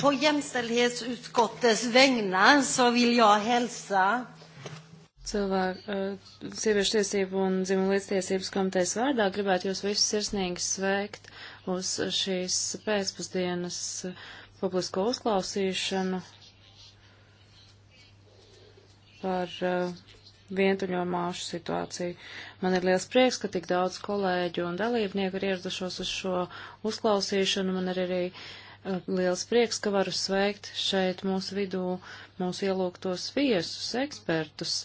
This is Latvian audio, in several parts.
På jämställdhetsutskottets vägnar så vill jag hälsa Cilvēku uh, sieviešu tiesību un dzimumu līdztiesības komitejas vārdā gribētu jūs visus sirsnīgi sveikt uz šīs pēcpusdienas eh, publisko uzklausīšanu par uh, vientuļo māšu situāciju. Man ir liels prieks, ka tik daudz kolēģu un dalībnieku ir ieradušos uz šo uzklausīšanu. Man ir arī uh, Liels prieks, ka varu sveikt šeit mūsu vidū mūsu ielūgtos viesus, ekspertus,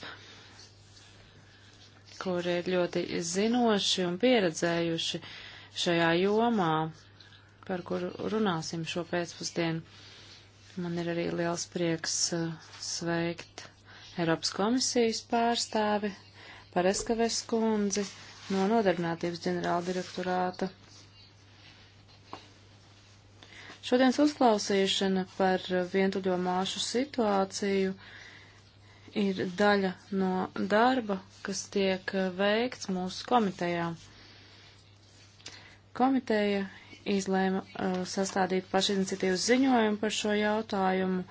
kuri ir ļoti zinoši un pieredzējuši šajā jomā, par kuru runāsim šo pēcpusdienu. Man ir arī liels prieks uh, sveikt Eiropas komisijas pārstāvi Pareskaves kundzi no nodarbinātības ģenerāla direktorāta Šodienas uzklausīšana par vientuļo māšu situāciju ir daļa no darba, kas tiek veikts mūsu komitejā. Komiteja izlēma uh, sastādīt pašiniciatīvas ziņojumu par šo jautājumu,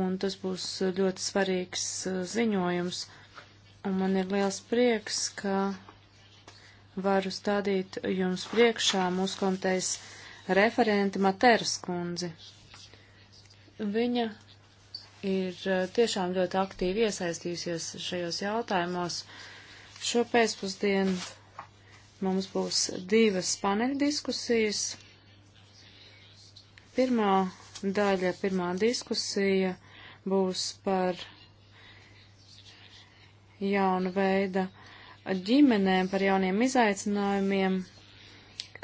un tas būs ļoti svarīgs uh, ziņojums. Un man ir liels prieks, ka varu stādīt jums priekšā mūsu komitejas uh, referenti Materas kundzi. Viņa ir eh, tiešām ļoti aktīvi iesaistījusies šajos jautājumos. Šo pēcpusdienu mums būs divas paneļa diskusijas. Pirmā daļa, pirmā diskusija būs par jaunu veidu ģimenēm, par jauniem izaicinājumiem,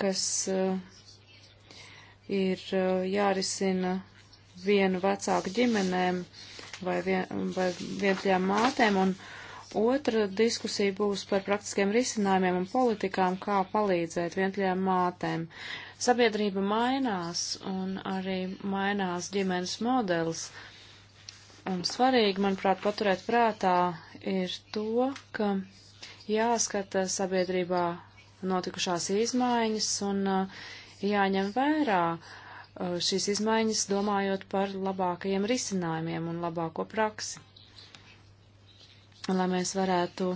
kas uh, ir eh, jārisina vienu vecāku ģimenēm vai, vien, vai vientuļām mātēm, un otra diskusija būs par praktiskiem risinājumiem un politikām, kā palīdzēt vientuļām mātēm. Sabiedrība mainās, un arī mainās ģimenes modelis. Un svarīgi, manuprāt, paturēt prātā ir to, ka jāskata sabiedrībā notikušās izmaiņas un uh, jāņem vērā uh, šīs izmaiņas, domājot par labākajiem risinājumiem un labāko praksi. Un, lai mēs varētu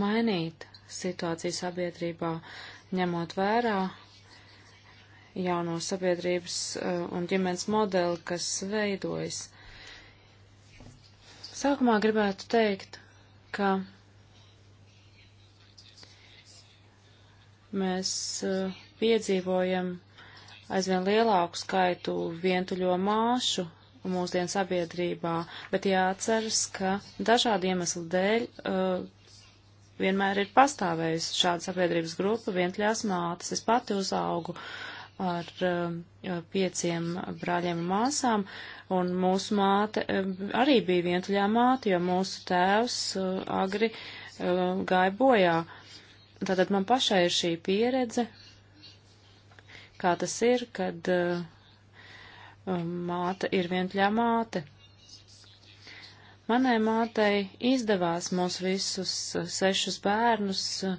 mainīt situāciju sabiedrībā, ņemot vērā jauno sabiedrības uh, un ģimenes modeli, kas veidojas. Sākumā gribētu teikt, ka mēs uh, piedzīvojam aizvien lielāku skaitu vientuļo māšu mūsdienu sabiedrībā, bet jāatceras, ka dažādu iemeslu dēļ uh, vienmēr ir pastāvējusi šāda sabiedrības grupa vientuļās mātes. Es pati uzaugu ar uh, pieciem brāļiem un māsām, un mūsu māte uh, arī bija vientuļā māte, jo mūsu tēvs uh, agri uh, gāja bojā. Tātad man pašai ir šī pieredze, kā tas ir, kad uh, um, māte ir vientuļā māte. Manai mātei izdevās mūs visus uh, sešus bērnus, uh,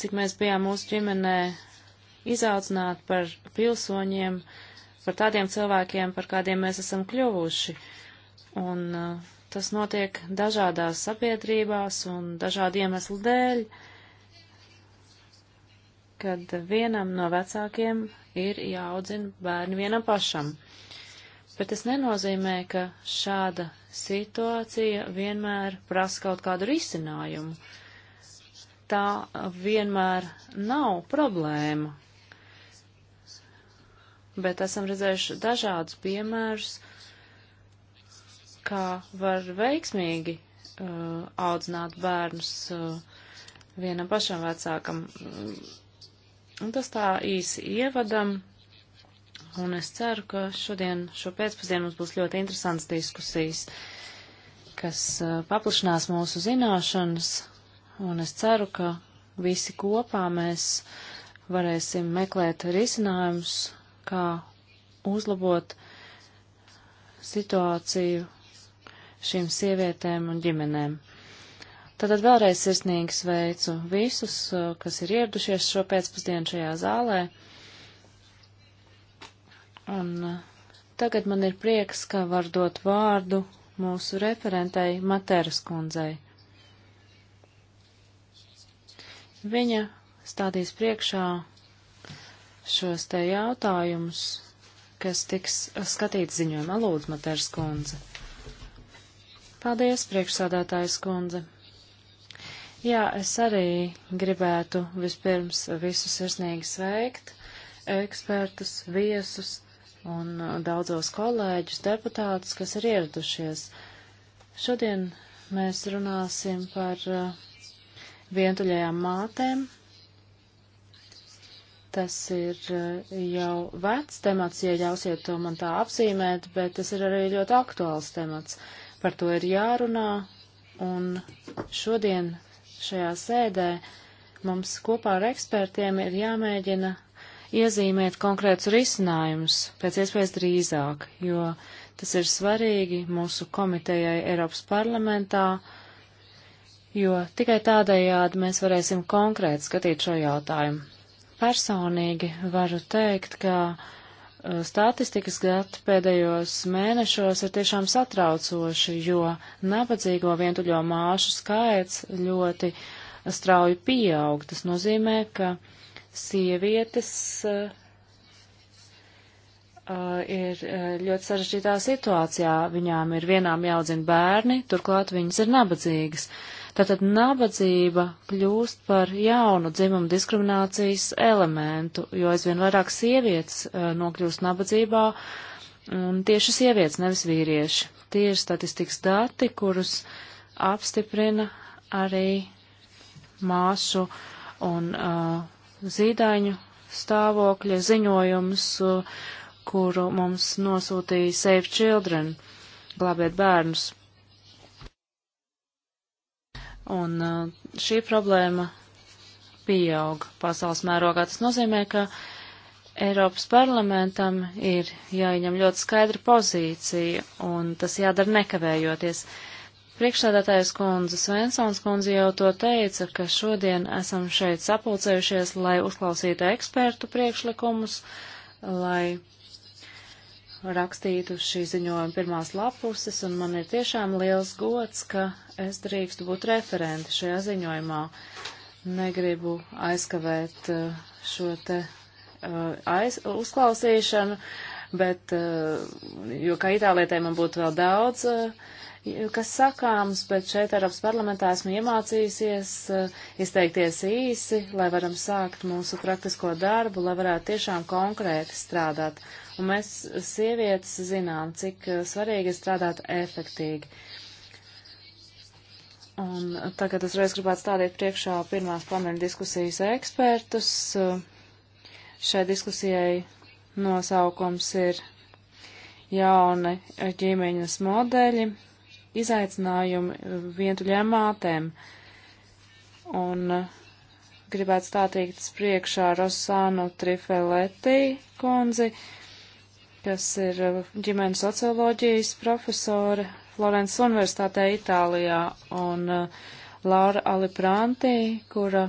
cik mēs bijām mūsu ģimenē izaudzināt par pilsoņiem, par tādiem cilvēkiem, par kādiem mēs esam kļuvuši. Un uh, tas notiek dažādās sabiedrībās un dažādu iemeslu dēļ, kad vienam no vecākiem ir jāaudzina bērni vienam pašam. Bet tas nenozīmē, ka šāda situācija vienmēr prasa kaut kādu risinājumu. Tā vienmēr nav problēma. Bet esam redzējuši dažādus piemērus, kā var veiksmīgi uh, audzināt bērnus uh, vienam pašam vecākam. Uh, Un tas tā īsi ievadam, un es ceru, ka šodien, šo pēcpusdienu mums būs ļoti interesants diskusijas, kas uh, paplašinās mūsu zināšanas, un es ceru, ka visi kopā mēs varēsim meklēt risinājumus, kā uzlabot situāciju šīm sievietēm un ģimenēm. Tātad vēlreiz sirsnīgi sveicu visus, uh, kas ir ieradušies šo pēcpusdienu šajā zālē. Un uh, tagad man ir prieks, ka var dot vārdu mūsu referentei Materas kundzei. Viņa stādīs priekšā šos te jautājumus, kas tiks skatīts ziņojumā. Lūdzu, Materas kundze. Paldies, priekšsādātājs kundze. Jā, es arī gribētu vispirms visus sirsnīgi sveikt, ekspertus, viesus un daudzos kolēģus, deputātus, kas ir ieradušies. Šodien mēs runāsim par uh, vientuļajām mātēm. Tas ir uh, jau vecs temats, ja ļausiet to man tā apzīmēt, bet tas ir arī ļoti aktuāls temats. Par to ir jārunā, un šodien šajā sēdē mums kopā ar ekspertiem ir jāmēģina iezīmēt konkrētus risinājumus pēc iespējas drīzāk, jo tas ir svarīgi mūsu komitejai Eiropas parlamentā, jo tikai tādējādi mēs varēsim konkrēti skatīt šo jautājumu. Personīgi varu teikt, ka Eh, statistikas gadu pēdējos mēnešos ir tiešām satraucoši, jo nabadzīgo vientuļo māšu skaits ļoti strauji pieaug. Tas nozīmē, ka sievietes uh, ir eh, ļoti sarežģītā situācijā. Viņām ir vienām jāudzina bērni, turklāt viņas ir nabadzīgas. Uh, Tātad nabadzība kļūst par jaunu dzimumu diskriminācijas elementu, jo aizvien vairāk sievietes uh, nokļūst nabadzībā, un tieši sievietes, nevis vīrieši. Tie ir statistikas dati, kurus apstiprina arī māsu un uh, zīdaiņu stāvokļa ziņojums, uh, kuru mums nosūtīja Save Children, glābiet bērnus Un uh, šī problēma pieaug pasaules mērogā. Tas nozīmē, ka Eiropas parlamentam ir jāieņem ļoti skaidra pozīcija, un tas jādara nekavējoties. Priekšsēdētājas kundze Svensons kundze jau to teica, ka šodien esam šeit sapulcējušies, lai uzklausītu ekspertu priekšlikumus, lai rakstītu šī ziņojuma pirmās lapuses, un man ir tiešām liels gods, ka es drīkstu būt referenti šajā ziņojumā. Negribu aizkavēt uh, šo te uh, aiz, uzklausīšanu, bet, uh, jo kā itālietē man būtu vēl daudz, kas sakāms, bet šeit Eiropas parlamentā esmu iemācījusies izteikties īsi, lai varam sākt mūsu praktisko darbu, lai varētu tiešām konkrēti strādāt. Un mēs, sievietes, zinām, cik eh, svarīgi ir strādāt efektīgi. Un tagad es reiz gribētu stādīt priekšā pirmās paneļa diskusijas ekspertus. Šai diskusijai nosaukums ir jauni ģimeņas modeļi, izaicinājumi vientuļām mātēm. Un eh, gribētu stātīt priekšā Rosānu Trifeletī kundzi, kas ir uh, ģimenes socioloģijas profesore Florences Universitātē Itālijā, un uh, Laura Aliprantī, kura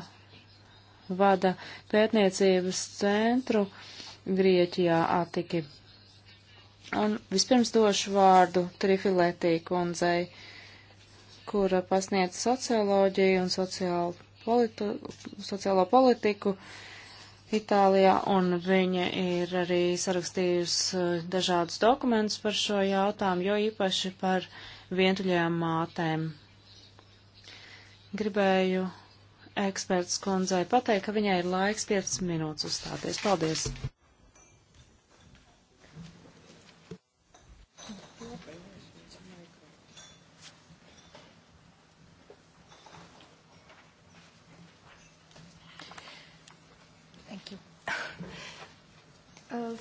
vada pētniecības centru Grieķijā Atiki. Un vispirms došu vārdu Trifiletī kundzei, kura pasniedz socioloģiju un sociālo, politu, sociālo politiku uh, Itālijā, un viņa ir arī sarakstījusi eh, dažādus dokumentus par šo jautājumu, jo īpaši par vientuļajām mātēm. Gribēju eksperts kundzei pateikt, ka viņai ir laiks 15 minūtes uzstāties. Paldies! Uh,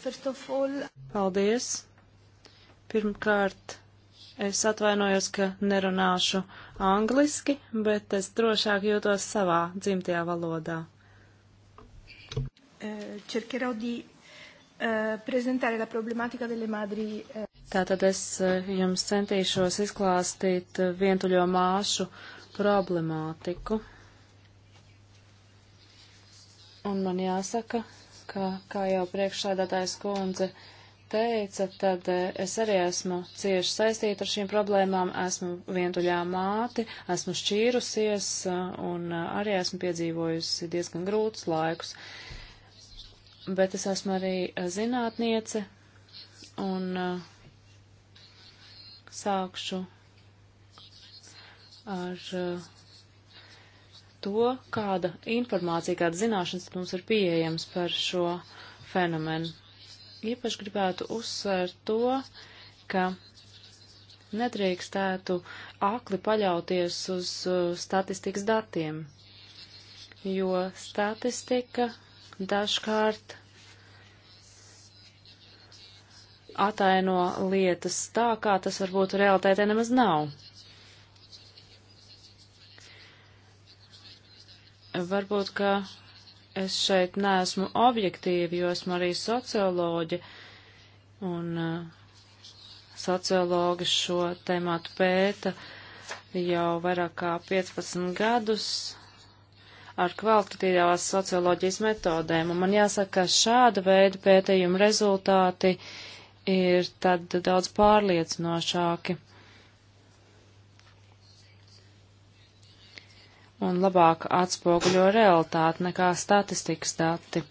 all... Paldies! Pirmkārt, es atvainojos, ka nerunāšu angliski, bet es drošāk jūtos savā dzimtajā valodā. Uh, cercherò di uh, prezentare la problematica delle madri. Uh, Tātad es jums centīšos izklāstīt vientuļo māšu problemātiku. Un man jāsaka, ka, kā jau priekšsādātājs kundze teica, tad eh, es arī esmu cieši saistīta ar šīm problēmām, esmu vientuļā māte, esmu šķīrusies eh, un eh, arī esmu piedzīvojusi diezgan grūtus laikus. Bet es esmu arī zinātniece un sākšu ar uh, to, kāda informācija, kāda zināšanas mums ir pieejams par šo fenomenu. Iepaši gribētu uzsvērt to, ka nedrīkstētu akli paļauties uz uh, statistikas datiem, jo statistika dažkārt ataino lietas tā, kā tas varbūt realitātē nemaz nav. Varbūt, ka es šeit neesmu objektīvi, jo esmu arī socioloģi, un eh, sociologi šo tēmātu pēta jau vairāk kā 15 gadus ar kvalitatīvās socioloģijas metodēm, un man jāsaka, ka šāda veida pētījuma rezultāti ir tad daudz pārliecinošāki. un labāk atspoguļo realitāti nekā statistikas dati.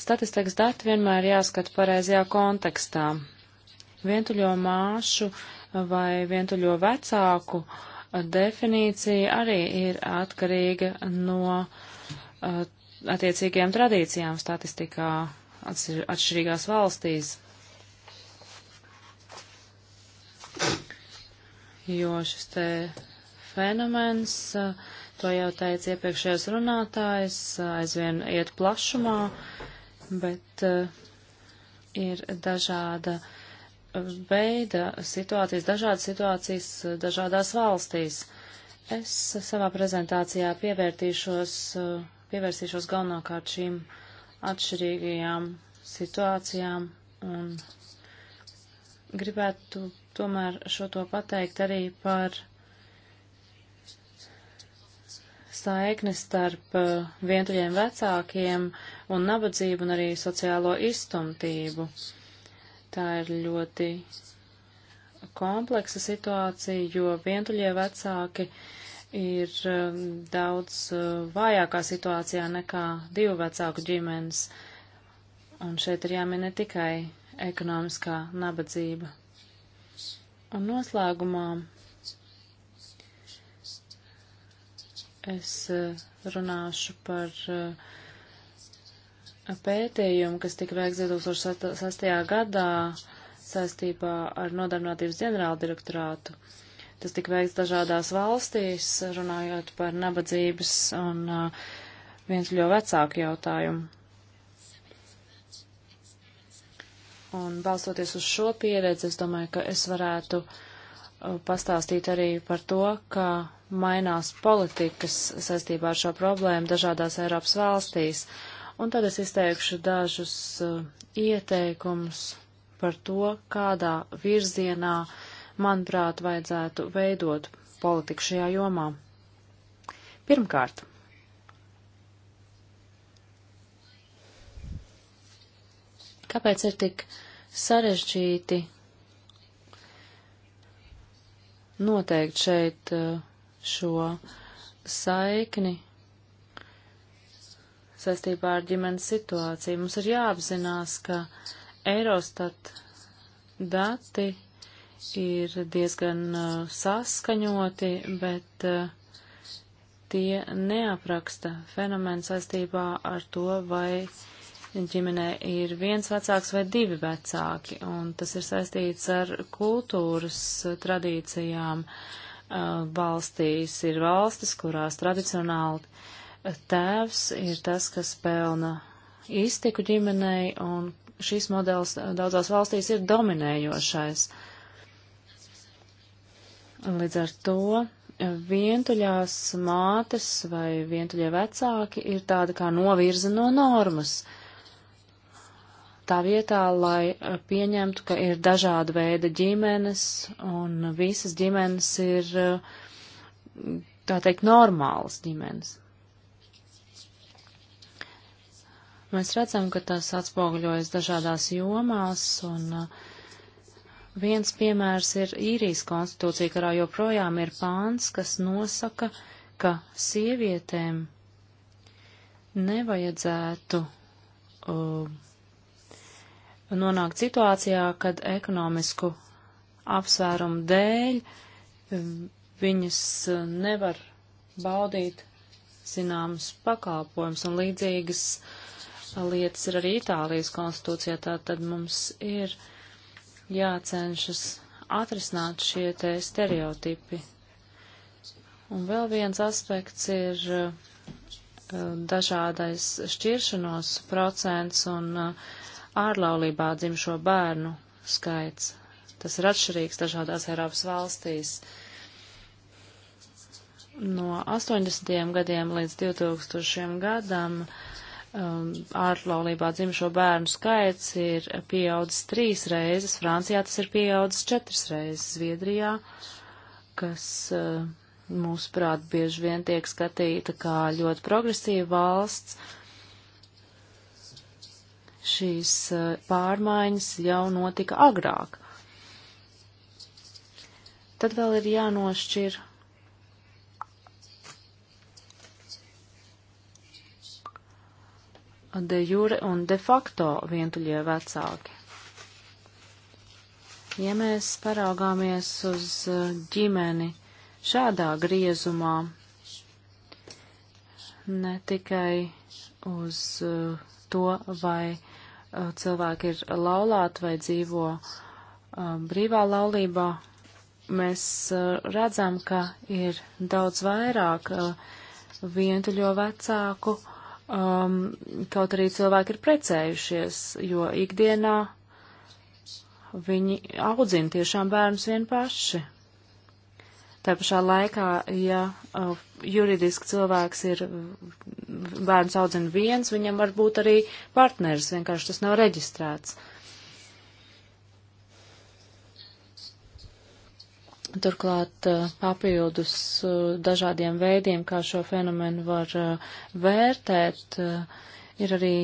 Statistikas dati vienmēr jāskata pareizajā kontekstā. Vientuļo māšu vai vientuļo vecāku definīcija arī ir atkarīga no uh, attiecīgajām tradīcijām statistikā atšķirīgās valstīs. Jo šis te fenomens uh, to jau teica iepriekšējais runātājs, aizvien iet plašumā, bet eh, ir dažāda veida situācijas, dažādas situācijas dažādās valstīs. Es savā prezentācijā pievērtīšos, eh, pievērsīšos galvenokārt šīm atšķirīgajām situācijām un gribētu tomēr šo to pateikt arī par saikni starp eh, vientuļiem vecākiem un nabadzību un arī sociālo izstumtību. Tā ir ļoti kompleksa situācija, jo vientuļie vecāki ir eh, daudz eh, vājākā situācijā nekā divu vecāku ģimenes. Un šeit ir jāmin ne tikai ekonomiskā nabadzība. Un noslēgumā Es eh, runāšu par eh, pētījumu, kas tika veikts 2006. gadā saistībā ar nodarbinātības ģenerāla direktorātu. Tas tika veikts dažādās valstīs, runājot par nabadzības un eh, viens ļoti vecāku jautājumu. Un balstoties uz šo pieredzi, es domāju, ka es varētu pastāstīt arī par to, ka mainās politikas saistībā ar šo problēmu dažādās Eiropas valstīs. Un tad es izteikšu dažus uh, ieteikumus par to, kādā virzienā, manuprāt, vajadzētu veidot politiku šajā jomā. Pirmkārt, kāpēc ir tik sarežģīti noteikt šeit uh, šo saikni saistībā ar ģimenes situāciju. Mums ir jāapzinās, ka Eurostat dati ir diezgan uh, saskaņoti, bet uh, tie neapraksta fenomenu saistībā ar to, vai ģimenē ir viens vecāks vai divi vecāki, un tas ir saistīts ar kultūras uh, tradīcijām. Uh, Uh, valstīs ir valstis, kurās tradicionāli tēvs ir tas, kas pelna iztiku ģimenei, un šīs modelis daudzās valstīs ir dominējošais. Līdz ar to vientuļās mātes vai vientuļie vecāki ir tāda kā novirza no normas. Uh, tā vietā, lai eh, pieņemtu, ka ir dažāda veida ģimenes un visas ģimenes ir, eh, tā teikt, normālas ģimenes. Mēs redzam, ka tas atspoguļojas dažādās jomās, un eh, viens piemērs ir īrijas konstitūcija, kurā joprojām ir pāns, kas nosaka, ka sievietēm nevajadzētu uh, nonākt situācijā, kad ekonomisku apsvērumu dēļ viņas eh, nevar baudīt zināmas pakāpojums un līdzīgas eh, lietas ir arī Itālijas konstitūcijā, tā tad mums ir jācenšas atrisināt šie te stereotipi. Un vēl viens aspekts ir eh, dažādais šķiršanos procents un uh, ārlaulībā dzimšo bērnu skaits. Tas ir atšķirīgs dažādās Eiropas valstīs. No 80. gadiem līdz 2000. gadam um, ārlaulībā dzimšo bērnu skaits ir pieaudzis trīs reizes, Francijā tas ir pieaudzis četras reizes, Zviedrijā, kas uh, mūsuprāt bieži vien tiek skatīta kā ļoti progresīva valsts, uh, šīs eh, pārmaiņas jau notika agrāk. Tad vēl ir jānošķir de jure un de facto vientuļie vecāki. Ja mēs paraugāmies uz eh, ģimeni šādā griezumā, ne tikai uz eh, to, vai Uh, cilvēki ir laulāti vai dzīvo um, brīvā laulībā, mēs uh, redzam, ka ir daudz vairāk uh, vientuļo vecāku, um, kaut arī cilvēki ir precējušies, jo ikdienā viņi audzina tiešām bērnus vien paši. Tā pašā laikā, ja uh, juridiski cilvēks ir bērns audzina viens, viņam var būt arī partneris, vienkārši tas nav reģistrēts. Turklāt uh, papildus uh, dažādiem veidiem, kā šo fenomenu var vērtēt, ir arī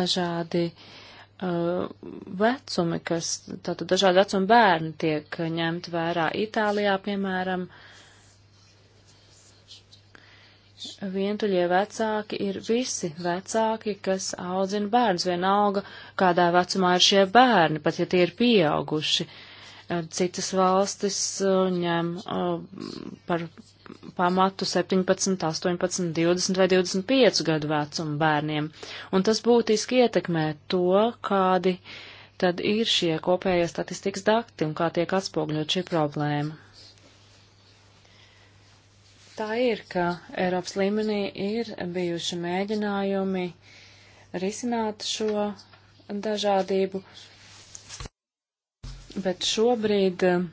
dažādi uh, Uh, vecumi, kas tātad dažādi vecumi bērni tiek ņemti vērā Itālijā, piemēram, vientuļie vecāki ir visi vecāki, kas audzina bērns. Vienalga, kādā vecumā ir šie bērni, pat ja tie ir pieauguši. Citas valstis uh, ņem uh, par pamatu 17, 18, 20 vai 25 gadu vecumu bērniem, un tas būtiski ietekmē to, kādi tad ir šie kopējie statistikas dakti un kā tiek atspogļot šī problēma. Tā ir, ka Eiropas līmenī ir bijuši mēģinājumi risināt šo dažādību, bet šobrīd uh,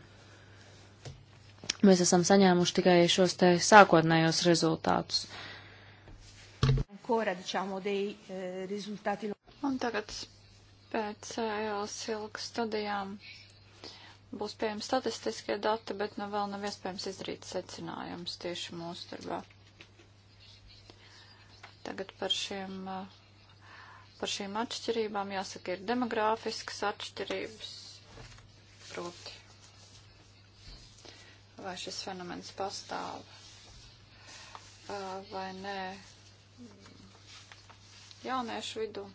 Mēs esam saņēmuši tikai šos te sākotnējos rezultātus. Eh, Un tagad pēc Eilas eh, ilgas studijām būs pieejami statistiskie dati, bet nu vēl nav iespējams izdarīt secinājumus tieši mūsu darbā. Tagad par šiem, eh, par šīm atšķirībām jāsaka ir demogrāfiskas atšķirības, proti vai šis fenomens pastāv vai nē jauniešu vidū,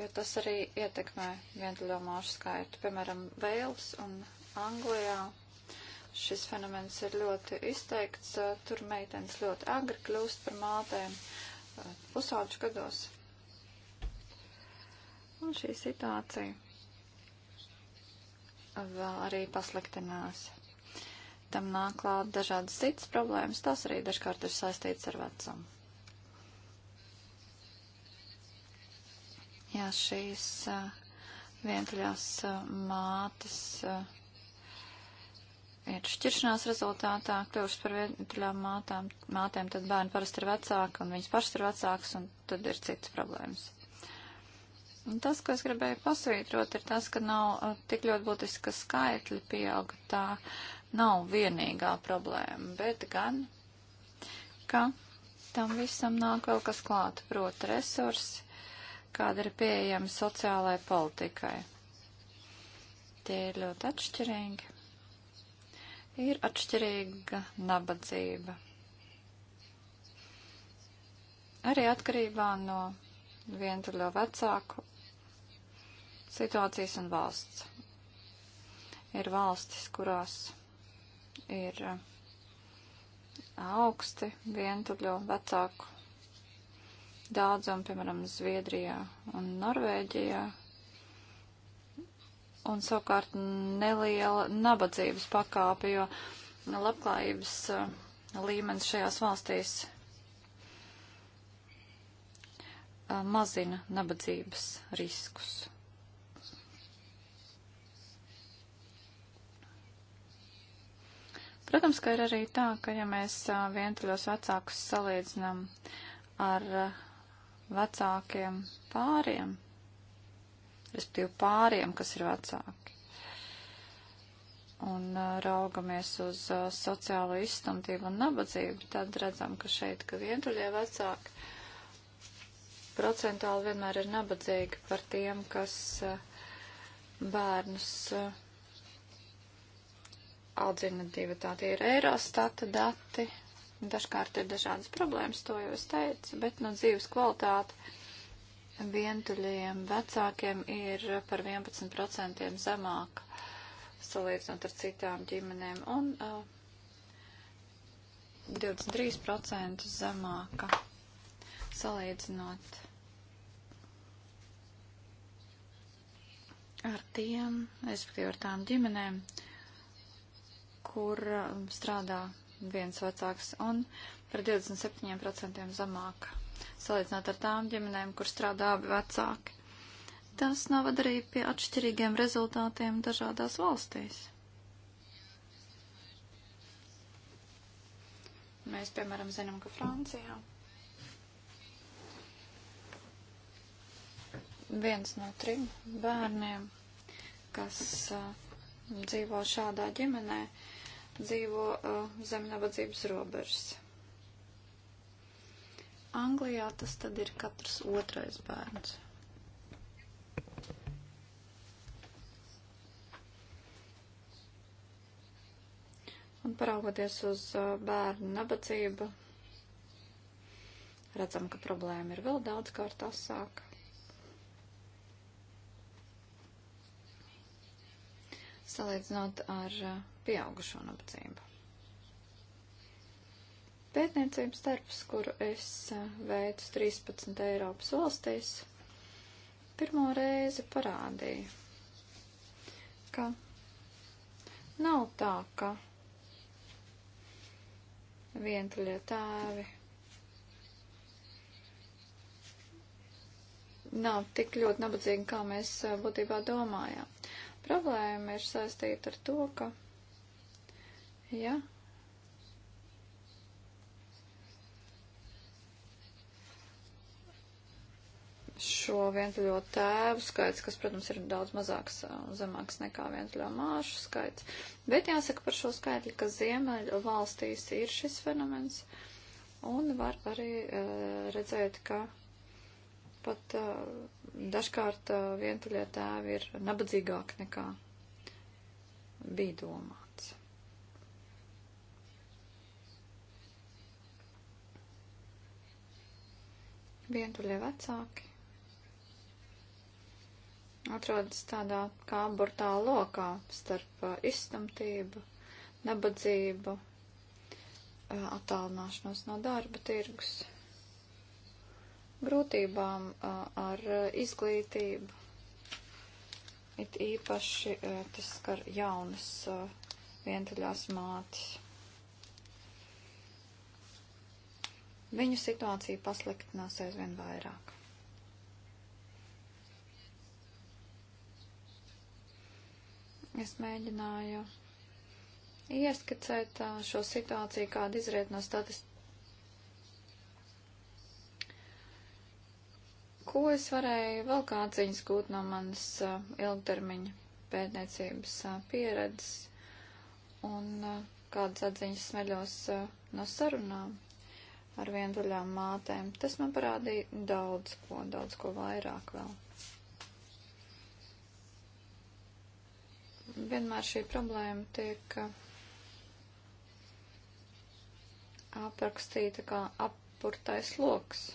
jo tas arī ietekmē vientuļomāšu skaitu. Piemēram, Vēls un Anglijā šis fenomens ir ļoti izteikts. Tur meitenes ļoti agri kļūst par mātēm pusauģu gados. Un šī situācija vēl arī pasliktinās. Tam nāk klāt dažādas citas problēmas, tās arī dažkārt ir saistītas ar vecumu. Jā, šīs vientuļās mātes ir šķiršanās rezultātā kļūst par vientuļām mātām, mātēm, tad bērni parasti ir vecāki un viņas pašas ir vecākas un tad ir citas problēmas. Tas, ko es gribēju pasvītrot, ir tas, ka nav eh, tik ļoti būtiski, ka skaitļi pieauga. Tā nav vienīgā problēma, bet gan, ka tam visam nāk vēl kas klāt, proti resursi, kāda ir pieejama sociālai politikai. Tie ir ļoti atšķirīgi. Ir atšķirīga nabadzība. Arī atkarībā no vientuļo vecāku situācijas un valsts. Ir valstis, kurās ir eh, augsti vientuļo vecāku daudzam, piemēram, Zviedrijā un Norvēģijā. Un savukārt neliela nabadzības pakāpe, jo labklājības eh, līmenis šajās valstīs mazina nabadzības riskus. Protams, ka ir arī tā, ka ja mēs vientuļos vecākus salīdzinām ar vecākiem pāriem, respektīvi pāriem, kas ir vecāki, un raugamies uz sociālo izstumtību un nabadzību, tad redzam, ka šeit, ka vientuļie vecāki procentāli vienmēr ir nabadzīgi par tiem, kas eh, bērnus eh, audzina divi. Tā tie ir Eirostata dati. Dažkārt ir dažādas problēmas, to jau es teicu, bet no dzīves kvalitāte vientuļajiem vecākiem ir par 11% zemāka salīdzinot ar citām ģimenēm un uh, eh, 23% zemāka salīdzinot ar tiem, respektīvi ar tām ģimenēm, kur uh, strādā viens vecāks un par 27% zamāk salīdzinot ar tām ģimenēm, kur strādā abi vecāki. Tas novad arī pie atšķirīgiem rezultātiem dažādās valstīs. Mēs, piemēram, zinām, ka Francijā viens no trim bērniem, kas uh, dzīvo šādā ģimenē, dzīvo uh, zem nabadzības robežas. Anglijā tas tad ir katrs otrais bērns. Un paraugoties uz uh, bērnu nabadzību, redzam, ka problēma ir vēl daudz kārt asāka. salīdzinot ar uh, pieaugušo nabadzību. Pētniecības darbs, kuru es uh, veicu 13 Eiropas valstīs, pirmo reizi parādīja, ka nav tā, ka vientuļie tēvi nav tik ļoti nabadzīgi, kā mēs uh, būtībā domājām. Problēma ir saistīta ar to, ka, ja šo vientuļo tēvu skaits, kas, protams, ir daudz mazāks un zemāks nekā vientuļo māšu skaits. Bet jāsaka par šo skaitli, ka Ziemeļu valstīs ir šis fenomens, un var arī uh, redzēt, ka Pat uh, dažkārt uh, vientuļie tēvi ir nabadzīgāki nekā bija domāts. Vientuļie vecāki atrodas tādā kā abortā lokā starp uh, izstumtību, nabadzību, attālināšanos no darba tirgus grūtībām ar izglītību. It īpaši tas skar jaunas vientuļās mātes. Viņu situācija pasliktinās aizvien vairāk. Es mēģināju ieskicēt šo situāciju, kāda izriet no statist Ko es varēju vēl kādas ziņas gūt no manas uh, ilgtermiņa pētniecības uh, pieredzes un uh, kādas atziņas smeļos uh, no sarunām ar vientuļām mātēm? Tas man parādīja daudz ko, daudz ko vairāk vēl. Vienmēr šī problēma tiek aprakstīta kā apurtais loks.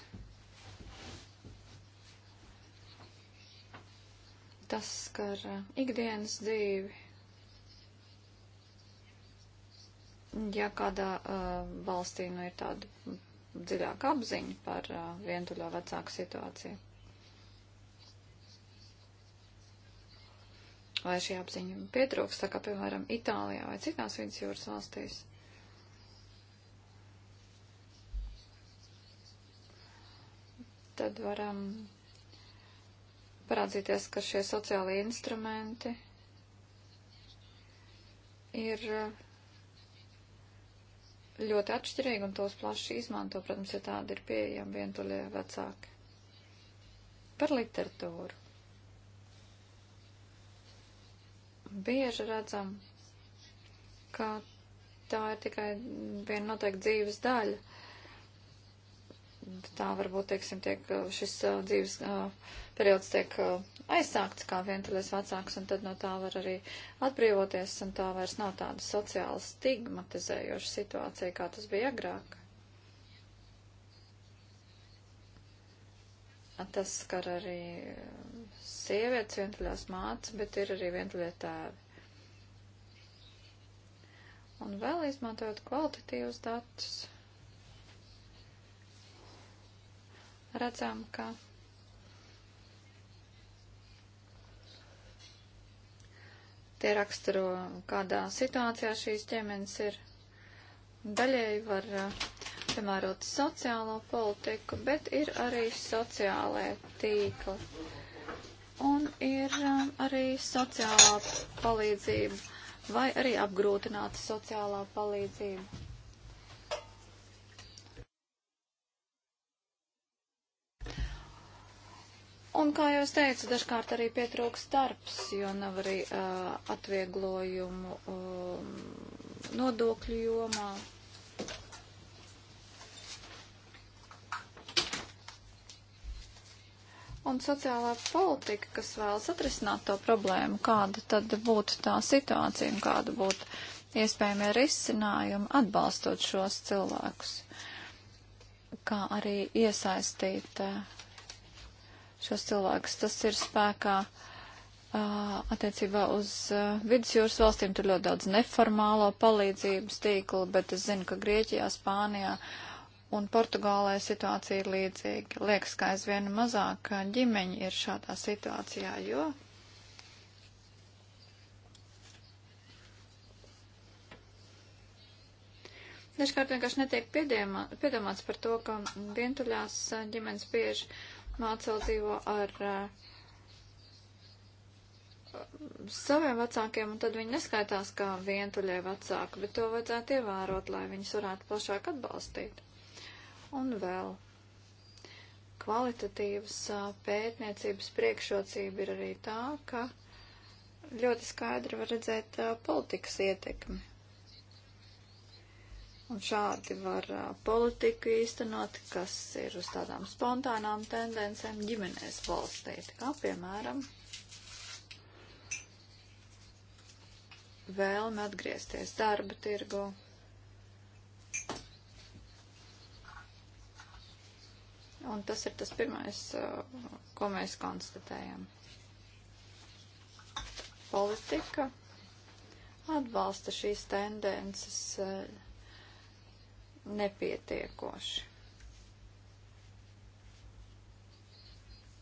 Tas skar uh, ikdienas dzīvi. Ja kādā uh, valstī nu ir tāda dziļāka apziņa par uh, vientuļo vecāku situāciju. Vai šī apziņa pietrūks, tā kā, piemēram, Itālijā vai citās vidusjūras valstīs? Tad varam parādzīties, ka šie sociālie instrumenti ir uh, ļoti atšķirīgi un tos plaši izmanto, protams, ja tādi ir pieejami vientuļie vecāki. Par literatūru. Bieži redzam, ka tā ir tikai viena noteikta dzīves daļa tā varbūt, teiksim, tiek uh, šis uh, dzīves uh, periods tiek uh, aizsākts kā vientuļais vecāks, un tad no tā var arī atbrīvoties, un tā vairs nav tāda sociāla stigmatizējoša situācija, kā tas bija agrāk. Tas skar arī sievietes vientuļās mātes, bet ir arī vientuļie tēvi. Un vēl izmantojot kvalitatīvus datus redzam, ka tie raksturo, kādā situācijā šīs ģimenes ir. Daļēji var eh, piemērot sociālo politiku, bet ir arī sociālai tīkli. Un ir eh, arī sociālā palīdzība vai arī apgrūtināta sociālā palīdzība. Un, kā jau es teicu, dažkārt arī pietrūks darbs, jo nav arī uh, atvieglojumu um, nodokļu jomā. Un sociālā politika, kas vēlas atrisināt to problēmu, kāda tad būtu tā situācija un kāda būtu iespējamie risinājumi atbalstot šos cilvēkus, kā arī iesaistīt uh, šos cilvēkus. Tas ir spēkā attiecībā uz vidusjūras valstīm. Tur ļoti daudz neformālo palīdzības tīklu, bet es zinu, ka Grieķijā, Spānijā un Portugālē situācija ir līdzīga. Liekas, ka aizvien mazāk ģimeņi ir šādā situācijā, jo Dažkārt vienkārši netiek piedomāts par to, ka vientuļās ģimenes bieži mācīja dzīvo ar uh, saviem vecākiem, un tad viņi neskaitās kā vientuļie vecāki, bet to vajadzētu ievērot, lai viņus varētu plašāk atbalstīt. Un vēl kvalitatīvas uh, pētniecības priekšrocība ir arī tā, ka ļoti skaidri var redzēt uh, politikas ietekmi Un šādi var uh, politiku īstenot, kas ir uz tādām spontānām tendencēm ģimenēs balstīta, kā piemēram vēlme atgriezties darba tirgu. Un tas ir tas pirmais, uh, ko mēs konstatējam. Politika atbalsta šīs tendences. Uh, nepietiekoši.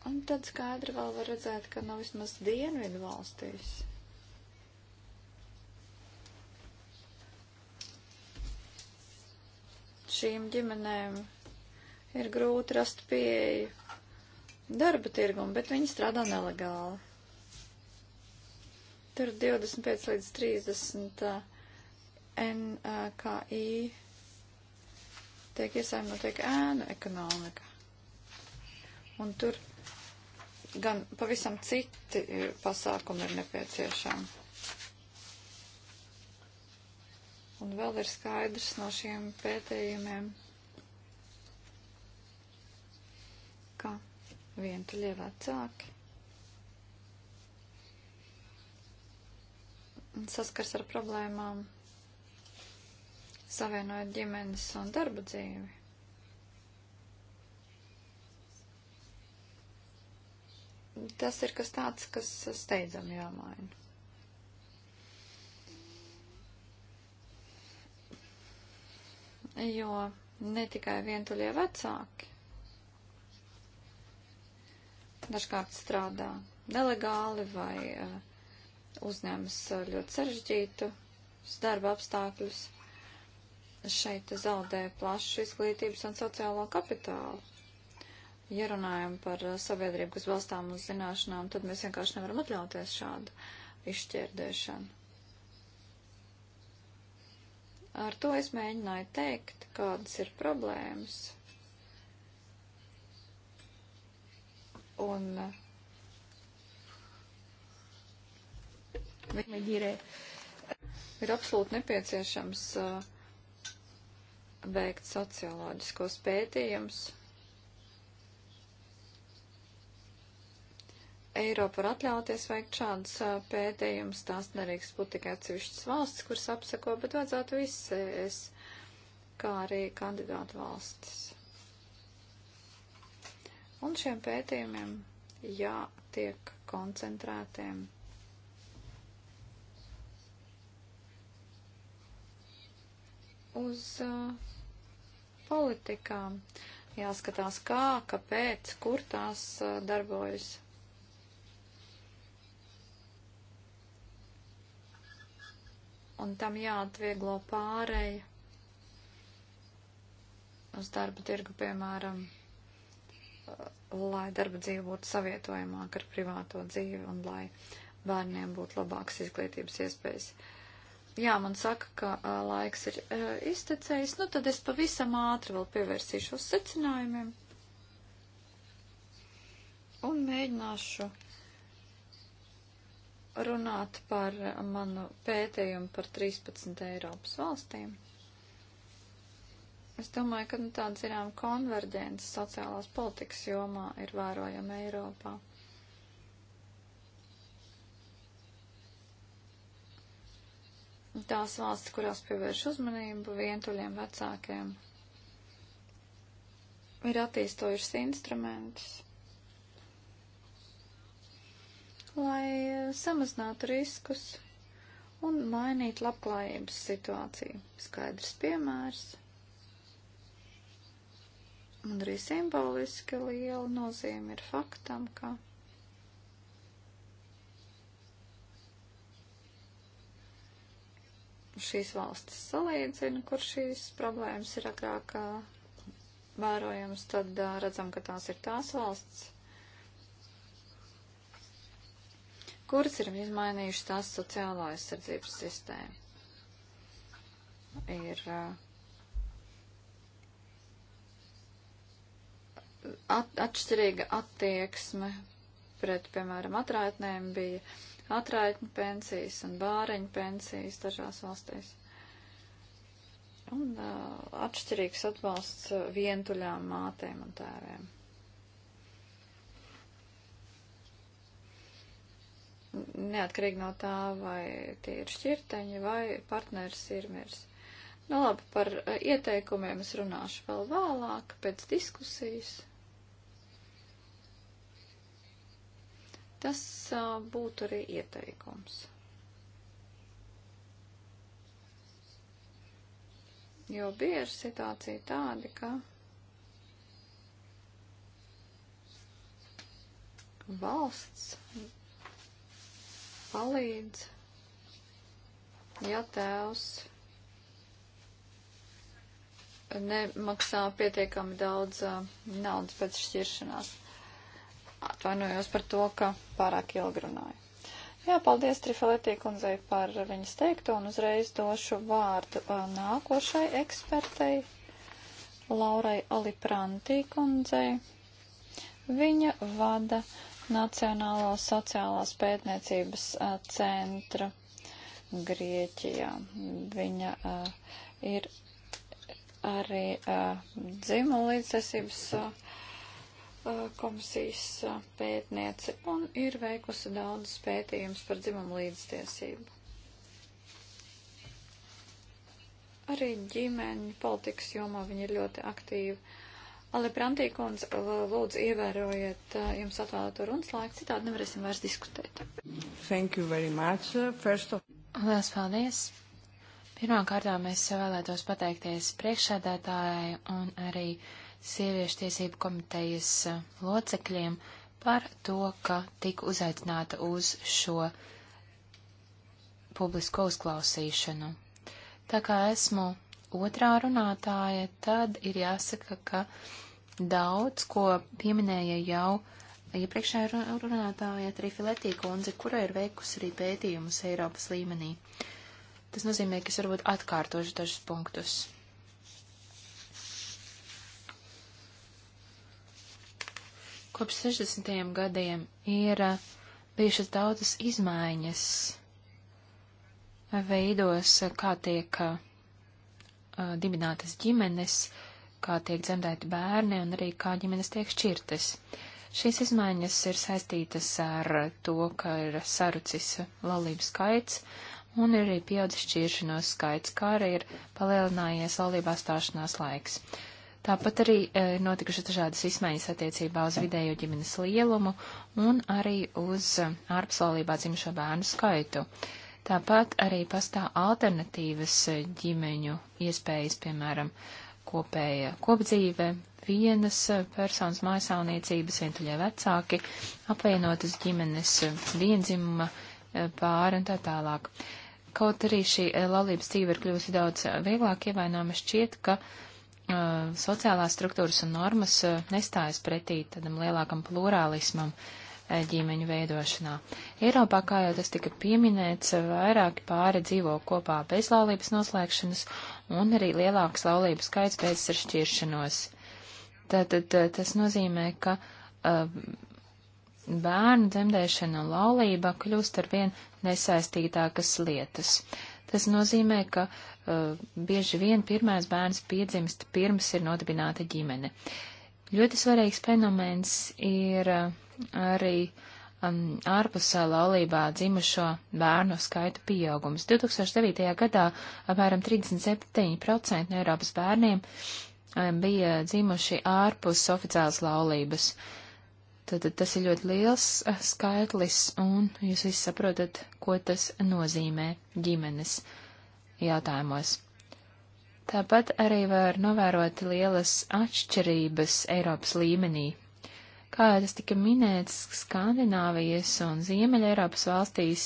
Un tad skaidri vēl var redzēt, ka nav vismaz dienvidu valstīs. Šīm ģimenēm ir grūti rast pieeju darba tirgumu, bet viņi strādā nelegāli. Tur 25 līdz 30 uh, NKI uh, tiek iesaimnotiek ēnu ekonomika. Un tur gan pavisam citi e, pasākumi ir nepieciešami. Un vēl ir skaidrs no šiem pētījumiem, ka vientuļie vecāki saskars ar problēmām savienojot ģimenes un darba dzīvi. Tas ir kas tāds, kas steidzam jāmaina. Jo ne tikai vientuļie vecāki dažkārt strādā nelegāli vai uh, uzņemas uh, ļoti sarežģītu darba apstākļus šeit zaudē plašu izglītības un sociālo kapitālu. Ja runājam par uh, sabiedrību, kas balstām uz zināšanām, tad mēs vienkārši nevaram atļauties šādu izšķērdēšanu. Ar to es mēģināju teikt, kādas ir problēmas. Un uh, ir absolūti nepieciešams uh, veikt socioloģiskos pētījumus. Eiropa var atļauties veikt šādus pētījumus, tās nerīks būt tikai atsevišķas valstis, kuras apsako, bet vajadzētu visas, kā arī kandidātu valstis. Un šiem pētījumiem jātiek koncentrētiem uz uh, politikām. Jāskatās, kā, kāpēc, kur tās darbojas. Un tam jāatvieglo pārēja uz darba tirgu, piemēram, lai darba dzīve būtu savietojamāka ar privāto dzīvi un lai bērniem būtu labākas izglītības iespējas. Uh, jā, man saka, ka uh, laiks ir uh, iztecējis, nu tad es pavisam ātri vēl pievērsīšos secinājumiem un mēģināšu runāt par manu pētījumu par 13 Eiropas valstīm. Es domāju, ka nu, tāda, zinām, konverģence sociālās politikas jomā ir vērojama Eiropā. Uh, tās valsts, kurās pievērš uzmanību vientuļiem vecākiem, ir attīstojušas instrumentus, lai samazinātu riskus un mainītu labklājības situāciju. Skaidrs piemērs un arī simboliski liela nozīme ir faktam, ka šīs valstis salīdzina, kur šīs problēmas ir agrāk vērojamas, tad redzam, ka tās ir tās valsts, kuras ir izmainījušas tās sociālā aizsardzības sistēmu. Ir at, atšķirīga attieksme pret, piemēram, atrātnēm bija atraitņu pensijas un bāreņu pensijas dažās valstīs. Un uh, atšķirīgs atbalsts vientuļām mātēm un tēviem. Neatkarīgi no tā, vai tie ir šķirteņi vai partneris ir mirs. Nu labi, par ieteikumiem es runāšu vēl vēlāk pēc diskusijas. Tas uh, būtu arī ieteikums. Jo bieži situācija tāda, ka valsts palīdz, ja tēvs nemaksā pietiekami daudz uh, naudas pēc šķiršanās. Atvainojos par to, ka pārāk ilgi runāju. Jā, paldies Trifaletī kundzei par viņas teikto un uzreiz došu vārdu uh, nākošai ekspertei, Laurai Aliprantī kundzei. Viņa vada Nacionālo sociālās pētniecības uh, centra Grieķijā. Viņa uh, ir arī uh, dzimuma līdzsesības. Uh, komisijas pētniece un ir veikusi daudz pētījums par dzimumu līdztiesību. Arī ģimeņu politikas jomā viņa ir ļoti aktīva. Ale Prantīkons, lūdzu, ievērojiet jums atvēlēto runas laiku, citādi nevarēsim vairs diskutēt. Thank you very much. First of... Lielas paldies. Pirmkārtām es vēlētos pateikties priekšsēdētājai un arī uh, sieviešu tiesību komitejas eh, locekļiem par to, ka tika uzaicināta uz šo publisko uzklausīšanu. Tā kā esmu otrā runātāja, tad ir jāsaka, ka daudz, ko pieminēja jau iepriekšējā runātāja Trifiletī kundze, kura ir veikusi arī pētījumus Eiropas līmenī. Tas nozīmē, ka es varbūt atkārtošu dažus punktus. Kopš 60. gadiem ir eh, bijušas daudzas izmaiņas eh, veidos, eh, kā tiek uh, dibinātas ģimenes, kā tiek dzemdēti bērni un arī kā ģimenes tiek šķirtas. Šīs izmaiņas ir saistītas ar to, ka ir sarucis laulības skaits un ir arī pieaudzis šķiršanos skaits, kā arī ir palielinājies laulībā stāšanās laiks. Uh, Tāpat arī ir e, notikušas dažādas izmaiņas attiecībā uz vidējo ģimenes lielumu un arī uz e, ārpaslaulībā dzimšo bērnu skaitu. Tāpat arī pastāv alternatīvas e, ģimeņu iespējas, piemēram, kopēja kopdzīve, vienas personas mājasāniecības, vientuļie vecāki, apvienotas ģimenes, vienzimuma pāri un tā tālāk. Kaut arī šī laulības dzīve ir kļuvusi daudz vieglāk ievainojama, šķiet, ka uh, Uh, sociālās struktūras un normas uh, nestājas pretī tādam lielākam plurālismam uh, ģimeņu veidošanā. Eiropā, kā jau tas tika pieminēts, vairāki pāri dzīvo kopā bez laulības noslēgšanas un arī lielāks laulības skaits pēc saršķiršanos. Tātad tas nozīmē, ka bērnu dzemdēšana un laulība kļūst ar vien nesaistītākas lietas. Tas nozīmē, ka uh, Eh, bieži vien pirmais bērns piedzimst pirms ir nodibināta ģimene. Ļoti svarīgs fenomens ir eh, arī um, ārpus eh, laulībā dzimušo bērnu skaitu pieaugums. 2009. gadā apmēram 37% no Eiropas bērniem um, bija dzimuši ārpus oficiālas laulības. Tad tas ir ļoti liels skaitlis, un jūs visi saprotat, ko tas nozīmē ģimenes jautājumos. Tāpat arī var novērot lielas atšķirības Eiropas līmenī. Kā tas tika minēts, Skandināvijas un Ziemeļa Eiropas valstīs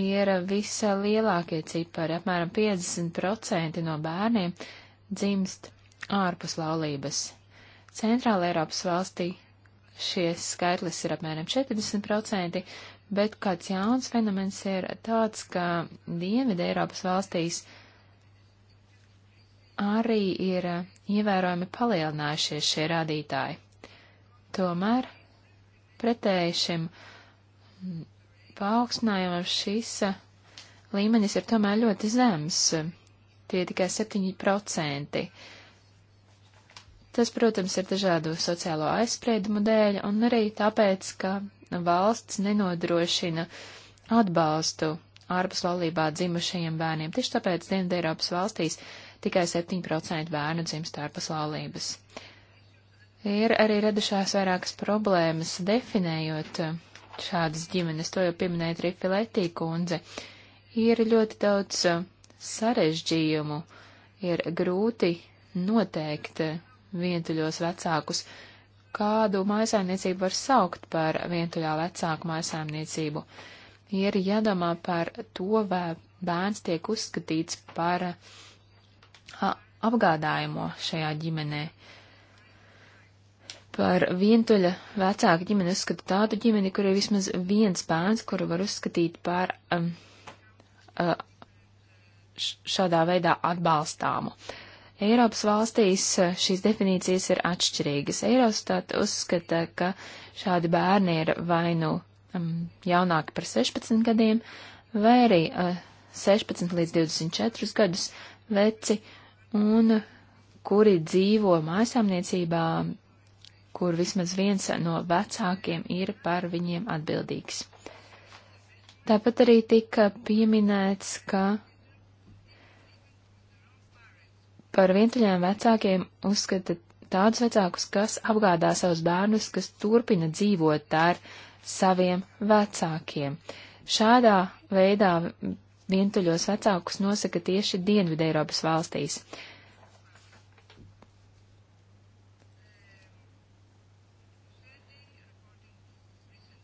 ir visa lielākie cipari, apmēram 50% no bērniem dzimst ārpus laulības. Centrāla Eiropas valstī šie skaitlis ir apmēram 40%, bet kāds jauns fenomens ir tāds, ka Dienvidē Eiropas valstīs arī ir ievērojami palielinājušies šie rādītāji. Tomēr pretēji šim paaugstinājumam šis līmenis ir tomēr ļoti zems. Tie tikai 7%. Tas, protams, ir dažādu sociālo aizspriedumu dēļ un arī tāpēc, ka valsts nenodrošina atbalstu ārpus laulībā dzimušajiem bērniem. Tieši tāpēc Dienvidu Eiropas valstīs tikai 7% bērnu dzimst ārpus laulības. Ir arī radušās vairākas problēmas definējot šādas ģimenes, to jau pieminēja Trifiletī kundze. Ir ļoti daudz uh, sarežģījumu, ir grūti noteikt uh, vientuļos vecākus, kādu mājasēmniecību var saukt par vientuļā vecāku mājasēmniecību. Ir jādomā par to, vai bērns tiek uzskatīts par apgādājumu šajā ģimenē. Par vientuļa vecāku ģimeni uzskata tādu ģimeni, kur ir vismaz viens bērns, kuru var uzskatīt par um, uh, šādā veidā atbalstāmu. Uh, Eiropas valstīs eh, šīs definīcijas ir atšķirīgas. Eirostat uzskata, ka šādi bērni ir vai nu um, jaunāki par 16 gadiem, vai arī uh, eh, 16 līdz 24 gadus veci, un kuri dzīvo mājasāmniecībā, kur vismaz viens no vecākiem ir par viņiem atbildīgs. Tāpat arī tika pieminēts, ka par vientuļiem vecākiem uzskata tādus vecākus, kas apgādā savus bērnus, kas turpina dzīvot ar saviem vecākiem. Šādā veidā vientuļos vecākus nosaka tieši Dienvidē Eiropas valstīs.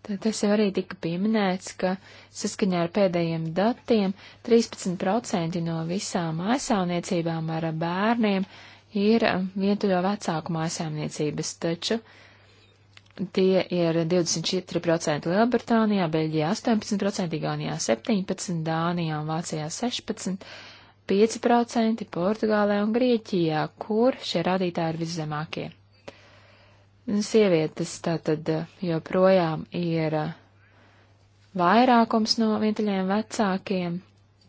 Tad tas jau arī tika pieminēts, ka saskaņā ar pēdējiem datiem 13% no visām aizsāniecībām ar bērniem ir um, vientuļo vecāku mājasēmniecības, taču tie ir 24% Lielbritānijā, Beļģijā 18%, Igaunijā 17%, Dānijā un Vācijā 16%, 5% Portugālē un Grieķijā, kur šie rādītāji ir viszemākie. Sievietes tātad eh, joprojām ir eh, vairākums no vientuļiem vecākiem,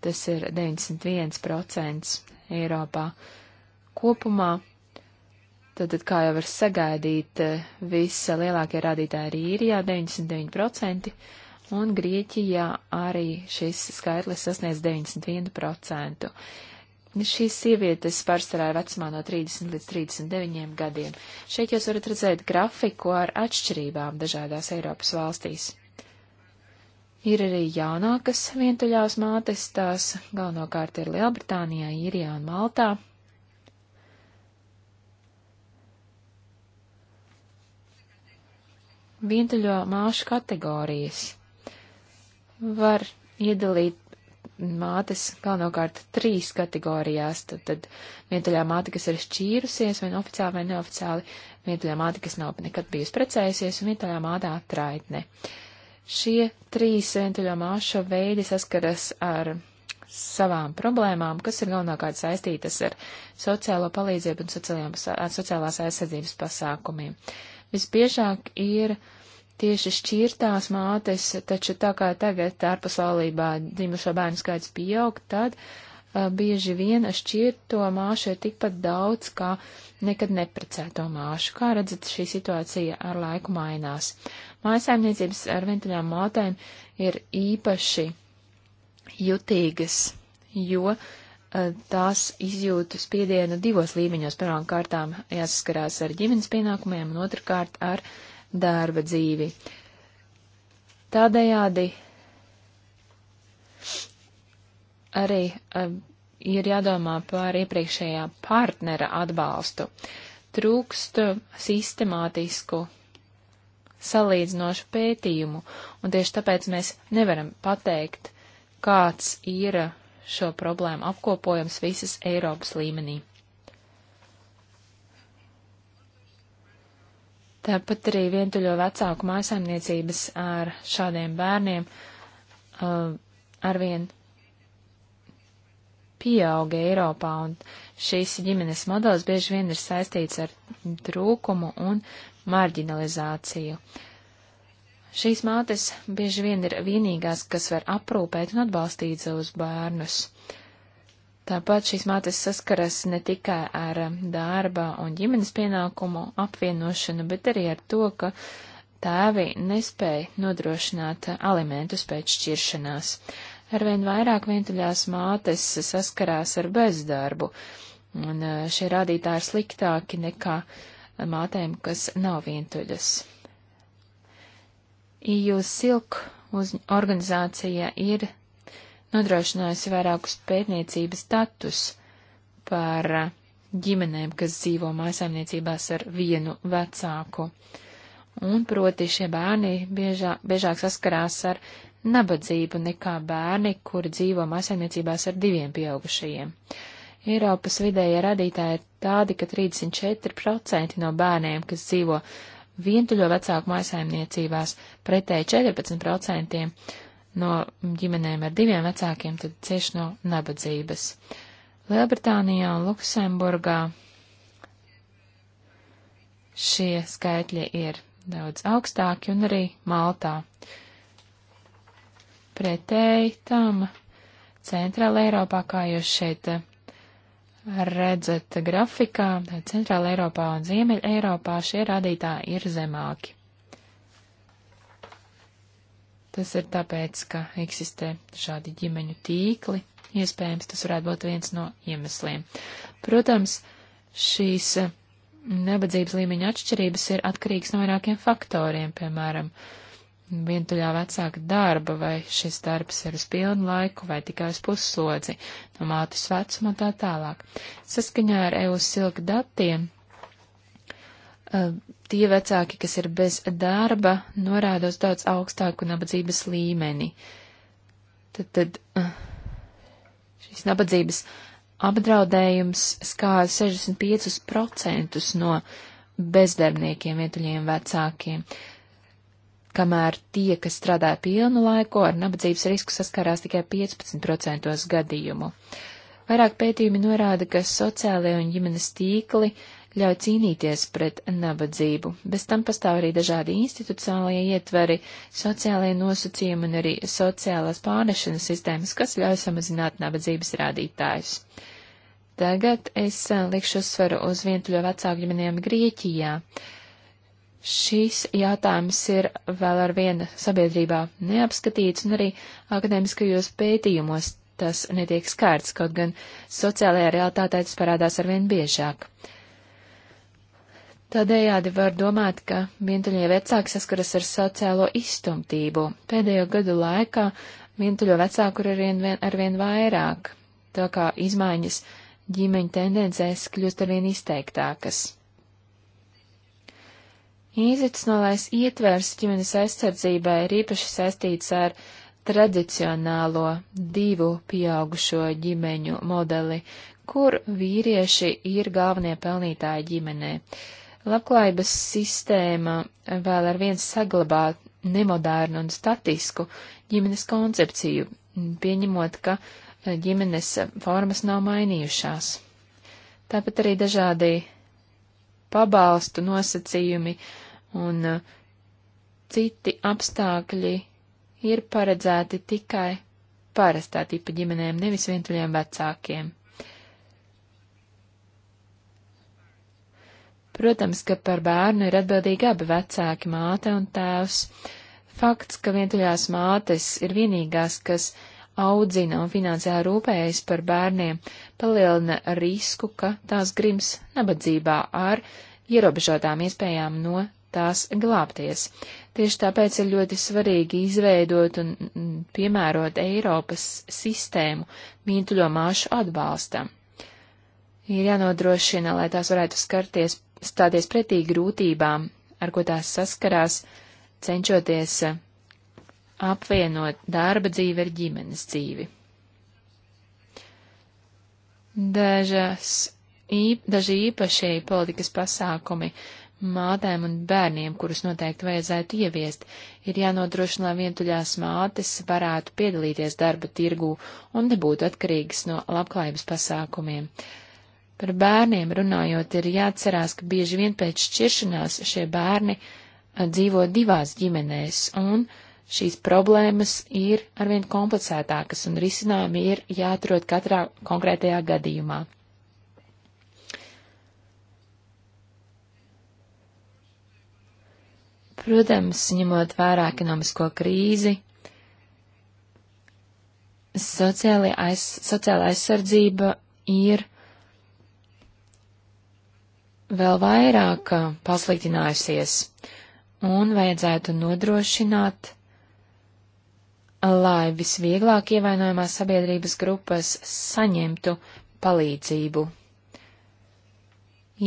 tas ir 91% Eiropā kopumā. Tātad, kā jau var sagaidīt, eh, visa lielākie rādītāji ir īrijā 99%, un Grieķijā arī šis skaitlis sasniedz 91%. Šīs sievietes pārstarā ir vecumā no 30 līdz 39 gadiem. Šeit jūs varat redzēt grafiku ar atšķirībām dažādās Eiropas valstīs. Ir arī jaunākas vientuļās mātes, tās galvenokārt ir Lielbritānijā, Īrijā un Maltā. Vientuļo māšu kategorijas var iedalīt mātes galvenokārt trīs kategorijās. Tad, tad vientuļā māte, kas ir šķīrusies, vai oficiāli vai neoficiāli, vientuļā māte, kas nav nekad bijusi precējusies, un vientuļā māte atraitne. Šie trīs vientuļā māšu veidi saskaras ar savām problēmām, kas ir galvenokārt saistītas ar sociālo palīdzību un sociālās aizsardzības pasākumiem. Visbiežāk ir uh, Tieši šķirtās mātes, taču tā kā tagad ārpasaulībā dzimušo bērnu skaits pieaug, tad uh, bieži vien šķirto māšu ir tikpat daudz, kā nekad neprecēto māšu. Kā redzat, šī situācija ar laiku mainās. Mājasēmniecības ar vientuļām mātēm ir īpaši jutīgas, jo tās izjūtu spiedienu divos līmeņos. Pirmām kārtām jāsaskarās ar ģimenes pienākumiem, un otrkārt ar darba dzīvi. Tādējādi arī um, ir jādomā par iepriekšējā partnera atbalstu. Trūkst sistemātisku salīdzinošu pētījumu, un tieši tāpēc mēs nevaram pateikt, kāds ir šo problēmu apkopojums visas Eiropas līmenī. Tāpat arī vientuļo vecāku mājasaimniecības ar šādiem bērniem uh, arvien pieauga Eiropā, un šīs ģimenes modelis bieži vien ir saistīts ar trūkumu un marginalizāciju. Šīs mātes bieži vien ir vienīgās, kas var aprūpēt un atbalstīt savus bērnus. Tāpat šīs mātes saskaras ne tikai ar darba un ģimenes pienākumu apvienošanu, bet arī ar to, ka tēvi nespēja nodrošināt alimentus pēc šķiršanās. Arvien vairāk vientuļās mātes saskarās ar bezdarbu, un e, šie rādītāji ir sliktāki nekā mātēm, kas nav vientuļas. EU Silk organizācija ir nodrošinājusi vairākus pētniecības datus par ģimenēm, kas dzīvo mājsaimniecībās ar vienu vecāku. Un proti šie bērni biežā, biežāk saskarās ar nabadzību nekā bērni, kuri dzīvo mājsaimniecībās ar diviem pieaugušajiem. Eiropas vidējie radītāji ir tādi, ka 34% no bērniem, kas dzīvo vientuļo vecāku mājsaimniecībās, pretēji 14% no ģimenēm ar diviem vecākiem, tad cieši no nabadzības. Lielbritānijā un Luksemburgā šie skaitļi ir daudz augstāki un arī Maltā. Pretēji tam Centrāla Eiropā, kā jūs šeit eh, redzat grafikā, Centrāla Eiropā un Ziemeļa Eiropā šie rādītāji ir zemāki. Tas ir tāpēc, ka eksistē šādi ģimeņu tīkli. Iespējams, tas varētu būt viens no iemesliem. Protams, šīs eh, nabadzības līmeņa atšķirības ir atkarīgas no vairākiem faktoriem, piemēram, vientuļā vecāka darba, vai šis darbs ir uz pilnu laiku, vai tikai uz puslodzi, no mātes vecuma tā tālāk. Saskaņā ar EU silka datiem tie vecāki, kas ir bez darba, norāda uz daudz augstāku nabadzības līmeni. Tad, tad šīs nabadzības apdraudējums skāra 65% no bezdarbniekiem, vietuļiem vecākiem, kamēr tie, kas strādāja pilnu laiku, ar nabadzības risku saskārās tikai 15% gadījumu. Vairāk pētījumi norāda, ka sociālajie un ģimenes tīkli uh, ļauj cīnīties pret nabadzību. Bez tam pastāv arī dažādi institucionālie ietveri, sociālie nosacījumi un arī sociālās pārnešanas sistēmas, kas ļauj samazināt nabadzības rādītājus. Tagad es likšu uzsveru uz vientuļo vecāku ģimenēm Grieķijā. Šīs jautājums ir vēl ar vienu sabiedrībā neapskatīts un arī akadēmiskajos pētījumos tas netiek skārts, kaut gan sociālajā realitātē tas parādās ar vien biežāk. Tādējādi var domāt, ka vientuļie vecāki saskaras ar sociālo izstumtību. Pēdējo gadu laikā vientuļo vecāku ir arvien, arvien vairāk, tā kā izmaiņas ģimeņu tendencēs kļūst arvien izteiktākas. Institucionālais ietvers ģimenes aizsardzībai ir īpaši saistīts ar tradicionālo divu pieaugušo ģimeņu modeli, kur vīrieši ir galvenie pelnītāji ģimenē. Uh, Labklājības sistēma vēl ar viens saglabā nemodērnu un statisku ģimenes koncepciju, pieņemot, ka ģimenes formas nav mainījušās. Tāpat arī dažādi pabalstu nosacījumi un uh, citi apstākļi ir paredzēti tikai parastā tipa ģimenēm, nevis vientuļiem vecākiem. Protams, ka par bērnu ir atbildīgi abi vecāki - māte un tēvs. Fakts, ka vientuļās mātes ir vienīgās, kas audzina un finansiāli rūpējas par bērniem, palielina risku, ka tās grims nabadzībā ar ierobežotām iespējām no tās glābties. Tieši tāpēc ir ļoti svarīgi izveidot un piemērot Eiropas sistēmu mītuļo māšu atbalstam. Ir jānodrošina, lai tās varētu skarties stāties pretī grūtībām, ar ko tās saskarās, cenšoties apvienot darba dzīvi ar ģimenes dzīvi. Dažas, īp, daži īpašie politikas pasākumi mātēm un bērniem, kurus noteikti vajadzētu ieviest, ir jānodrošina, lai vientuļās mātes varētu piedalīties darba tirgū un nebūtu atkarīgas no labklājības pasākumiem. Uh, Par bērniem runājot, ir jāatcerās, ka bieži vien pēc šķiršanās šie bērni dzīvo divās ģimenēs, un šīs problēmas ir arvien komplicētākas, un risinājumi ir jāatrod katrā konkrētajā gadījumā. Protams, ņemot vērā ekonomisko krīzi, sociālā aiz, sociāla aizsardzība ir vēl vairāk uh, pasliktinājusies, un vajadzētu nodrošināt, lai visvieglāk ievainojamās sabiedrības grupas saņemtu palīdzību.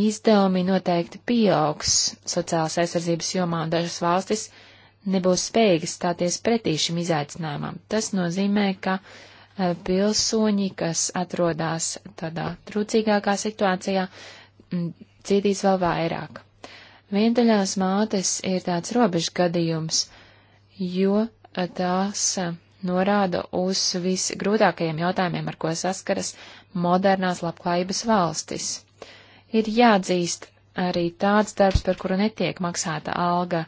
Izdevumi noteikti pieaugs sociālās aizsardzības jomā, un dažas valstis nebūs spējīgas stāties pretī šim izaicinājumam. Tas nozīmē, ka uh, pilsoņi, kas atrodas tādā trūcīgākā situācijā, cietīs vēl vairāk. Vientuļās mātes ir tāds robežu gadījums, jo eh, tās eh, norāda uz visgrūtākajiem jautājumiem, ar ko saskaras modernās labklājības valstis. Ir jāatzīst arī tāds darbs, par kuru netiek maksāta alga,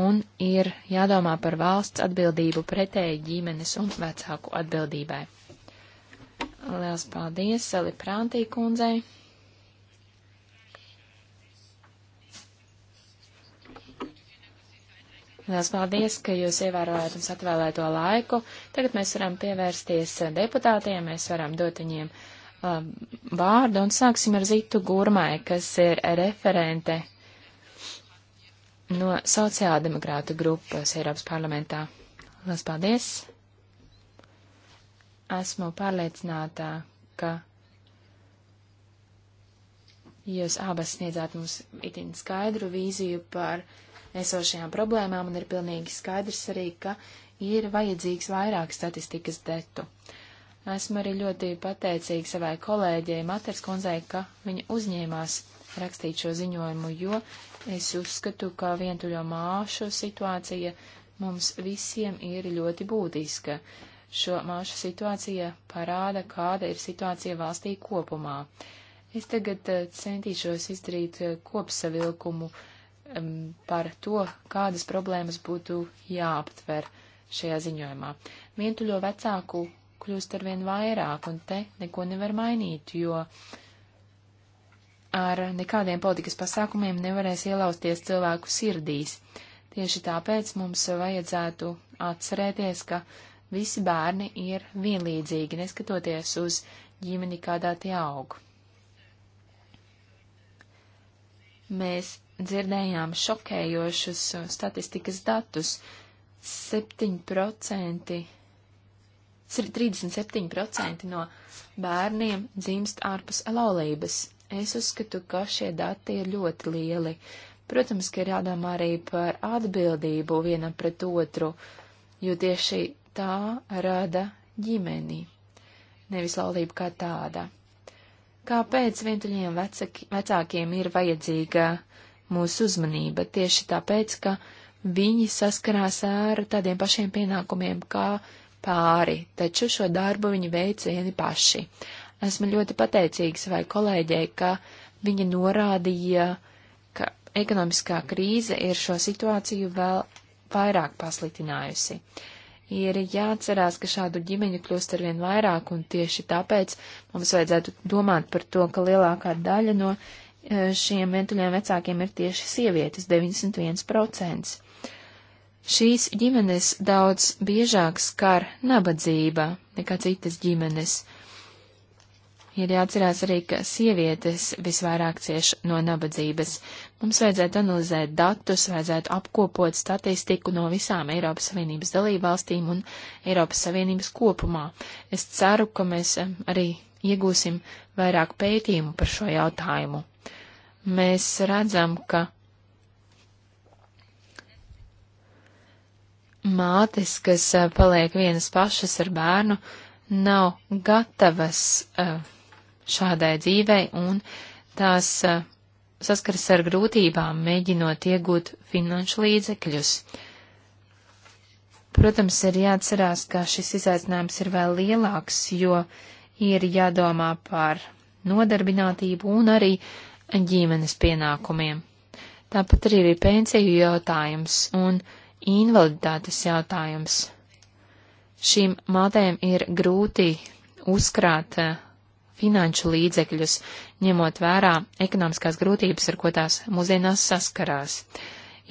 un ir jādomā par valsts atbildību pretēji ģimenes un vecāku atbildībai. Liels paldies, Sali Prāntī kundzei! Lielas paldies, ka jūs ievērojāt mums atvēlēto laiku. Tagad mēs varam pievērsties deputātiem, mēs varam dot viņiem uh, vārdu un sāksim ar Zitu Gurmai, kas ir referente no sociāldemokrātu grupas Eiropas parlamentā. Lielas paldies! Esmu pārliecinātā, ka jūs abas sniedzāt mums itin skaidru vīziju par uh, esošajām problēmām, un ir pilnīgi skaidrs arī, ka ir vajadzīgs vairāk statistikas detu. Esmu arī ļoti pateicīga savai kolēģei Maters kundzei, ka viņa uzņēmās rakstīt šo ziņojumu, jo es uzskatu, ka vientuļo māšu situācija mums visiem ir ļoti būtiska. Šo māšu situācija parāda, kāda ir situācija valstī kopumā. Es tagad eh, centīšos izdarīt eh, kopsavilkumu uh, par to, kādas problēmas būtu jāaptver šajā ziņojumā. Mietuļo vecāku kļūst arvien vairāk, un te neko nevar mainīt, jo ar nekādiem politikas pasākumiem nevarēs ielausties cilvēku sirdīs. Tieši tāpēc mums vajadzētu atcerēties, ka visi bērni ir vienlīdzīgi, neskatoties uz ģimeni, kādā tie aug. Mēs dzirdējām šokējošus uh, statistikas datus. 7%, 37% no bērniem dzimst ārpus laulības. Es uzskatu, ka šie dati ir ļoti lieli. Protams, ka ir jādomā arī par atbildību vienam pret otru, jo tieši tā rada ģimeni, nevis laulība kā tāda. Kāpēc vientuļiem vecākiem ir vajadzīga mūsu uzmanība tieši tāpēc, ka viņi saskarās ar tādiem pašiem pienākumiem kā pāri, taču šo darbu viņi veic vieni paši. Esmu ļoti pateicīgs vai kolēģei, ka viņa norādīja, ka ekonomiskā krīze ir šo situāciju vēl vairāk pasliktinājusi. Ir jāatcerās, ka šādu ģimeņu kļūst arvien vairāk, un tieši tāpēc mums vajadzētu domāt par to, ka lielākā daļa no šiem vientuļiem vecākiem ir tieši sievietes - 91%. Šīs ģimenes daudz biežāk skar nabadzība nekā citas ģimenes. Ir jāatcerās arī, ka sievietes visvairāk cieš no nabadzības. Mums vajadzētu analizēt datus, vajadzētu apkopot statistiku no visām Eiropas Savienības dalībvalstīm un Eiropas Savienības kopumā. Es ceru, ka mēs eh, arī iegūsim vairāk pētījumu par šo jautājumu mēs redzam, ka mātes, kas paliek vienas pašas ar bērnu, nav gatavas šādai dzīvei un tās saskaras ar grūtībām, mēģinot iegūt finanšu līdzekļus. Protams, ir jāatcerās, ka šis izaicinājums ir vēl lielāks, jo ir jādomā par nodarbinātību un arī uh, ģimenes pienākumiem. Tāpat arī ir pensiju jautājums un invaliditātes jautājums. Šīm mātēm ir grūti uzkrāt eh, finanšu līdzekļus, ņemot vērā ekonomiskās grūtības, ar ko tās mūsdienās saskarās. Uh,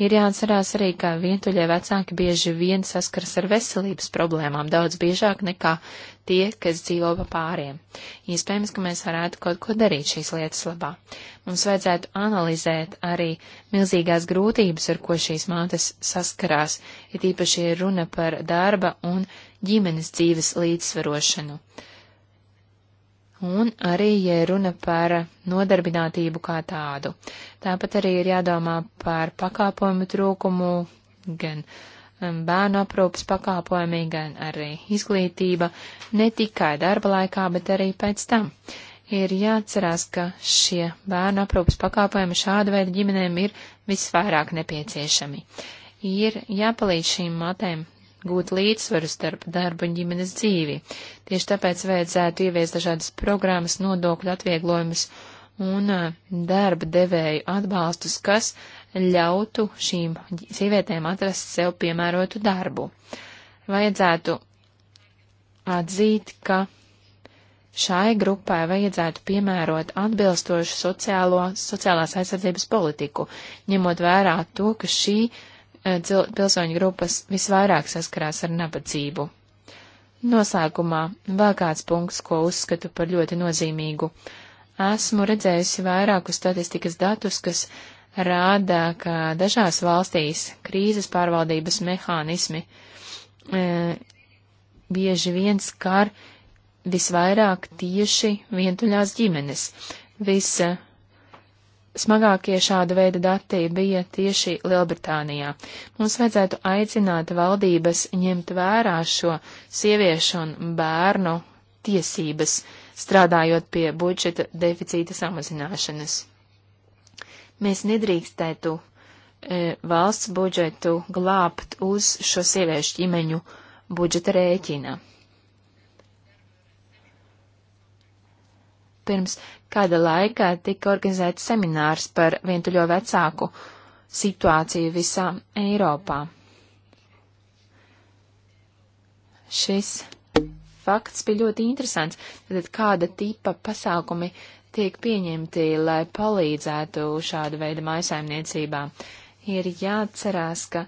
Ir jāatcerās arī, ka vientuļie vecāki bieži vien saskaras ar veselības problēmām daudz biežāk nekā tie, kas dzīvo pa pāriem. Iespējams, ka mēs varētu kaut ko darīt šīs lietas labā. Mums vajadzētu analizēt arī milzīgās grūtības, ar ko šīs mātes saskarās, ir īpaši runa par darba un ģimenes dzīves līdzsvarošanu un arī ja runa par nodarbinātību kā tādu. Tāpat arī ir jādomā par pakāpojumu trūkumu, gan um, bērnu aprūpas pakāpojumi, gan arī izglītība, ne tikai darba laikā, bet arī pēc tam. Ir jāatcerās, ka šie bērnu aprūpas pakāpojumi šāda veida ģimenēm ir visvairāk nepieciešami. Ir jāpalīdz šīm matēm gūt līdzsvaru starp darbu un ģimenes dzīvi. Tieši tāpēc vajadzētu ieviest dažādas programmas, nodokļu atvieglojumus un darba devēju atbalstus, kas ļautu šīm sievietēm atrast sev piemērotu darbu. Vajadzētu atzīt, ka šai grupai vajadzētu piemērot atbilstošu sociālo, sociālās aizsardzības politiku, ņemot vērā to, ka šī Eh, pilsoņu grupas visvairāk saskarās ar nabadzību. Noslēgumā vēl kāds punkts, ko uzskatu par ļoti nozīmīgu. Esmu redzējusi vairākus statistikas datus, kas rāda, ka dažās valstīs krīzes pārvaldības mehānismi e, bieži vien skar visvairāk tieši vientuļās ģimenes. Visa smagākie šāda veida dati bija tieši Lielbritānijā. Mums vajadzētu aicināt valdības ņemt vērā šo sieviešu un bērnu tiesības, strādājot pie budžeta deficīta samazināšanas. Mēs nedrīkstētu e, valsts budžetu glābt uz šo sieviešu ģimeņu budžeta rēķina. Pirms kāda laika tika organizēts seminārs par vientuļo vecāku situāciju visā Eiropā. Šis fakts bija ļoti interesants. Tad kāda tipa pasākumi tiek pieņemti, lai palīdzētu šādu veidu mājasēmniecībā? Ir jāatcerās, ka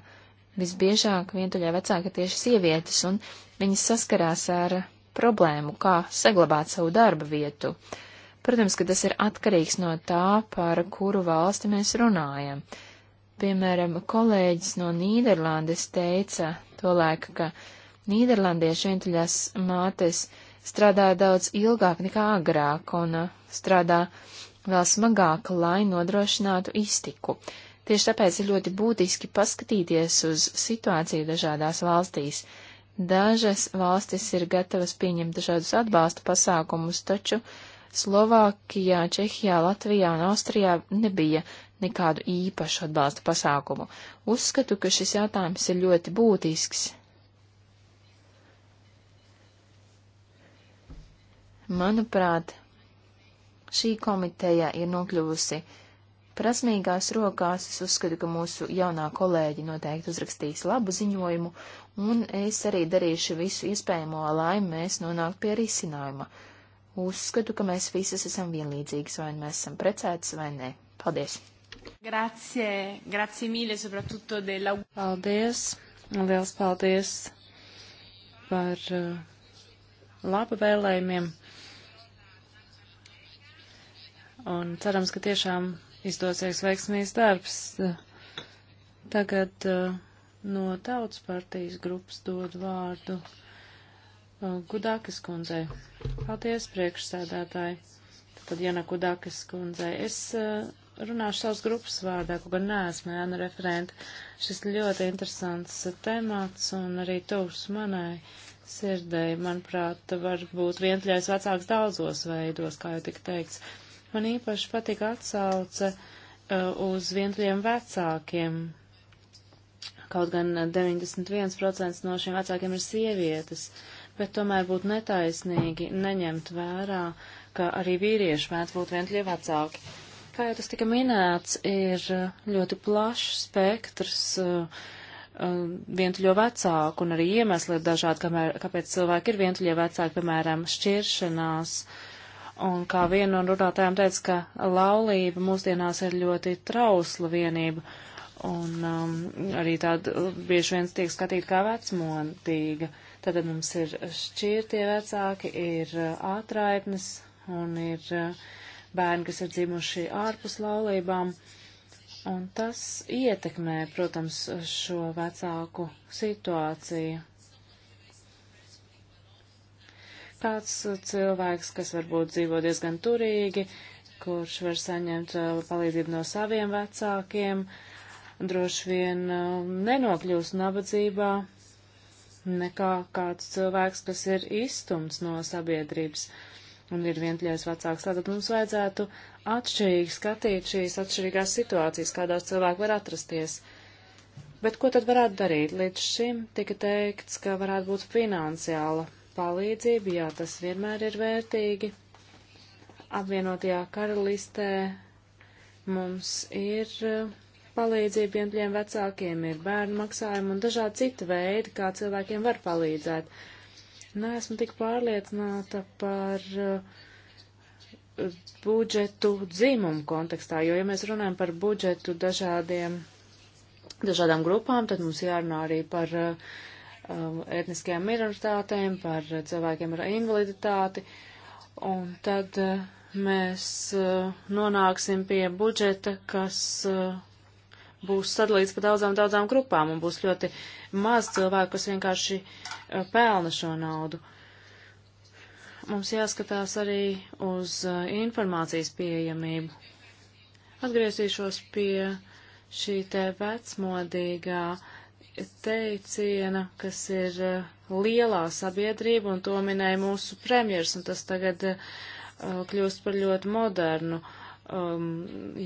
visbiežāk vientuļā vecāka tieši sievietes, un viņas saskarās ar problēmu, kā saglabāt savu darba vietu. Uh, Protams, ka tas ir atkarīgs no tā, par kuru valsti mēs runājam. Piemēram, kolēģis no Nīderlandes teica tolaik, ka Nīderlandiešu vientuļās mātes strādā daudz ilgāk nekā agrāk un strādā vēl smagāk, lai nodrošinātu iztiku. Tieši tāpēc ir ļoti būtiski paskatīties uz situāciju dažādās valstīs. Dažas valstis ir gatavas pieņemt dažādus atbalsta pasākumus, taču Slovākijā, Čehijā, Latvijā un Austrijā nebija nekādu īpašu atbalsta pasākumu. Uzskatu, ka šis jautājums ir ļoti būtisks. Manuprāt, šī komiteja ir nokļuvusi prasmīgās rokās. Es uzskatu, ka mūsu jaunā kolēģi noteikti uzrakstīs labu ziņojumu, un es arī darīšu visu iespējamo, lai mēs nonāktu pie risinājuma uzskatu, ka mēs visas esam vienlīdzīgas, vai mēs esam precētas vai nē. Paldies! Grazie, grazie mille, soprattutto della... Paldies, un liels paldies par uh, labu vēlējumiem. Un cerams, ka tiešām izdosies veiksmīgs darbs. Tagad uh, no tautas partijas grupas dod vārdu Gudākas uh, kundzei. Paldies, priekšsēdētāji. Tad Jana Gudākas kundzei. Es uh, runāšu savas grupas vārdā, ko gan neesmu Jana referenta. Šis ļoti interesants temats un arī tuvs manai sirdei, manuprāt, var būt vientuļais vecāks daudzos veidos, kā jau tik teikts. Man īpaši patika atsauce uh, uz vientuļiem vecākiem. Kaut gan 91% no šiem vecākiem ir sievietes. Uh, bet tomēr būtu netaisnīgi neņemt vērā, ka arī vīrieši mēdz būt vientuļie vecāki. Kā jau tas tika minēts, ir ļoti plašs spektrs uh, uh, vientuļo vecāku, un arī iemesli ir dažādi, kamēr, kāpēc cilvēki ir vientuļie vecāki, piemēram, šķiršanās. Un kā viena no runātājām teica, ka laulība mūsdienās ir ļoti trausla vienība, un um, arī tāda bieži vien tiek skatīta kā vecmodīga. Uh, Tātad mums ir šķirtie vecāki, ir uh, ātraitnes un ir uh, bērni, kas ir dzimuši ārpus laulībām. Un tas ietekmē, protams, šo vecāku situāciju. Kāds uh, cilvēks, kas varbūt dzīvo diezgan turīgi, kurš var saņemt palīdzību no saviem vecākiem, droši vien nenokļūst nabadzībā, nekā kāds cilvēks, kas ir izstumts no sabiedrības un ir vientuļais vecāks. Tātad mums vajadzētu atšķirīgi skatīt šīs atšķirīgās situācijas, kādās cilvēki var atrasties. Bet ko tad varētu darīt? Līdz šim tika teikts, ka varētu būt finansiāla palīdzība, jā, tas vienmēr ir vērtīgi. Apvienotajā karalistē mums ir palīdzību, piemēram, vecākiem ir bērnu maksājumi un dažādi citi veidi, kā cilvēkiem var palīdzēt. Nē, esmu tik pārliecināta par uh, budžetu dzimumu kontekstā, jo, ja mēs runājam par budžetu dažādiem, dažādām grupām, tad mums jārunā arī par uh, um, etniskajām minoritātēm, par cilvēkiem ar invaliditāti, un tad uh, mēs uh, nonāksim pie budžeta, kas uh, būs sadalīts pa daudzām, daudzām grupām un būs ļoti maz cilvēku, kas vienkārši uh, pelna šo naudu. Mums jāskatās arī uz uh, informācijas pieejamību. Atgriezīšos pie šī te vecmodīgā teiciena, kas ir uh, lielā sabiedrība, un to minēja mūsu premjers, un tas tagad uh, kļūst par ļoti modernu. Uh, um,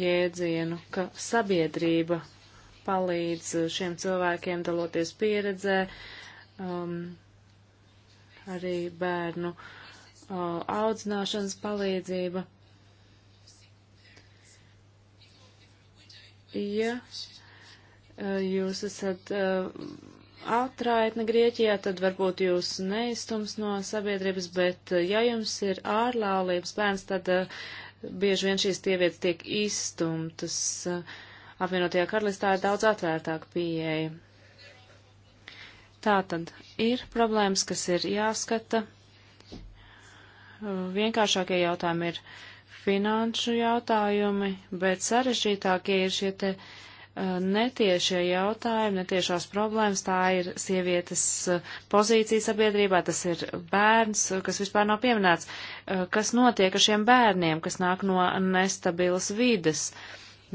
jēdzienu, ka sabiedrība palīdz šiem cilvēkiem daloties pieredzē, um, arī bērnu uh, audzināšanas palīdzība. Ja uh, jūs esat uh, atraitne Grieķijā, tad varbūt jūs neiztums no sabiedrības, bet uh, ja jums ir ārlaulības bērns, tad uh, bieži vien šīs sievietes tiek izstumtas. Apvienotajā karalistā ir daudz atvērtāka pieeja. Tātad ir problēmas, kas ir jāskata. Vienkāršākie jautājumi ir finanšu jautājumi, bet sarežģītākie ir šie te uh, netiešie jautājumi, netiešās problēmas, tā ir sievietes eh, pozīcija sabiedrībā, tas ir bērns, eh, kas vispār nav pieminēts, eh, kas notiek ar šiem bērniem, kas nāk no nestabilas vides,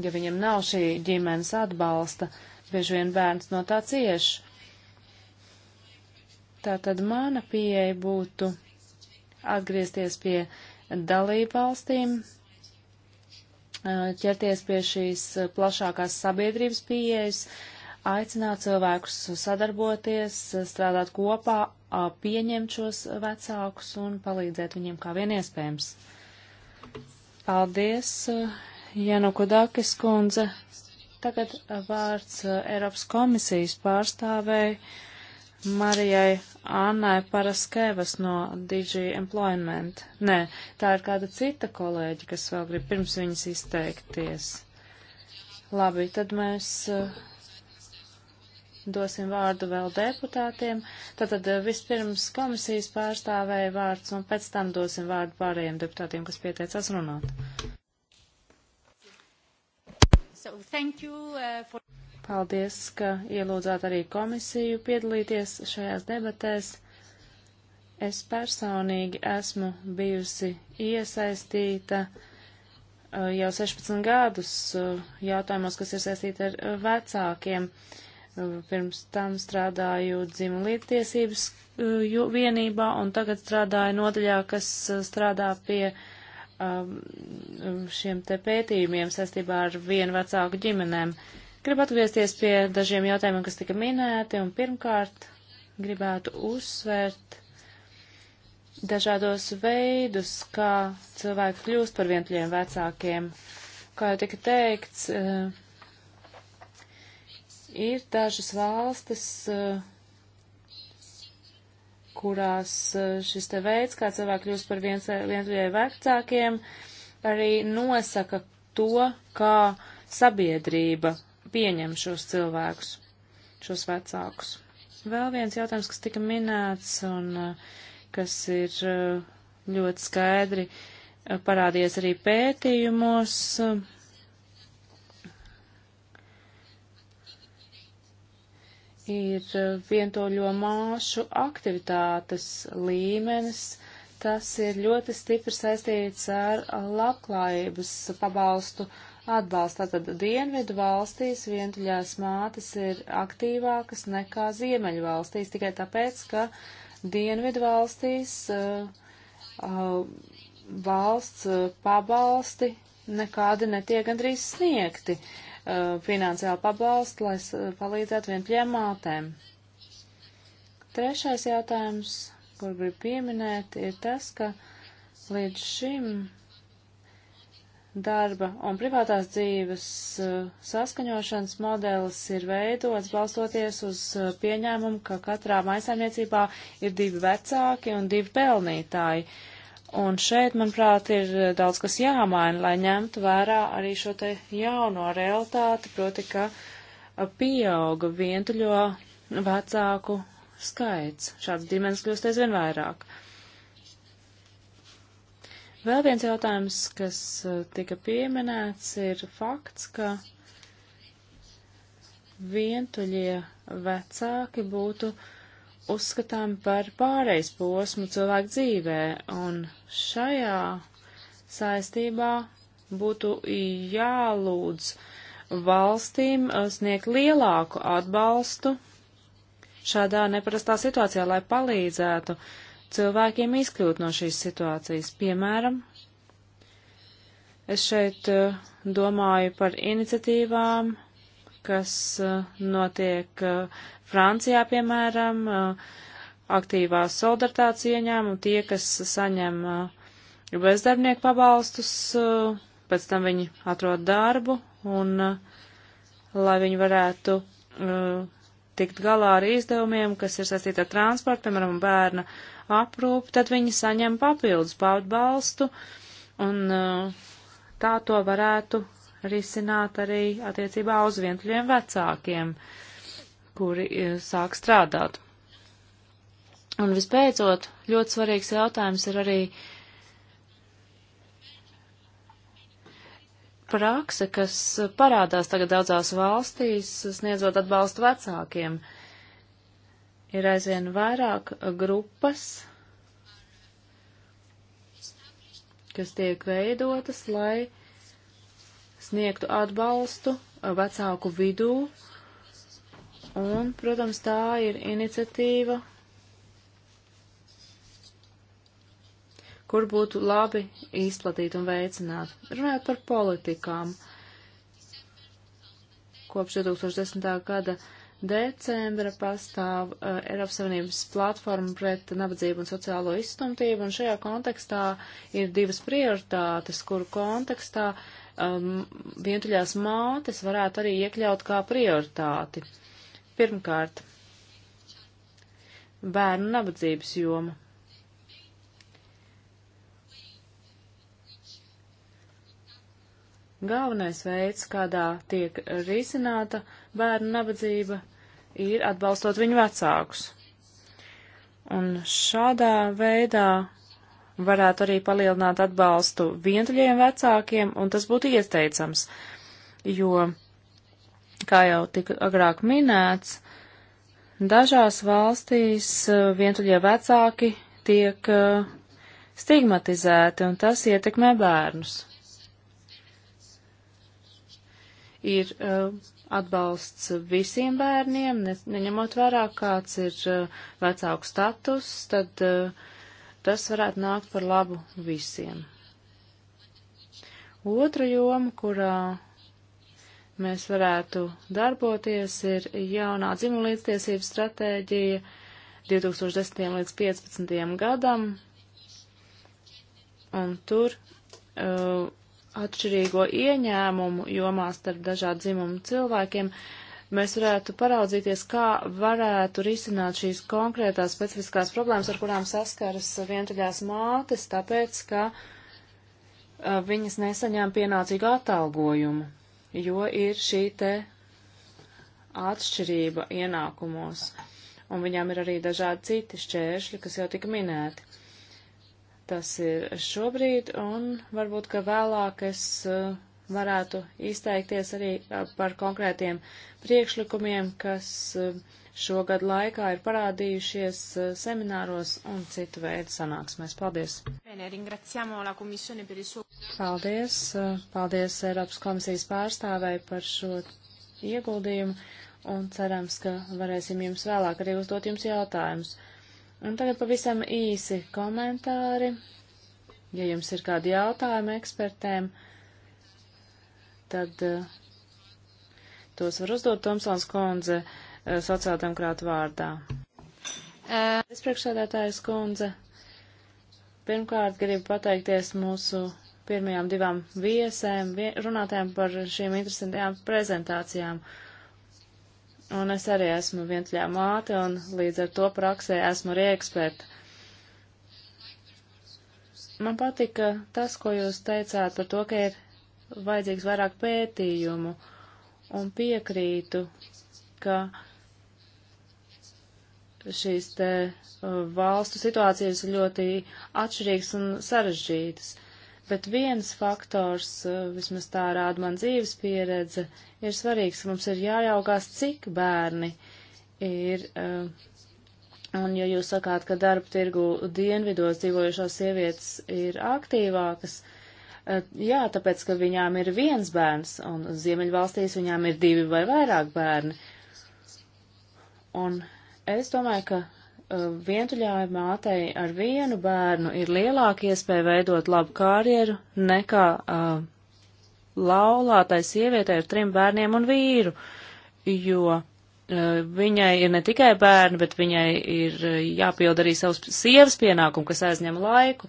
ja viņam nav šī ģimenes atbalsta, bieži vien bērns no tā cieš. Tātad mana pieeja būtu atgriezties pie dalību valstīm, Eh, ķerties pie šīs eh, plašākās sabiedrības pieejas, aicināt cilvēkus sadarboties, eh, strādāt kopā, pieņemt šos vecākus un palīdzēt viņiem kā vien iespējams. Paldies, Janu Kudakis kundze. Tagad vārds Eiropas komisijas pārstāvēja. Marijai Annai Paraskevas no DG Employment. Nē, tā ir kāda cita kolēģi, kas vēl grib pirms viņas izteikties. Labi, tad mēs eh, dosim vārdu vēl deputātiem. Tātad eh, vispirms komisijas pārstāvēja vārds un pēc tam dosim vārdu pārējiem deputātiem, kas pieteicās runāt. So, thank you, uh, for... Paldies, ka ielūdzāt arī komisiju piedalīties šajās debatēs. Es personīgi esmu bijusi iesaistīta uh, jau 16 gadus uh, jautājumos, kas ir saistīti ar uh, vecākiem. Pirms tam strādāju dzimumu līdztiesības vienībā un tagad strādāju nodaļā, kas strādā pie um, šiem te pētījumiem saistībā ar vienu vecāku ģimenēm. Uh, Gribu atgriezties pie dažiem jautājumiem, kas tika minēti, un pirmkārt gribētu uzsvērt dažādos veidus, kā cilvēki kļūst par vientuļiem vecākiem. Kā jau tika teikts, eh, ir dažas valstis, eh, kurās eh, šis te veids, kā cilvēki kļūst par vientuļai vecākiem, arī nosaka to, kā sabiedrība pieņem šos cilvēkus, šos vecākus. Vēl viens jautājums, kas tika minēts un uh, kas ir uh, ļoti skaidri uh, parādījies arī pētījumos, ir vientoļo māšu aktivitātes līmenis. Tas ir ļoti stipri saistīts ar labklājības pabalstu uh, atbalsts. Tātad dienvidu valstīs vientuļās mātes ir aktīvākas nekā ziemeļu valstīs, tikai tāpēc, ka dienvidu valstīs uh, uh, valsts uh, pabalsti nekādi netiek gandrīz sniegti uh, finansiāli pabalsti, lai uh, palīdzētu vientuļām mātēm. Trešais jautājums, kur gribu pieminēt, ir tas, ka līdz šim darba un privātās dzīves eh, saskaņošanas modelis ir veidots balstoties uz eh, pieņēmumu, ka katrā maisaimniecībā ir divi vecāki un divi pelnītāji. Un šeit, manuprāt, ir eh, daudz kas jāmaina, lai ņemtu vērā arī šo te jauno realitāti, proti, ka pieauga vientuļo vecāku skaits. Šāds dimens kļūst aizvien vairāk. Vēl viens jautājums, kas eh, tika pieminēts, ir fakts, ka vientuļie vecāki būtu uzskatām par pārejas posmu cilvēku dzīvē, un šajā saistībā būtu jālūdz valstīm eh, sniegt lielāku atbalstu šādā neparastā situācijā, lai palīdzētu uh, cilvēkiem izkļūt no šīs situācijas. Piemēram, es šeit eh, domāju par iniciatīvām, kas eh, notiek eh, Francijā, piemēram, aktīvā solidaritātes ieņēmuma, tie, kas saņem bezdarbnieku pabalstus, pēc tam viņi atrod darbu, un lai viņi varētu uh, tikt galā ar izdevumiem, kas ir saistīti ar transportu, piemēram, bērna aprūpu, tad viņi saņem papildus pautbalstu, un uh, tā to varētu risināt arī attiecībā uz vientuļiem vecākiem, kuri uh, sāk strādāt. Un vispēcot, ļoti svarīgs jautājums ir arī uh, prakse, kas parādās tagad daudzās valstīs, sniedzot atbalstu vecākiem. Ir aizvien vairāk grupas, kas tiek veidotas, lai sniegtu atbalstu vecāku vidū. Un, protams, tā ir iniciatīva, kur būtu labi izplatīt un veicināt. Runājot par politikām, kopš 2010. gada decembra pastāv uh, Eiropas Savienības platforma pret nabadzību un sociālo izstumtību, un šajā kontekstā ir divas prioritātes, kuru kontekstā um, vientuļās mātes varētu arī iekļaut kā prioritāti. Pirmkārt, bērnu nabadzības joma. Galvenais veids, kādā tiek risināta bērnu nabadzība, ir atbalstot viņu vecākus. Un šādā veidā varētu arī palielināt atbalstu vientuļiem vecākiem, un tas būtu ieteicams, jo, kā jau tika agrāk minēts, dažās valstīs eh, vientuļie vecāki tiek eh, stigmatizēti, un tas ietekmē bērnus. ir eh, atbalsts visiem bērniem, ne, neņemot vērā, kāds ir eh, vecāku status, tad eh, tas varētu nākt par labu visiem. Otra joma, kurā mēs varētu darboties, ir jaunā dzimuma līdztiesības stratēģija 2010. līdz 2015. gadam, un tur uh, atšķirīgo ieņēmumu jomā starp dažādu dzimumu cilvēkiem, mēs varētu paraudzīties, kā varētu risināt šīs konkrētās specifiskās problēmas, ar kurām saskaras vientuļās mātes, tāpēc, ka viņas nesaņēma pienācīgu atalgojumu, jo ir šī te atšķirība ienākumos, un viņām ir arī dažādi citi šķēršļi, kas jau tika minēti tas ir šobrīd, un varbūt, ka vēlāk es eh, varētu izteikties arī eh, par konkrētiem priekšlikumiem, kas eh, šogad laikā ir parādījušies semināros un citu veidu sanāksmēs. Paldies! Paldies! Paldies Eiropas komisijas pārstāvēji par šo ieguldījumu, un cerams, ka varēsim jums vēlāk arī uzdot jums jautājumus. Un tagad pavisam īsi komentāri. Ja jums ir kādi jautājumi ekspertēm, tad uh, tos var uzdot Tomsons kundze uh, sociāldemokrāta vārdā. Uh. Eh. Es priekšsēdētājas kundze, pirmkārt gribu pateikties mūsu pirmajām divām viesēm, runātājām par šīm interesantajām prezentācijām. Uh, un es arī esmu vientuļā māte, un līdz ar to praksē esmu arī eksperta. Man patika tas, ko jūs teicāt par to, ka ir vajadzīgs vairāk pētījumu, un piekrītu, ka šīs te uh, valstu situācijas ir ļoti atšķirīgas un sarežģītas. Uh, bet viens faktors, eh, vismaz tā rāda man dzīves pieredze, ir svarīgs. Mums ir jājaugās, cik bērni ir. Eh, un ja jūs sakāt, ka darba tirgu dienvidos dzīvojušās sievietes ir aktīvākas, eh, jā, tāpēc, ka viņām ir viens bērns, un ziemeļvalstīs viņām ir divi vai vairāk bērni. Un es domāju, ka Um, vientuļāja mātei ar vienu bērnu ir lielāka iespēja veidot labu karjeru nekā uh, laulātai sievietei ar trim bērniem un vīru, jo uh, viņai ir ne tikai bērni, bet viņai ir uh, jāpild arī savus sievas pienākumu, kas aizņem laiku,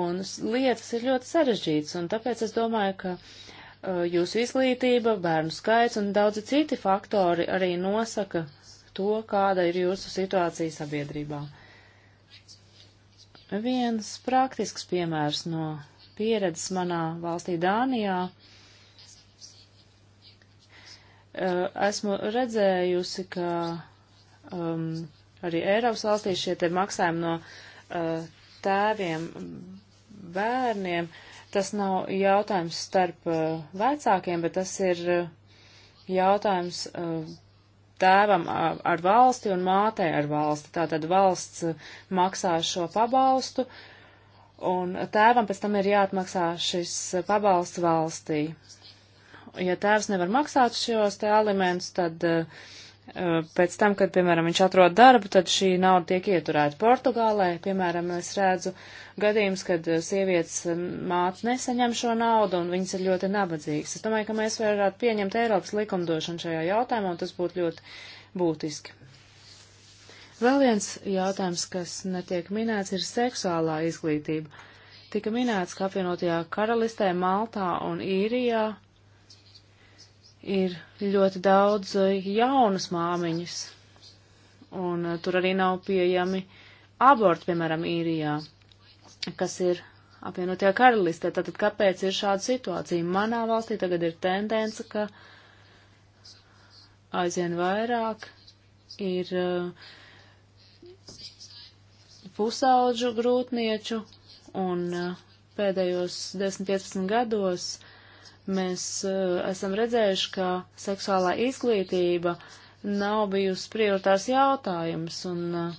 un lietas ir ļoti sarežģītas, un tāpēc es domāju, ka uh, jūsu izglītība, bērnu skaits un daudzi citi faktori arī nosaka to, kāda ir jūsu situācija sabiedrībā. Viens praktisks piemērs no pieredzes manā valstī Dānijā. Esmu redzējusi, ka um, arī Eiropas valstīs šie te maksājumi no uh, tēviem bērniem, tas nav jautājums starp uh, vecākiem, bet tas ir uh, jautājums uh, tēvam ar valsti un mātei ar valsti. Tātad valsts maksā šo pabalstu, un tēvam pēc tam ir jāatmaksā šis pabalsts valstī. Ja tēvs nevar maksāt šos te alimentus, tad uh, Eh, pēc tam, kad, piemēram, viņš atrod darbu, tad šī nauda tiek ieturēta Portugālē. Piemēram, es redzu gadījums, kad eh, sievietes eh, māte nesaņem šo naudu un viņas ir ļoti nabadzīgas. Es domāju, ka mēs varētu pieņemt Eiropas likumdošanu šajā jautājumā, un tas būtu ļoti būtiski. Vēl viens jautājums, kas netiek minēts, ir seksuālā izglītība. Tika minēts, ka apvienotajā karalistē, Maltā un Īrijā ir ļoti daudz eh, jaunas māmiņas, un eh, tur arī nav pieejami aborti, piemēram, īrijā, kas ir apvienotajā karalistē. Tātad kāpēc ir šāda situācija? Manā valstī tagad ir tendence, ka aizvien vairāk ir eh, pusaudžu grūtnieču, un pēdējos 10-15 gados uh, Mēs uh, esam redzējuši, ka seksuālā izglītība nav bijusi prioritārs jautājums, un uh,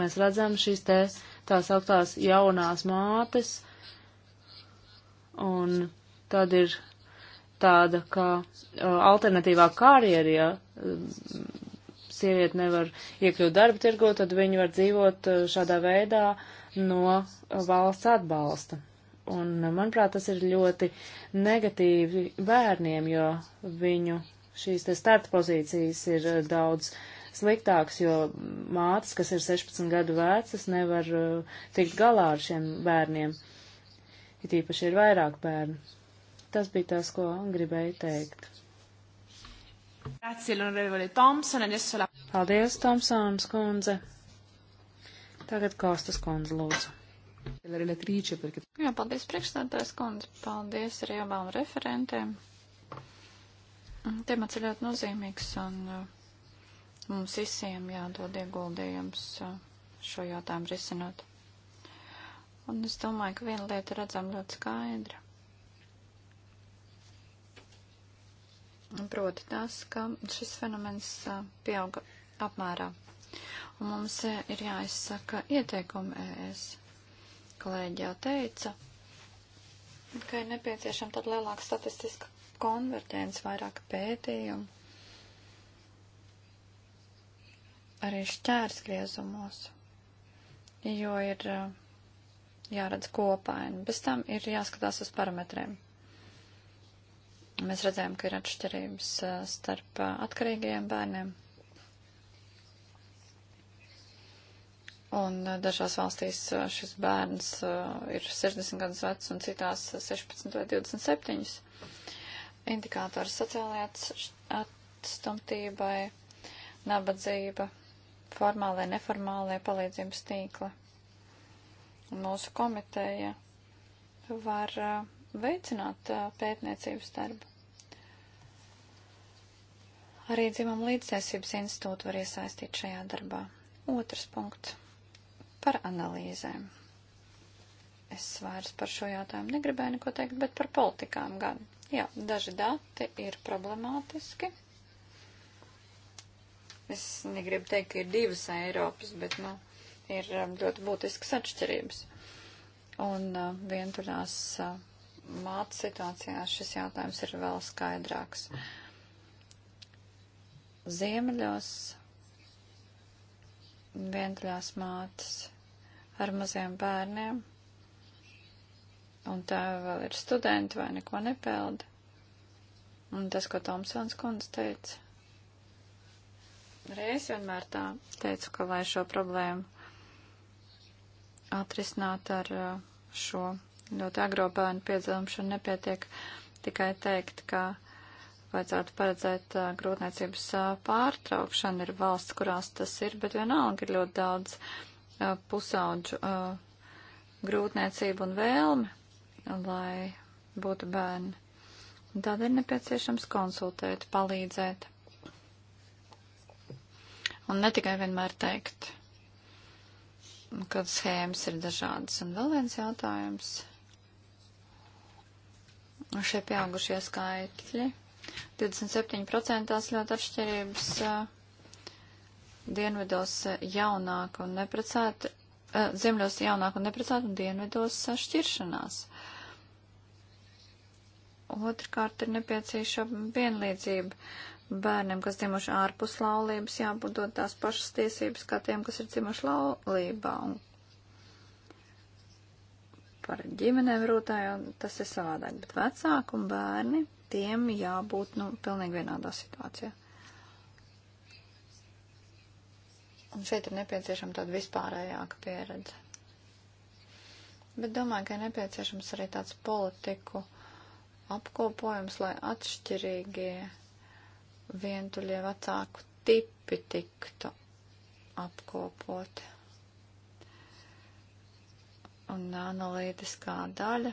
mēs redzam šīs te tās augtās jaunās mātes, un tad ir tāda, ka uh, alternatīvā karjera, ja sieviete nevar iekļūt darba tirgu, tad viņi var dzīvot šādā veidā no valsts atbalsta. Un, manuprāt, tas ir ļoti negatīvi bērniem, jo viņu šīs te starta pozīcijas ir eh, daudz sliktāks, jo mātes, kas ir 16 gadu vecas, nevar uh, tikt galā ar šiem bērniem. It īpaši ir vairāk bērnu. Tas bija tas, ko gribēju teikt. Paldies, Tomsons kundze. Tagad Kostas kundze lūdzu. Jā, paldies priekšstādātājs kundze, paldies arī abām referentēm. Mm, temats ir ļoti nozīmīgs un uh, mums visiem jādod ieguldījums uh, šo jautājumu risinot. Un es domāju, ka viena lieta redzam ļoti skaidra. Proti tas, ka šis fenomens uh, pieauga apmērā. Un mums ir jāizsaka ieteikumi ES kolēģi jau teica, ka ir nepieciešama tāda lielāka statistiska konverģence, vairāk pētījumu. Arī šķērsgriezumos, jo ir eh, jāredz kopaini. Bez tam ir jāskatās uz parametriem. Mēs redzējām, ka ir atšķirības eh, starp eh, atkarīgajiem bērniem Un eh, dažās valstīs eh, šis bērns eh, ir 60 gadus vecs un citās 16 vai 27. Indikātori sociālajai atstumtībai, nabadzība, formālai, neformālai palīdzības tīkla. Un mūsu komiteja var veicināt pētniecības darbu. Arī dzimam līdztiesības institūtu var iesaistīt šajā darbā. Otrs punkts. Par analīzēm. Es vairs par šo jautājumu negribēju neko teikt, bet par politikām gan. Jā, daži dati ir problemātiski. Es negribu teikt, ka ir divas Eiropas, bet, nu, ir um, ļoti būtiskas atšķirības. Un uh, vienturās uh, mātes situācijās šis jautājums ir vēl skaidrāks. Ziemeļos vientuļās mātes ar maziem bērniem, un tā vēl ir studenti vai neko nepelda. Un tas, ko Tomsons kundze teica, arī es vienmēr tā teicu, ka lai šo problēmu atrisināt ar uh, šo ļoti agro bērnu piedzimšanu nepietiek tikai teikt, ka vajadzētu paredzēt uh, grūtniecības uh, pārtraukšanu. Ir valsts, kurās tas ir, bet vienalga ir ļoti daudz uh, pusauģu uh, grūtniecību un vēlmi, lai būtu bērni. Un tad ir nepieciešams konsultēt, palīdzēt. Un ne tikai vienmēr teikt, ka schēmas ir dažādas. Un vēl viens jautājums. Un šie pieaugušie skaitļi 27% tās ļoti atšķirības dienvidos jaunāk un neprecēti, ziemļos jaunāk un neprecēti un dienvidos šķiršanās. Otrkārt ir nepieciešama vienlīdzība. Bērniem, kas dzimuši ārpus laulības, jābūt dot tās pašas tiesības kā tiem, kas ir dzimuši laulībā. Un par ģimenēm rūtājot, tas ir savādāk, bet vecāku un bērni tiem jābūt, nu, pilnīgi vienādā situācijā. Un šeit ir nepieciešama tāda vispārējāka pieredze. Bet domāju, ka ir nepieciešams arī tāds politiku apkopojums, lai atšķirīgie vientuļie vecāku tipi tiktu apkopoti. Un analītiskā daļa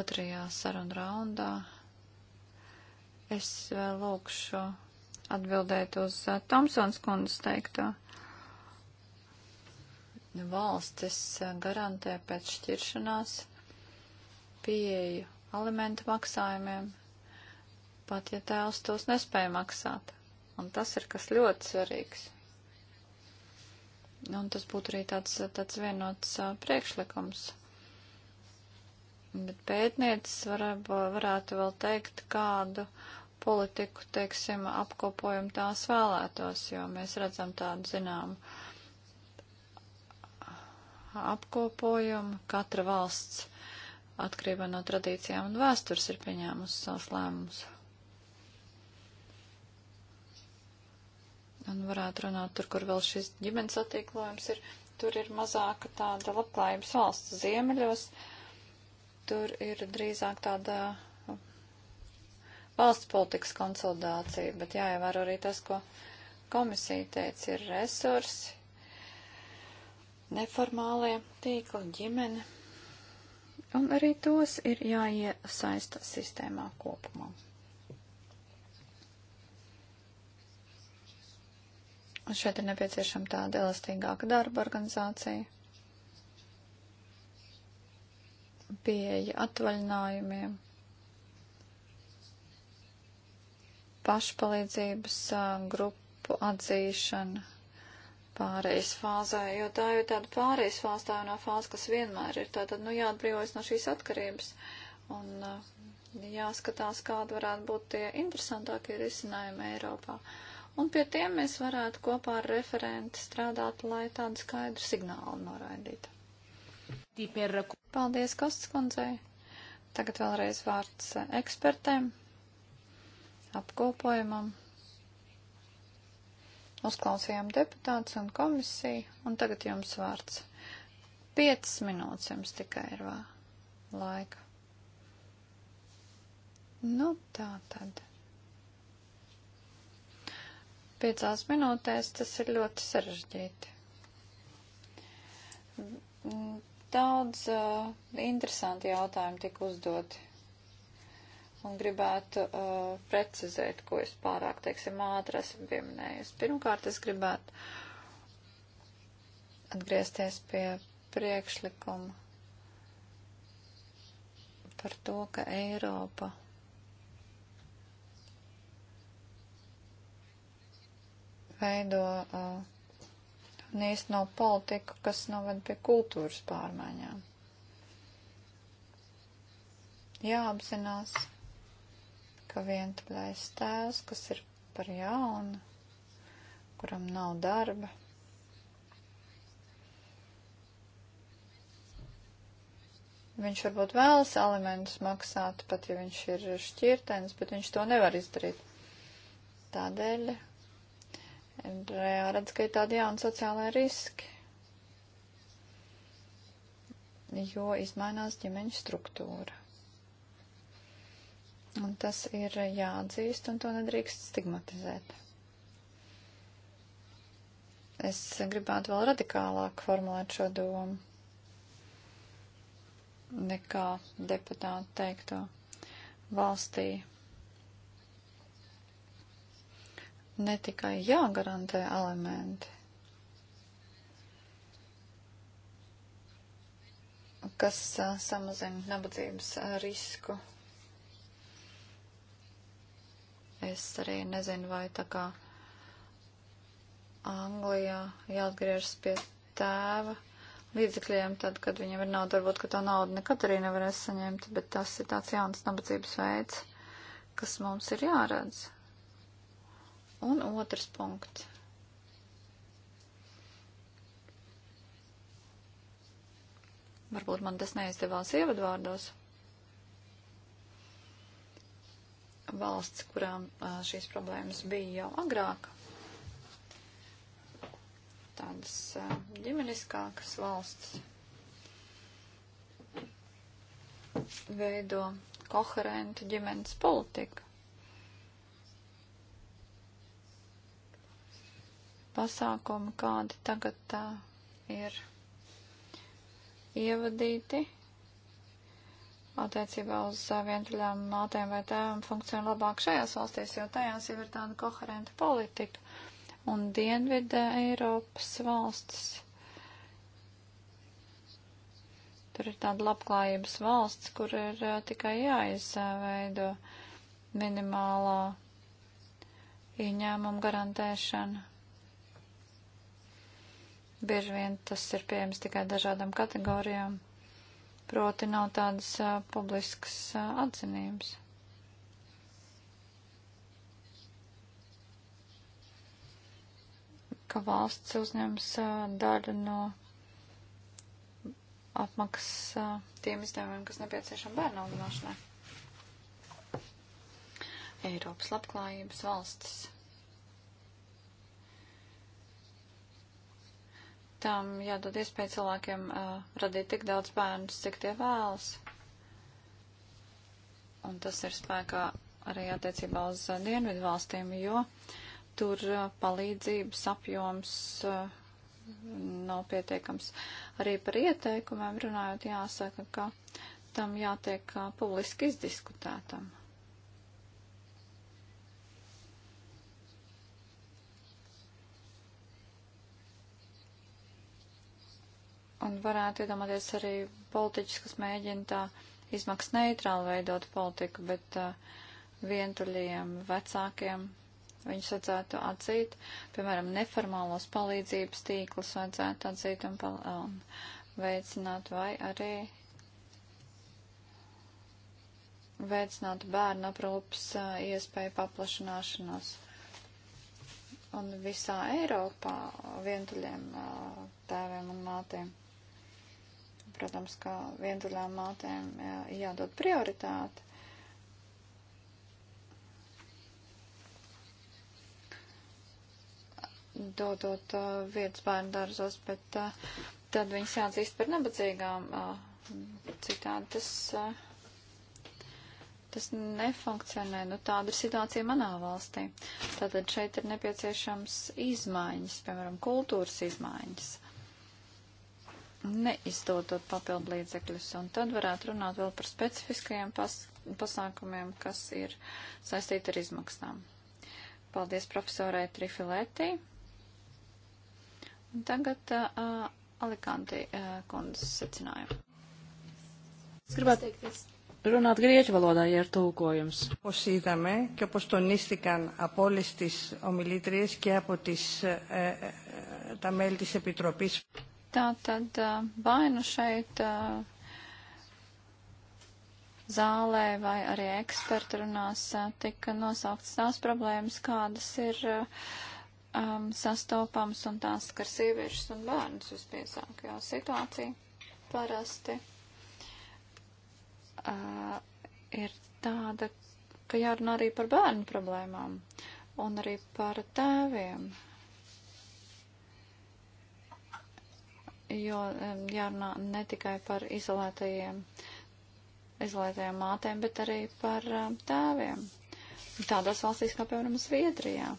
otrajā saruna raundā. Es vēl lūkšu atbildēt uz eh, Tomsons kundas teikto. Valstis eh, garantē pēc šķiršanās pieeju alimentu maksājumiem, pat ja tēls tos nespēja maksāt. Un tas ir kas ļoti svarīgs. Un tas būtu arī tāds, eh, tāds vienots priekšlikums Bet pētniecis varētu, varētu vēl teikt, kādu politiku, teiksim, apkopojumu tās vēlētos, jo mēs redzam tādu zināmu apkopojumu. Katra valsts atkarībā no tradīcijām un vēstures ir pieņēmusi savus lēmumus. Un varētu runāt tur, kur vēl šis ģimenes attieklojums ir, tur ir mazāka tāda labklājības valsts ziemeļos. Uh, tur ir drīzāk tāda nu, valsts politikas konsolidācija, bet jāievēro arī tas, ko komisija teica, ir resursi, neformālie tīkli, ģimene, un arī tos ir jāiesaista sistēmā kopumā. Un šeit ir nepieciešama tāda elastīgāka darba organizācija pieeja atvaļinājumiem, pašpalīdzības grupu atzīšana pārejas fāzē, jo tā ir tāda pārejas fāze, tā ir no fāze, kas vienmēr ir. Tātad, nu, jāatbrīvojas no šīs atkarības un jāskatās, kāda varētu būt tie interesantākie risinājumi Eiropā. Un pie tiem mēs varētu kopā ar referenti strādāt, lai tādu skaidru signālu noraidītu. Paldies, Kostas kundzei. Tagad vēlreiz vārds eh, ekspertēm, apkopojumam. Uzklausījām deputātus un komisiju, un tagad jums vārds. Piecas minūtes jums tikai ir vā. laika. Nu, tā tad. Piecās minūtēs tas ir ļoti sarežģīti Daudz uh, interesanti jautājumi tika uzdoti. Un gribētu uh, precizēt, ko es pārāk, teiksim, ātri esmu pieminējusi. Pirmkārt, es gribētu atgriezties pie priekšlikuma par to, ka Eiropa veido uh, un īsteno politiku, kas noved pie kultūras pārmaiņām. Jāapzinās, ka vientuļais tēvs, kas ir par jaunu, kuram nav darba, Viņš varbūt vēlas alimentus maksāt, pat ja viņš ir šķirtens, bet viņš to nevar izdarīt. Tādēļ Eh, jāredz, ka ir tādi jauni sociālai riski, jo izmainās ģimeņa struktūra. Un tas ir jāatzīst, un to nedrīkst stigmatizēt. Es gribētu vēl radikālāk formulēt šo domu nekā deputāti teikto valstī ne tikai jāgarantē elementi, kas samazina nabadzības risku. Es arī nezinu, vai tā kā Anglijā jāatgriežas pie tēva līdzekļiem, tad, kad viņam ir nauda, varbūt, ka to naudu nekad arī nevarēs saņemt, bet tas ir tāds jauns nabadzības veids, kas mums ir jāredz. Un otrs punkts. Varbūt man tas neizdevās ievadvārdos. Valsts, kurām šīs problēmas bija jau agrāk, tādas ģimeniskākas valsts veido koherentu ģimenes politiku. pasākumi, kādi tagad uh, ir ievadīti attiecībā uz uh, vientuļām mātēm vai tēvam funkcionē labāk šajās valstīs, jo tajās jau ir tāda koherenta politika. Un Dienvidē Eiropas valstis. Tur ir tāda labklājības valsts, kur ir uh, tikai jāizveido minimālā ieņēmuma garantēšana Bieži vien tas ir pieejams tikai dažādām kategorijām, proti nav tādas uh, publiskas uh, atzinības. ka valsts uzņems daļu no apmaksas tiem izdevumiem, kas nepieciešami bērnu audzināšanai. Eiropas labklājības valstis Tām jādod iespēju cilvēkiem uh, radīt tik daudz bērnus, cik tie vēlas. Un tas ir spēkā arī attiecībā uz uh, dienvidu valstīm, jo tur uh, palīdzības apjoms uh, nav pietiekams. Arī par ieteikumiem runājot jāsaka, ka tam jātiek uh, publiski izdiskutētam. un varētu iedomāties arī politiķus, kas mēģina tā izmaksas neitrāli veidot politiku, bet uh, vientuļiem vecākiem viņus vajadzētu atzīt, piemēram, neformālos palīdzības tīklus vajadzētu atzīt un, un veicināt, vai arī veicināt bērnu aprūpas uh, iespēju paplašanāšanos. Un visā Eiropā vientuļiem uh, tēviem un mātiem. Protams, ka vientuļām mātēm jādod prioritāte. dodot uh, vietas bērnu dārzos, bet uh, tad viņas jāatzīst par nebadzīgām. Uh, citādi tas, uh, tas nefunkcionē. Nu, tāda ir situācija manā valstī. Tātad šeit ir nepieciešams izmaiņas, piemēram, kultūras izmaiņas neizdodot papildu līdzekļus. Un tad varētu runāt vēl par specifiskajiem pas pasākumiem, kas ir saistīti ar izmaksām. Paldies profesorai Trifiletī. Un tagad uh, Alikanti uh, kundzes secinājumu. Es gribētu teikties. Runāt grieķu valodā, ja ir tūkojums. Όπως είδαμε και όπως τονίστηκαν από όλες τις ομιλήτριες και από τις, ε, ε, τα μέλη της Επιτροπής. Tā tad vai nu šeit zālē vai arī eksperti runās tika nosauktas tās problēmas, kādas ir um, sastopams un tās, ka sieviešas un bērns vispiesāk, jo situācija parasti uh, ir tāda, ka jārunā arī par bērnu problēmām un arī par tēviem. Uh, jo jārunā ne tikai par izolētajiem, izolētajām mātēm, bet arī par tēviem. Tādās valstīs kā, piemēram, Zviedrijā.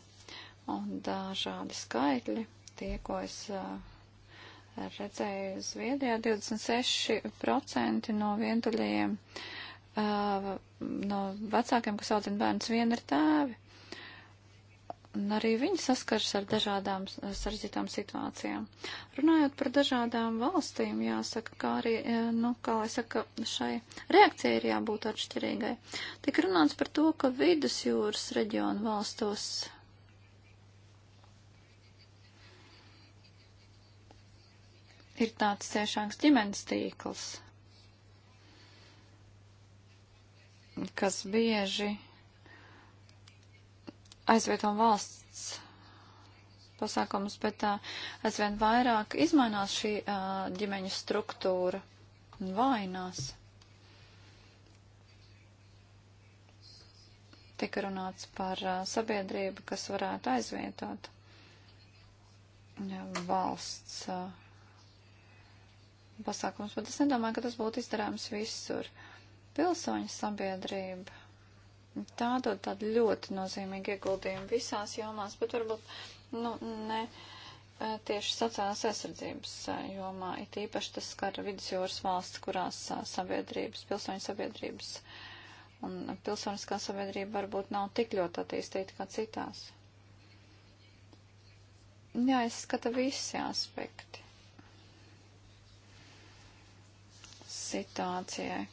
Un dažādi skaitļi, tie, ko es eh, redzēju Zviedrijā, 26% no vientuļajiem, eh, no vecākiem, kas audzina bērnus, vien ir tēvi. Un arī viņi saskars ar dažādām sarežģītām situācijām. Runājot par dažādām valstīm, jāsaka, kā arī, e, nu, kā lai saka, šai reakcijai ir jābūt atšķirīgai. Tik runāts par to, ka vidusjūras reģionu valstos ir tāds ciešāks ģimenes tīkls, kas bieži aizvietojam valsts pasākumus, bet uh, aizvien vairāk izmainās šī uh, ģimeņa struktūra un vainās. Tika runāts par uh, sabiedrību, kas varētu aizvietot ja, valsts uh, pasākums, bet es nedomāju, ka tas būtu izdarāms visur. Pilsoņu sabiedrība Tā dod tādu ļoti nozīmīgu ieguldījumu visās jomās, bet varbūt, nu, ne e, tieši sociālās aizsardzības e, jomā. It īpaši tas skar vidusjūras valsts, kurās e, sabiedrības, pilsoņu sabiedrības un pilsoniskā sabiedrība varbūt nav tik ļoti attīstīta kā citās. Jāizskata visi aspekti situācijai,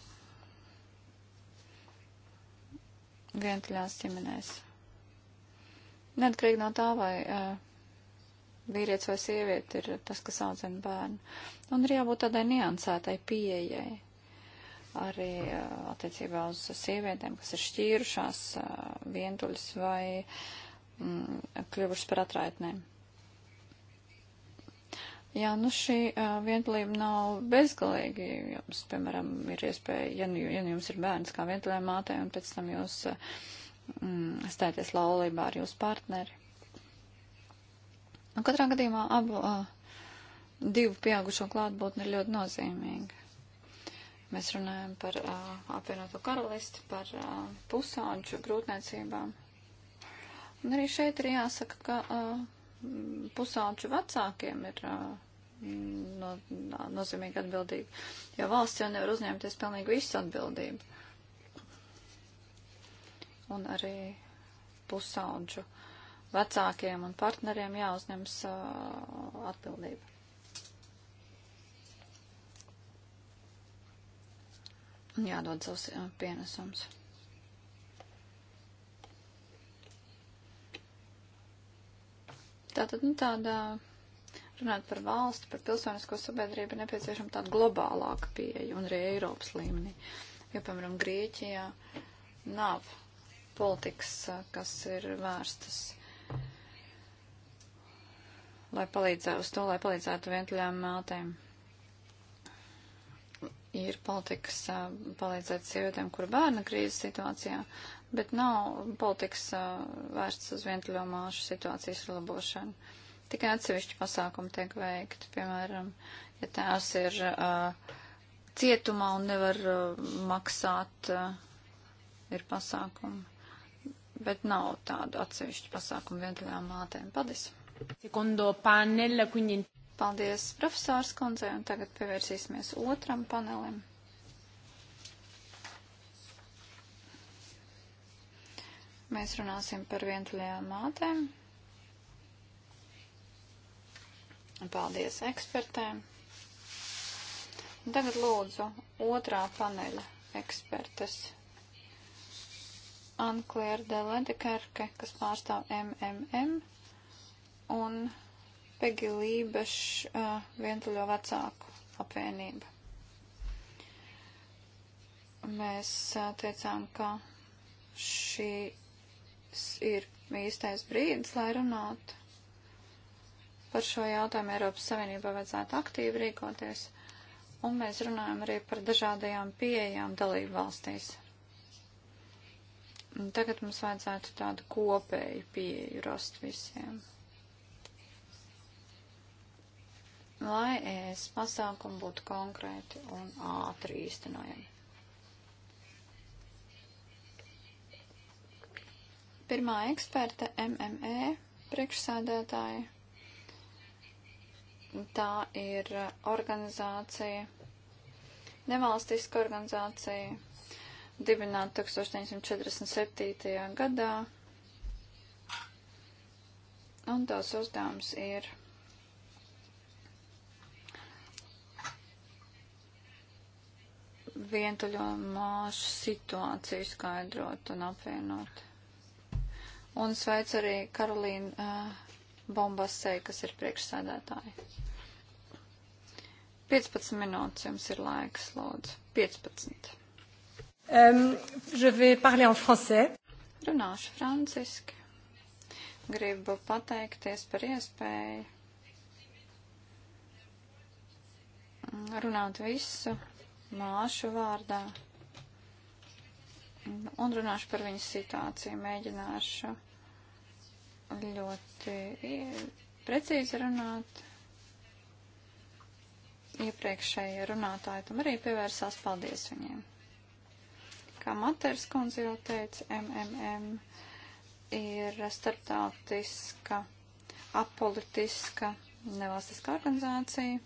vientuļās ģimenēs. Neatkarīgi no tā, vai vīrietis vai sieviete ir tas, kas audzina bērnu. Un ir jābūt tādai niansētai pieejai arī attiecībā uz sievietēm, kas ir šķīrušās vientuļas vai mm, kļuvušas par atraitnēm. Jā, nu šī uh, vientulība nav bezgalīgi. Jums, piemēram, ir iespēja, ja, nu, ja nu jums ir bērns kā vientulējai mātei, un pēc tam jūs uh, mm, stāties laulībā ar jūsu partneri. Un nu, katrā gadījumā abu uh, divu pieaugušo klātbūtni ir ļoti nozīmīga. Mēs runājam par uh, apvienoto karalisti, par uh, pusauģu grūtniecībām. Un arī šeit ir jāsaka, ka. Uh, pusauču vecākiem ir no, nozīmīgi atbildība, jo valsts jau nevar uzņemties pilnīgi visu atbildību. Un arī pusauģu vecākiem un partneriem jāuzņems uh, atbildība. Un jādod savs pienesums. Tātad, nu, tādā, runāt par valsti, par pilsonisko sabiedrību, nepieciešama tāda globālāka pieeja un arī Eiropas līmenī. Jo, piemēram, Grieķijā nav politikas, kas ir vērstas, lai palīdzētu uz to, lai palīdzētu vientuļām mātēm. Ir politikas palīdzēt sievietēm, kur bērna krīzes situācijā bet nav politikas vērsts uz vientuļo māšu situācijas labošanu. Tikai atsevišķi pasākumi tiek veikti, piemēram, ja tās ir uh, cietumā un nevar uh, maksāt, uh, ir pasākumi, bet nav tādu atsevišķu pasākumu vientuļām mātēm. Paldies! Sekundo panel, quindi... Paldies, profesors Konzē, un tagad pievērsīsimies otram panelim. Mēs runāsim par vientuļajām mātēm. Paldies ekspertēm. Tagad lūdzu otrā paneļa ekspertes Anklēra de Ledekerke, kas pārstāv MMM, un Pegi Lībeš uh, eh, vientuļo vecāku apvienība. Mēs uh, teicām, ka šī ir īstais brīdis, lai runātu par šo jautājumu. Eiropas Savienībā vajadzētu aktīvi rīkoties, un mēs runājam arī par dažādajām pieejām dalību valstīs. Un tagad mums vajadzētu tādu kopēju pieeju rast visiem. Lai es pasākumu būtu konkrēti un ātri īstenojami. Pirmā eksperta MME priekšsādētāja. Tā ir organizācija, nevalstiska organizācija, dibināta 1947. gadā. Un tās uzdevums ir vientuļo māšu situāciju skaidrot un apvienot. Un sveicu arī Karolīnu uh, Bombasē, kas ir priekšsēdētāja. 15 minūtes jums ir laiks, lūdzu. 15. Um, je vais parler en français. Runāšu franciski. Gribu pateikties par iespēju runāt visu māšu vārdā un runāšu par viņas situāciju. Mēģināšu ļoti precīzi runāt. Iepriekšējie runātāji tam arī pievērsās. Paldies viņiem! Kā Maters kundze jau teica, MMM ir starptautiska, apolitiska, nevalstiska organizācija,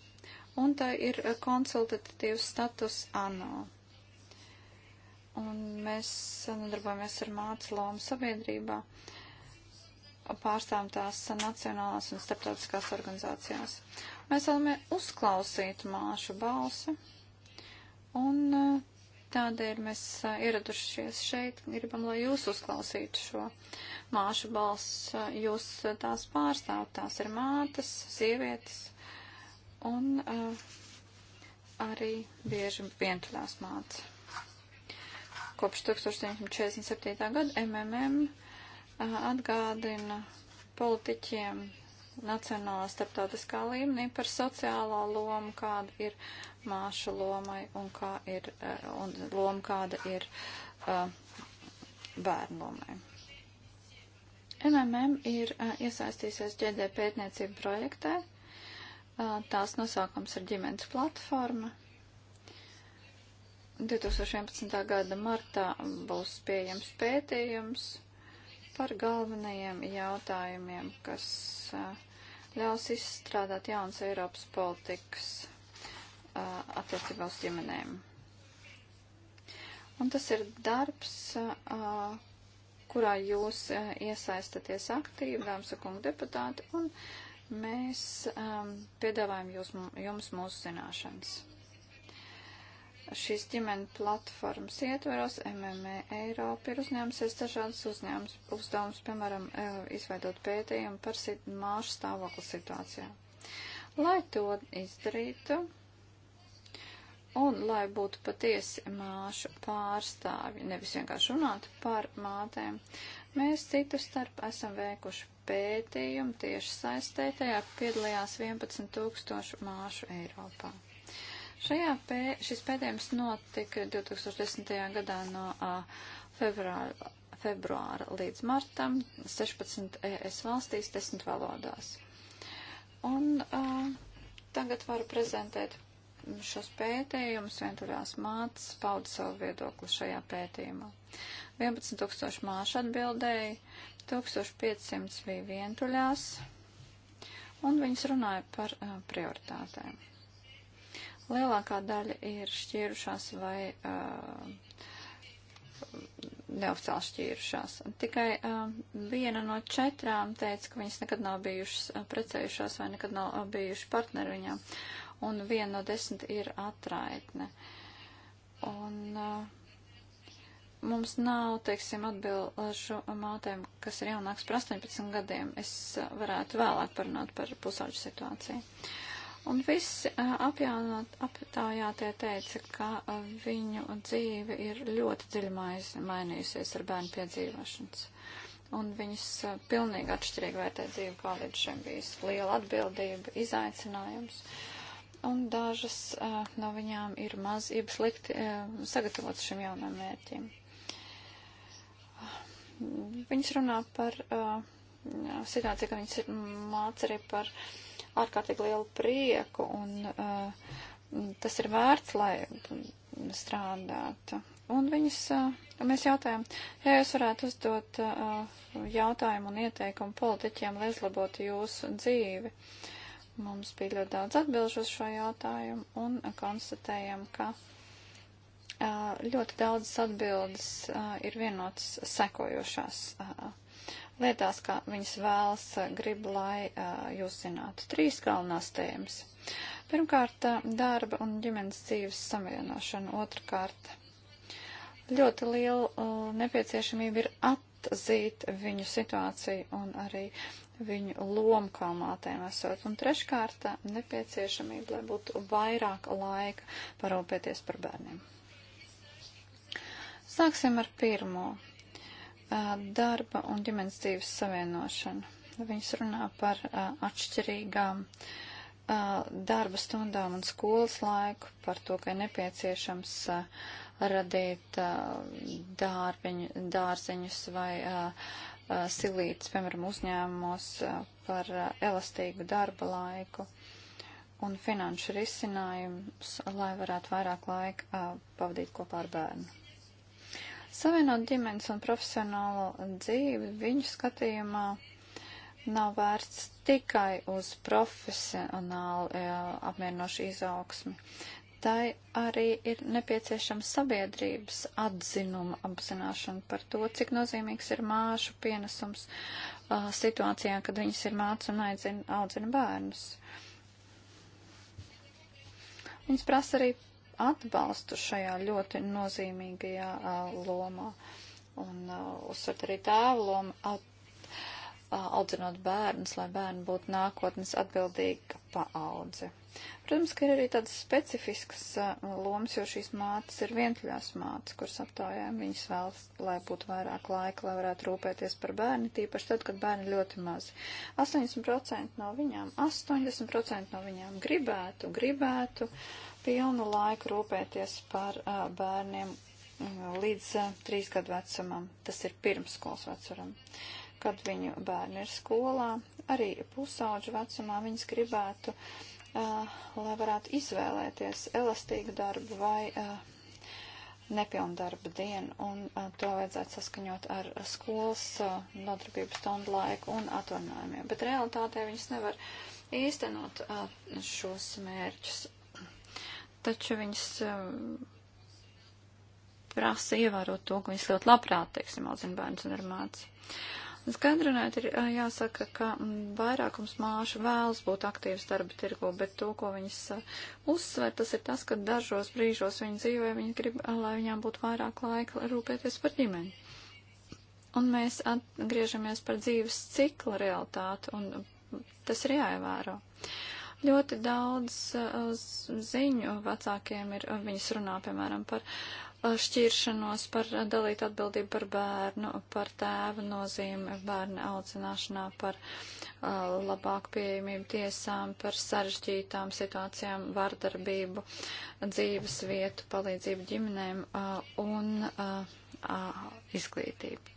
un tā ir konsultatīvs status ANO un mēs nodarbojamies ar mācu lomu sabiedrībā, pārstāvam tās nacionālās un starptautiskās organizācijās. Mēs vēlamies uzklausīt māšu balsi, un eh, tādēļ mēs eh, ieradušies šeit, gribam, lai jūs uzklausītu šo māšu balsi, jūs eh, tās pārstāvat, tās ir mātes, sievietes, un uh, arī bieži vientuļās mātes kopš 1947. gada MMM atgādina politiķiem nacionālā starptautiskā līmenī par sociālo lomu, kāda ir māšu lomai un, kā ir, un loma, kāda ir uh, bērnu lomai. MMM ir uh, iesaistīsies ģēdē pētniecību projektē. Uh, tās nosaukums ir ģimenes platforma. 2011. gada martā būs pieejams pētījums par galvenajiem jautājumiem, kas ļaus izstrādāt jaunas Eiropas politikas attiecībā uz ģimenēm. Un tas ir darbs, kurā jūs iesaistaties aktīvi, dāmas un kungi deputāti, un mēs piedāvājam jūs, jums mūsu zināšanas šīs ģimeņu platformas ietveros MMA e Eiropa ir uzņēmusies dažādas uzņēmums uzdevumus, piemēram, e, izveidot pētījumu par māšu stāvokli situācijā. Lai to izdarītu un lai būtu patiesi māšu pārstāvi, nevis vienkārši runāt par mātēm, mēs citu starp esam veikuši pētījumu tieši saistē, tajā piedalījās 11 tūkstošu māšu Eiropā. Šajā pē, šis pēdējums notika 2010. gadā no uh, februāra, februāra līdz martam 16 ES valstīs 10 valodās. Un uh, tagad varu prezentēt šos pētījumus, vienturās mātes pauda savu viedokli šajā pētījumā. 11 tūkstoši māšu atbildēja, 1500 bija vientuļās, un viņas runāja par uh, prioritātēm. Lielākā daļa ir šķīrušās vai uh, neoficiāli šķīrušās. Tikai uh, viena no četrām teica, ka viņas nekad nav bijušas uh, precējušās vai nekad nav uh, bijuši partneri viņām. Un viena no desmit ir atraitne. Un, uh, mums nav, teiksim, atbilžu mātēm, kas ir jaunāks par 18 gadiem. Es varētu vēlāk parunāt par pusauģu situāciju. Un visi eh, apjaunot aptaujātie teica, ka eh, viņu dzīve ir ļoti dziļi mainījusies ar bērnu piedzīvošanas. Un viņas eh, pilnīgi atšķirīgi vērtē dzīvi, kā līdz šim bijis. Liela atbildība, izaicinājums. Un dažas uh, no viņām ir maz, jeb slikti uh, sagatavotas šim jaunam mērķim. Viņas runā par uh, situāciju, ka viņas māca arī par uh, ārkārtīgi lielu prieku un uh, tas ir vērts, lai strādātu. Un viņas, uh, mēs jautājam, ja jūs varētu uzdot uh, jautājumu un ieteikumu politiķiem, lai uzlabotu jūsu dzīvi. Mums bija ļoti daudz atbilžu uz šo jautājumu un konstatējam, ka uh, ļoti daudzas atbildes ir vienotas sekojošās lietās, kā viņas vēlas, grib, lai jūs zinātu. Trīs galvenās tēmas. Pirmkārt, darba un ģimenes dzīves savienošana. Otrakārt, ļoti liela nepieciešamība ir atzīt viņu situāciju un arī viņu lomu kā mātēm esot. Un treškārt, nepieciešamība, lai būtu vairāk laika parūpēties par bērniem. Sāksim ar pirmo darba un ģimenes dzīves savienošanu. Viņas runā par atšķirīgām darba stundām un skolas laiku, par to, ka ir nepieciešams radīt dārbiņu, dārziņus vai silītas, piemēram, uzņēmumos par elastīgu darba laiku un finanšu risinājumus, lai varētu vairāk laika pavadīt kopā ar bērnu. Savienot ģimenes un profesionālo dzīvi viņu skatījumā nav vērts tikai uz profesionāli apmierinošu izaugsmi. Tai arī ir nepieciešama sabiedrības atzinuma apzināšana par to, cik nozīmīgs ir māšu pienesums uh, situācijā, kad viņas ir māca un aizina, audzina bērnus. Viņas prasa arī atbalstu šajā ļoti nozīmīgajā uh, lomā. Un uh, uzsvert arī tēvu lomu, at, uh, audzinot bērnus, lai bērni būtu nākotnes atbildīga paaudze. Protams, ka ir arī tādas specifiskas uh, lomas, jo šīs mātes ir vientuļās mātes, kuras aptājām viņas vēlas, lai būtu vairāk laika, lai varētu rūpēties par bērni, tīpaši tad, kad bērni ļoti mazi. 80% no viņām, 80% no viņām gribētu, gribētu pilnu laiku rūpēties par uh, bērniem līdz uh, trīs gadu vecumam. Tas ir pirms skolas vecuram. Kad viņu bērni ir skolā, arī pusauģu vecumā viņas gribētu, uh, lai varētu izvēlēties elastīgu darbu vai uh, nepilnu darba dienu, un a, to vajadzētu saskaņot ar skolas a, nodarbības stundu laiku un atvaļinājumiem. Bet realitātē viņas nevar īstenot a, šos mērķus, taču viņas eh, prasa ievērot to, ka viņas ļoti labprāt, teiksim, audzina bērns un ir māci. Skaidri runājot, ir eh, jāsaka, ka mm, vairākums māšu vēlas būt aktīvas darba tirgu, bet to, ko viņas eh, uzsver, tas ir tas, ka dažos brīžos viņa dzīvē viņa grib, lai viņām būtu vairāk laika rūpēties par ģimeni. Un mēs atgriežamies par dzīves cikla realitāti, un mm, tas ir jāievēro. Uh, Ļoti daudz uh, ziņu vecākiem ir, uh, viņas runā, piemēram, par uh, šķiršanos, par dalītu atbildību par bērnu, par tēva nozīmi bērnu audzināšanā, par uh, labāku pieejamību tiesām, par sarežģītām situācijām, vardarbību, dzīves vietu, palīdzību ģimenēm uh, un uh, izglītību.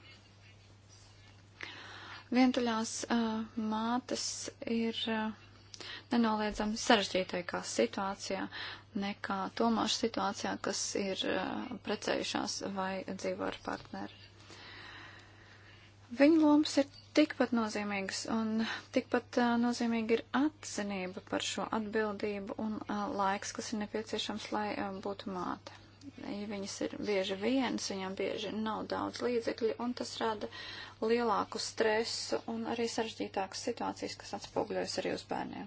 Vientuļās mātes ir nenoliedzami sarežģītākā situācijā nekā tomāšu situācijā, kas ir eh, precējušās vai dzīvo ar partneri. Viņa lomas ir tikpat nozīmīgas un tikpat uh, eh, nozīmīga ir atzinība par šo atbildību un uh, laiks, kas ir nepieciešams, lai uh, būtu māte ja viņas ir bieži vienas, viņām bieži nav daudz līdzekļu, un tas rada lielāku stresu un arī sarežģītākas situācijas, kas atspoguļojas arī uz bērniem.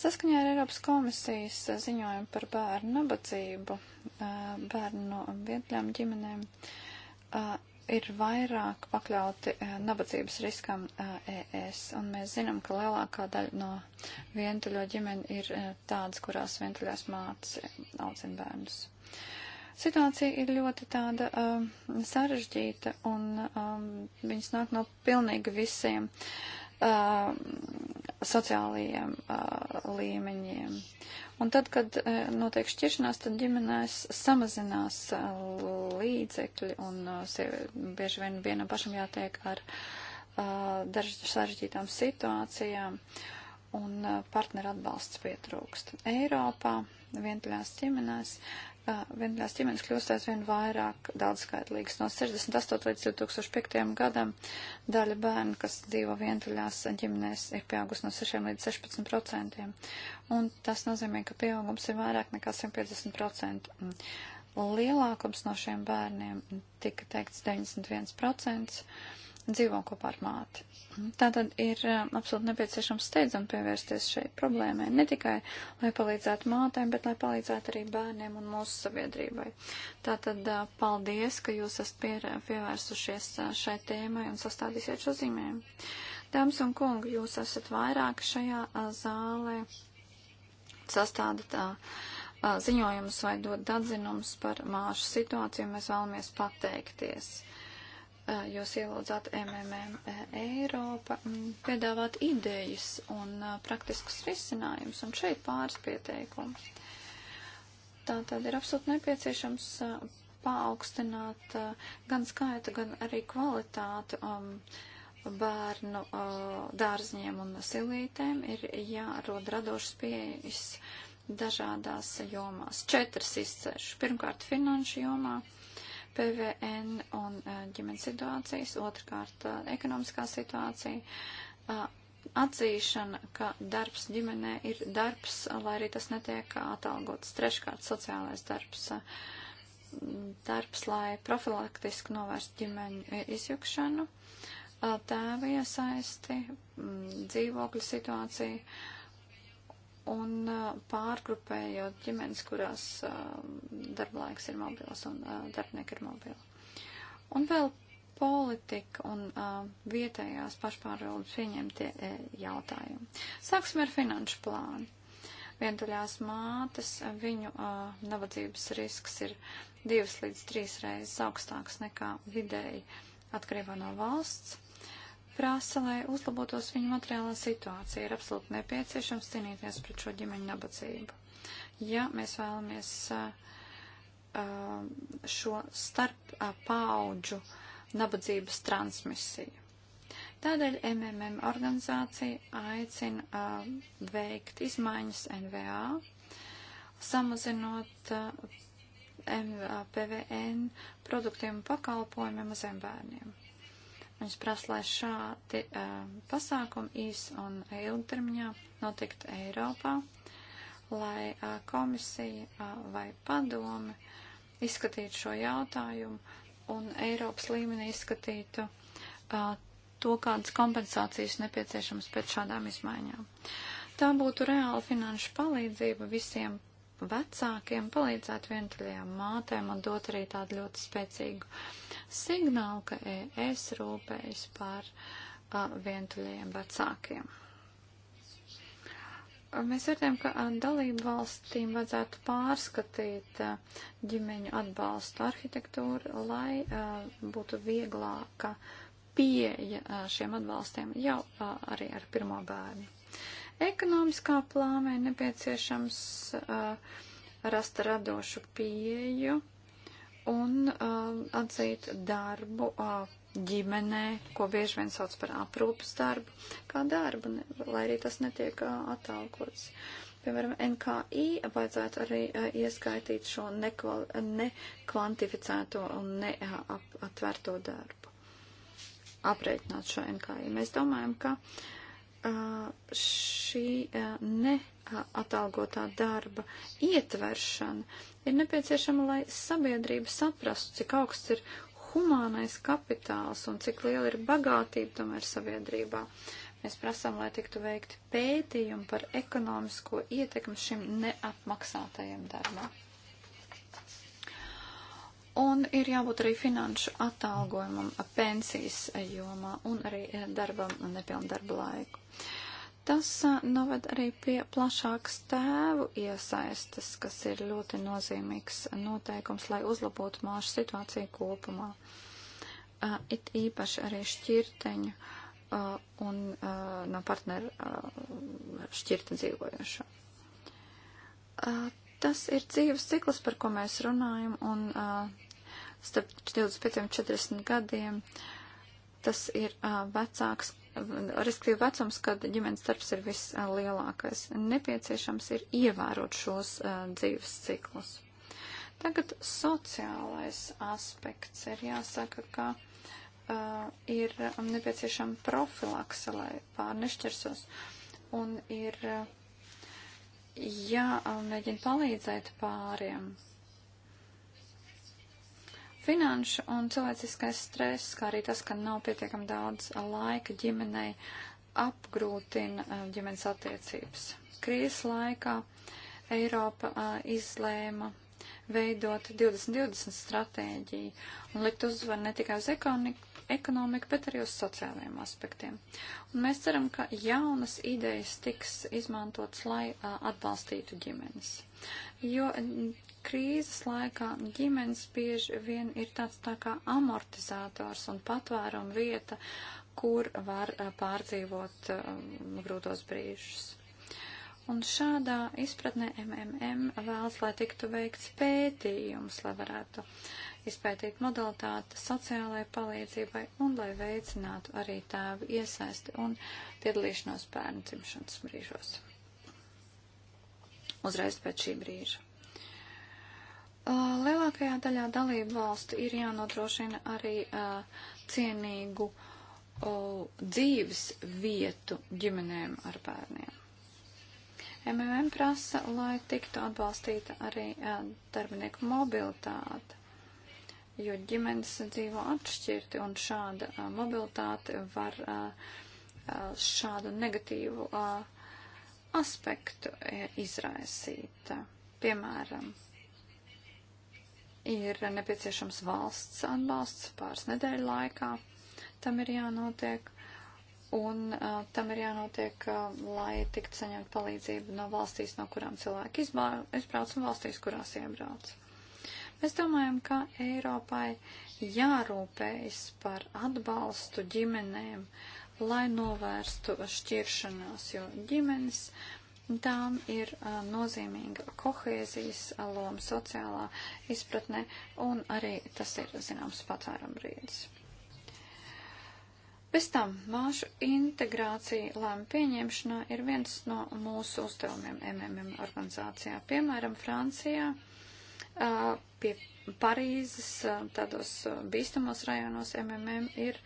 Saskaņā ar Eiropas komisijas ziņojumu par bērnu nabadzību, bērnu no vietļām ģimenēm ir vairāk pakļauti nabadzības riskam ES, un mēs zinām, ka lielākā daļa no vientuļo ģimeni ir tādas, kurās vientuļās mātes audzina bērnus. Situācija ir ļoti tāda um, sarežģīta un um, viņas nāk no pilnīgi visiem um, sociālajiem uh, līmeņiem. Un tad, kad uh, notiek šķiršanās, tad ģimenēs samazinās uh, līdzekļi un uh, sievi, bieži vien vienam pašam jātiek ar uh, dažas sarežģītām situācijām un uh, partneru atbalsts pietrūkst. Eiropā vientuļās ģimenēs vienīgās ģimenes kļūst aizvien vairāk daudzskaitlīgas. No 68 līdz 2005 gadam daļa bērnu, kas dzīvo vientuļās ģimenēs, ir pieaugusi no 6 līdz 16 procentiem. Un tas nozīmē, ka pieaugums ir vairāk nekā 150 procenti. Lielākums no šiem bērniem tika teikts 91 procents dzīvo kopā ar māti. Tātad ir eh, absolūti nepieciešams steidzam pievērsties šai problēmai, ne tikai, lai palīdzētu mātēm, bet lai palīdzētu arī bērniem un mūsu sabiedrībai. Tātad eh, paldies, ka jūs esat pier, pievērsušies eh, šai tēmai un sastādīsiet šo zīmēm. Dāmas un kungi, jūs esat vairāk šajā zālē sastādīt ziņojumus vai dot atzinumus par māšu situāciju, mēs vēlamies pateikties jūs ielūdzāt MMM Eiropa piedāvāt idejas un praktiskus risinājumus, un šeit pāris pieteikums. Tātad ir absolūti nepieciešams paaugstināt gan skaitu, gan arī kvalitāti um, bērnu dārzņiem un silītēm, ir jārod radošas pieejas dažādās jomās. Četras izceļšu. Pirmkārt, finanšu jomā PVN un e, ģimenes situācijas, otrkārt e, ekonomiskā situācija, e, atzīšana, ka darbs ģimenē ir darbs, lai arī tas netiek atalgots, treškārt sociālais darbs, darbs, lai profilaktiski novērst ģimeņu izjukšanu, tēva iesaisti, dzīvokļu situāciju un pārgrupējot ģimenes, kurās darba laiks ir mobils un darbinieki ir mobili. Un vēl politika un uh, vietējās pašpārvaldes pieņemtie e, jautājumi. Sāksim ar finanšu plānu. Vientuļās mātes, viņu uh, nabadzības risks ir divas līdz trīs reizes augstāks nekā vidēji atkarībā no valsts prasa, lai uzlabotos viņu materiālā situācija. Ir absolūti nepieciešams cīnīties pret šo ģimeņu nabadzību. Ja mēs vēlamies uh, uh, šo starp uh, paauģu nabadzības transmisiju. Tādēļ MMM organizācija aicina uh, veikt izmaiņas NVA, samazinot uh, PVN produktiem un pakalpojumiem maziem bērniem. Viņš prasa, lai šādi uh, pasākumi īs un ilgtermiņā notiktu Eiropā, lai uh, komisija uh, vai padome izskatītu šo jautājumu un Eiropas līmenī izskatītu uh, to, kādas kompensācijas nepieciešamas pēc šādām izmaiņām. Tā būtu reāla finanšu palīdzība visiem vecākiem, palīdzēt vientuļajām mātēm un dot arī tādu ļoti spēcīgu signālu, ka es rūpējos par uh, vientuļajiem vecākiem. Mēs redzam, ka dalību valstīm vajadzētu pārskatīt ģimeņu atbalstu arhitektūru, lai uh, būtu vieglāka pieeja šiem atbalstiem jau uh, arī ar pirmo bērnu. Ekonomiskā plānā ir nepieciešams uh, rast radošu pieju un uh, atzīt darbu uh, ģimenē, ko bieži vien sauc par aprūpas darbu, kā darbu, ne, lai arī tas netiek uh, atalgots. Piemēram, NKI vajadzētu arī uh, ieskaitīt šo nekval, nekvantificēto un neatvērto darbu. Apreikināt šo NKI. Mēs domājam, ka uh, šī neatalgotā darba ietveršana ir nepieciešama, lai sabiedrība saprastu, cik augsts ir humānais kapitāls un cik liela ir bagātība tomēr sabiedrībā. Mēs prasām, lai tiktu veikti pētījumi par ekonomisko ietekmi šim neapmaksātajam darbam. Un ir jābūt arī finanšu atalgojumam, pensijas jomā un arī eh, darbam nepilndarba laiku. Tas eh, noved arī pie plašākas tēvu iesaistas, kas ir ļoti nozīmīgs noteikums, lai uzlabotu māšu situāciju kopumā. Eh, it īpaši arī šķirteņu un no partneru šķirta dzīvojošo Tas ir dzīves cikls, par ko mēs runājam, un uh, starp 25 un 40 gadiem tas ir uh, vecāks, respektīvi vecums, kad ģimenes darbs ir vislielākais. Nepieciešams ir ievērot šos uh, dzīves ciklus. Tagad sociālais aspekts ir jāsaka, ka uh, ir nepieciešama profilakse, lai pārnešķirsos, un ir uh, jāmēģina um, palīdzēt pāriem. Finanšu un cilvēciskais stress, kā arī tas, ka nav pietiekam daudz laika ģimenei, apgrūtina uh, ģimenes attiecības. Krīzes laikā Eiropa uh, izlēma veidot 2020 stratēģiju un likt uzvaru ne tikai uz ekonomiku, ekonomiku, bet arī uz sociālajiem aspektiem. Un mēs ceram, ka jaunas idejas tiks izmantotas, lai a, atbalstītu ģimenes. Jo krīzes laikā ģimenes bieži vien ir tāds tā kā amortizators un patvērumu vieta, kur var a, pārdzīvot a, grūtos brīžus. Un šādā izpratnē MMM vēlas, lai tiktu veikts pētījums, lai varētu uh, izpētīt modalitāti sociālajai palīdzībai un lai veicinātu arī tēvu iesaisti un piedalīšanos bērnu dzimšanas brīžos. Uzreiz pēc šī brīža. Lielākajā daļā dalību valstu ir jānodrošina arī cienīgu dzīves vietu ģimenēm ar bērniem. MMM prasa, lai tiktu atbalstīta arī darbinieku mobilitāte jo ģimenes dzīvo atšķirti un šāda mobilitāte var šādu negatīvu aspektu izraisīt. Piemēram, ir nepieciešams valsts atbalsts pāris nedēļu laikā, tam ir jānotiek, un uh, tam ir jānotiek, uh, lai tiktu saņemt palīdzību no valstīs, no kurām cilvēki izbrauc un valstīs, kurās iebrauc. Mēs domājam, ka Eiropai jārūpējas par atbalstu ģimenēm, lai novērstu šķiršanās, jo ģimenes tām ir a, nozīmīga kohēzijas loma sociālā izpratnē, un arī tas ir, zināms, patvērum brīdis. Bez tam māšu integrācija lēma pieņemšanā ir viens no mūsu uzdevumiem MMM organizācijā. Piemēram, Francijā pie Parīzes tādos bīstamos rajonos MMM ir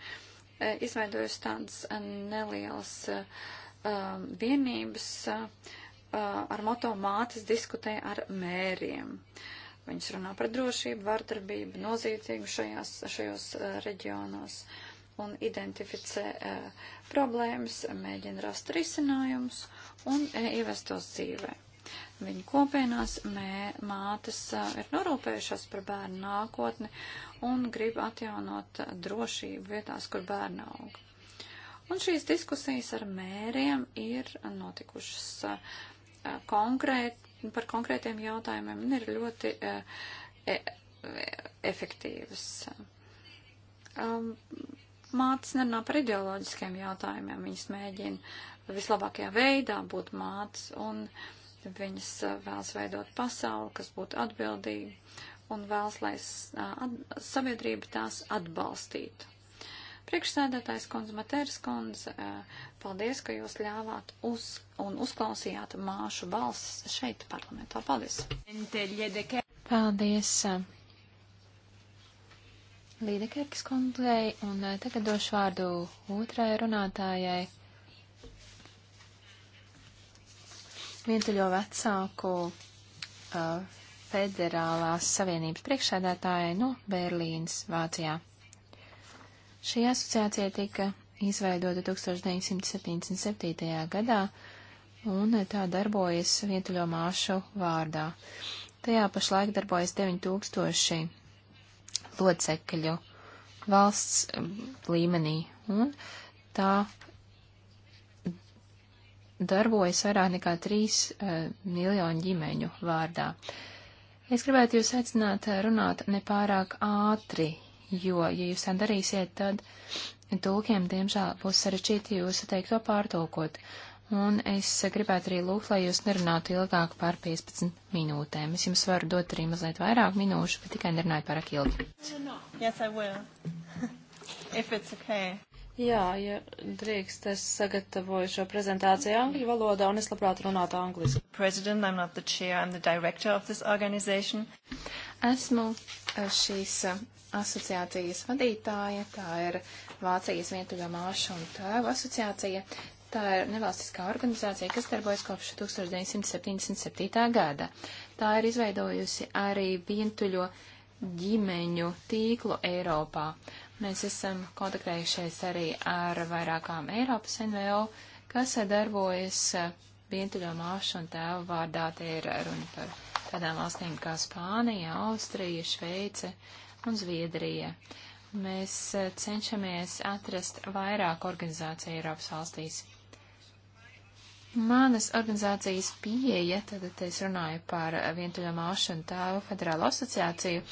izveidojusi tādas nelielas vienības ar moto mātes diskutē ar mēriem. Viņas runā par drošību, vardarbību, noziedzību šajās, šajos reģionos un identificē problēmas, mēģina rast risinājumus un ievest tos dzīvē viņu kopienās. Mē, mātes ir norūpējušās par bērnu nākotni un grib atjaunot drošību vietās, kur bērni aug. Un šīs diskusijas ar mēriem ir notikušas konkrēt, par konkrētiem jautājumiem un ir ļoti e, e, efektīvas. Um, mātes nerunā par ideoloģiskiem jautājumiem. Viņas mēģina vislabākajā veidā būt mātes, un Viņas vēlas veidot pasauli, kas būtu atbildīga un vēlas, lai sabiedrība tās atbalstītu. Priekšsēdētājs kundze Materis kundze, paldies, ka jūs ļāvāt uz un uzklausījāt māšu balsis šeit parlamentā. Paldies! Paldies! Līdekerkas kundzei, un tagad došu vārdu otrai runātājai. vientuļo vecāku uh, federālās savienības priekšsēdētāja no Berlīnas, Vācijā. Šī asociācija tika izveidota 1977. gadā un tā darbojas vientuļo māšu vārdā. Tajā pašlaik darbojas 9000 locekļu valsts um, līmenī, un tā darbojas vairāk nekā 3 uh, eh, miljonu ģimeņu vārdā. Es gribētu jūs aicināt eh, runāt nepārāk ātri, jo, ja jūs tā darīsiet, tad tūkiem, diemžēl, būs sarežģīti jūsu teikto pārtulkot. Un es gribētu arī lūgt, lai jūs nerunātu ilgāk par 15 minūtēm. Es jums varu dot arī mazliet vairāk minūšu, bet tikai nerunāju pārāk ilgi. Yes, I will. If it's okay. Jā, ja drīkst, es sagatavoju šo prezentāciju angļu valodā un es labprāt runātu angliski. President, I'm not the chair, I'm the director of this organization. Esmu eh, šīs eh, asociācijas vadītāja, tā ir Vācijas vientuļo māšu un tēvu asociācija. Tā ir nevalstiskā organizācija, kas darbojas kopš 1977. gada. Tā ir izveidojusi arī vientuļo ģimeņu tīklu Eiropā. Uh, Mēs esam kontaktējušies arī ar vairākām Eiropas NVO, kas darbojas vientuļo māšu un tēvu vārdā. Tie ir runa par tādām valstīm kā Spānija, Austrija, Šveice un Zviedrija. Mēs e, cenšamies atrast vairāk organizāciju Eiropas valstīs. Manas organizācijas pieeja, tad es runāju par vientuļo māšu un tēvu federālu asociāciju,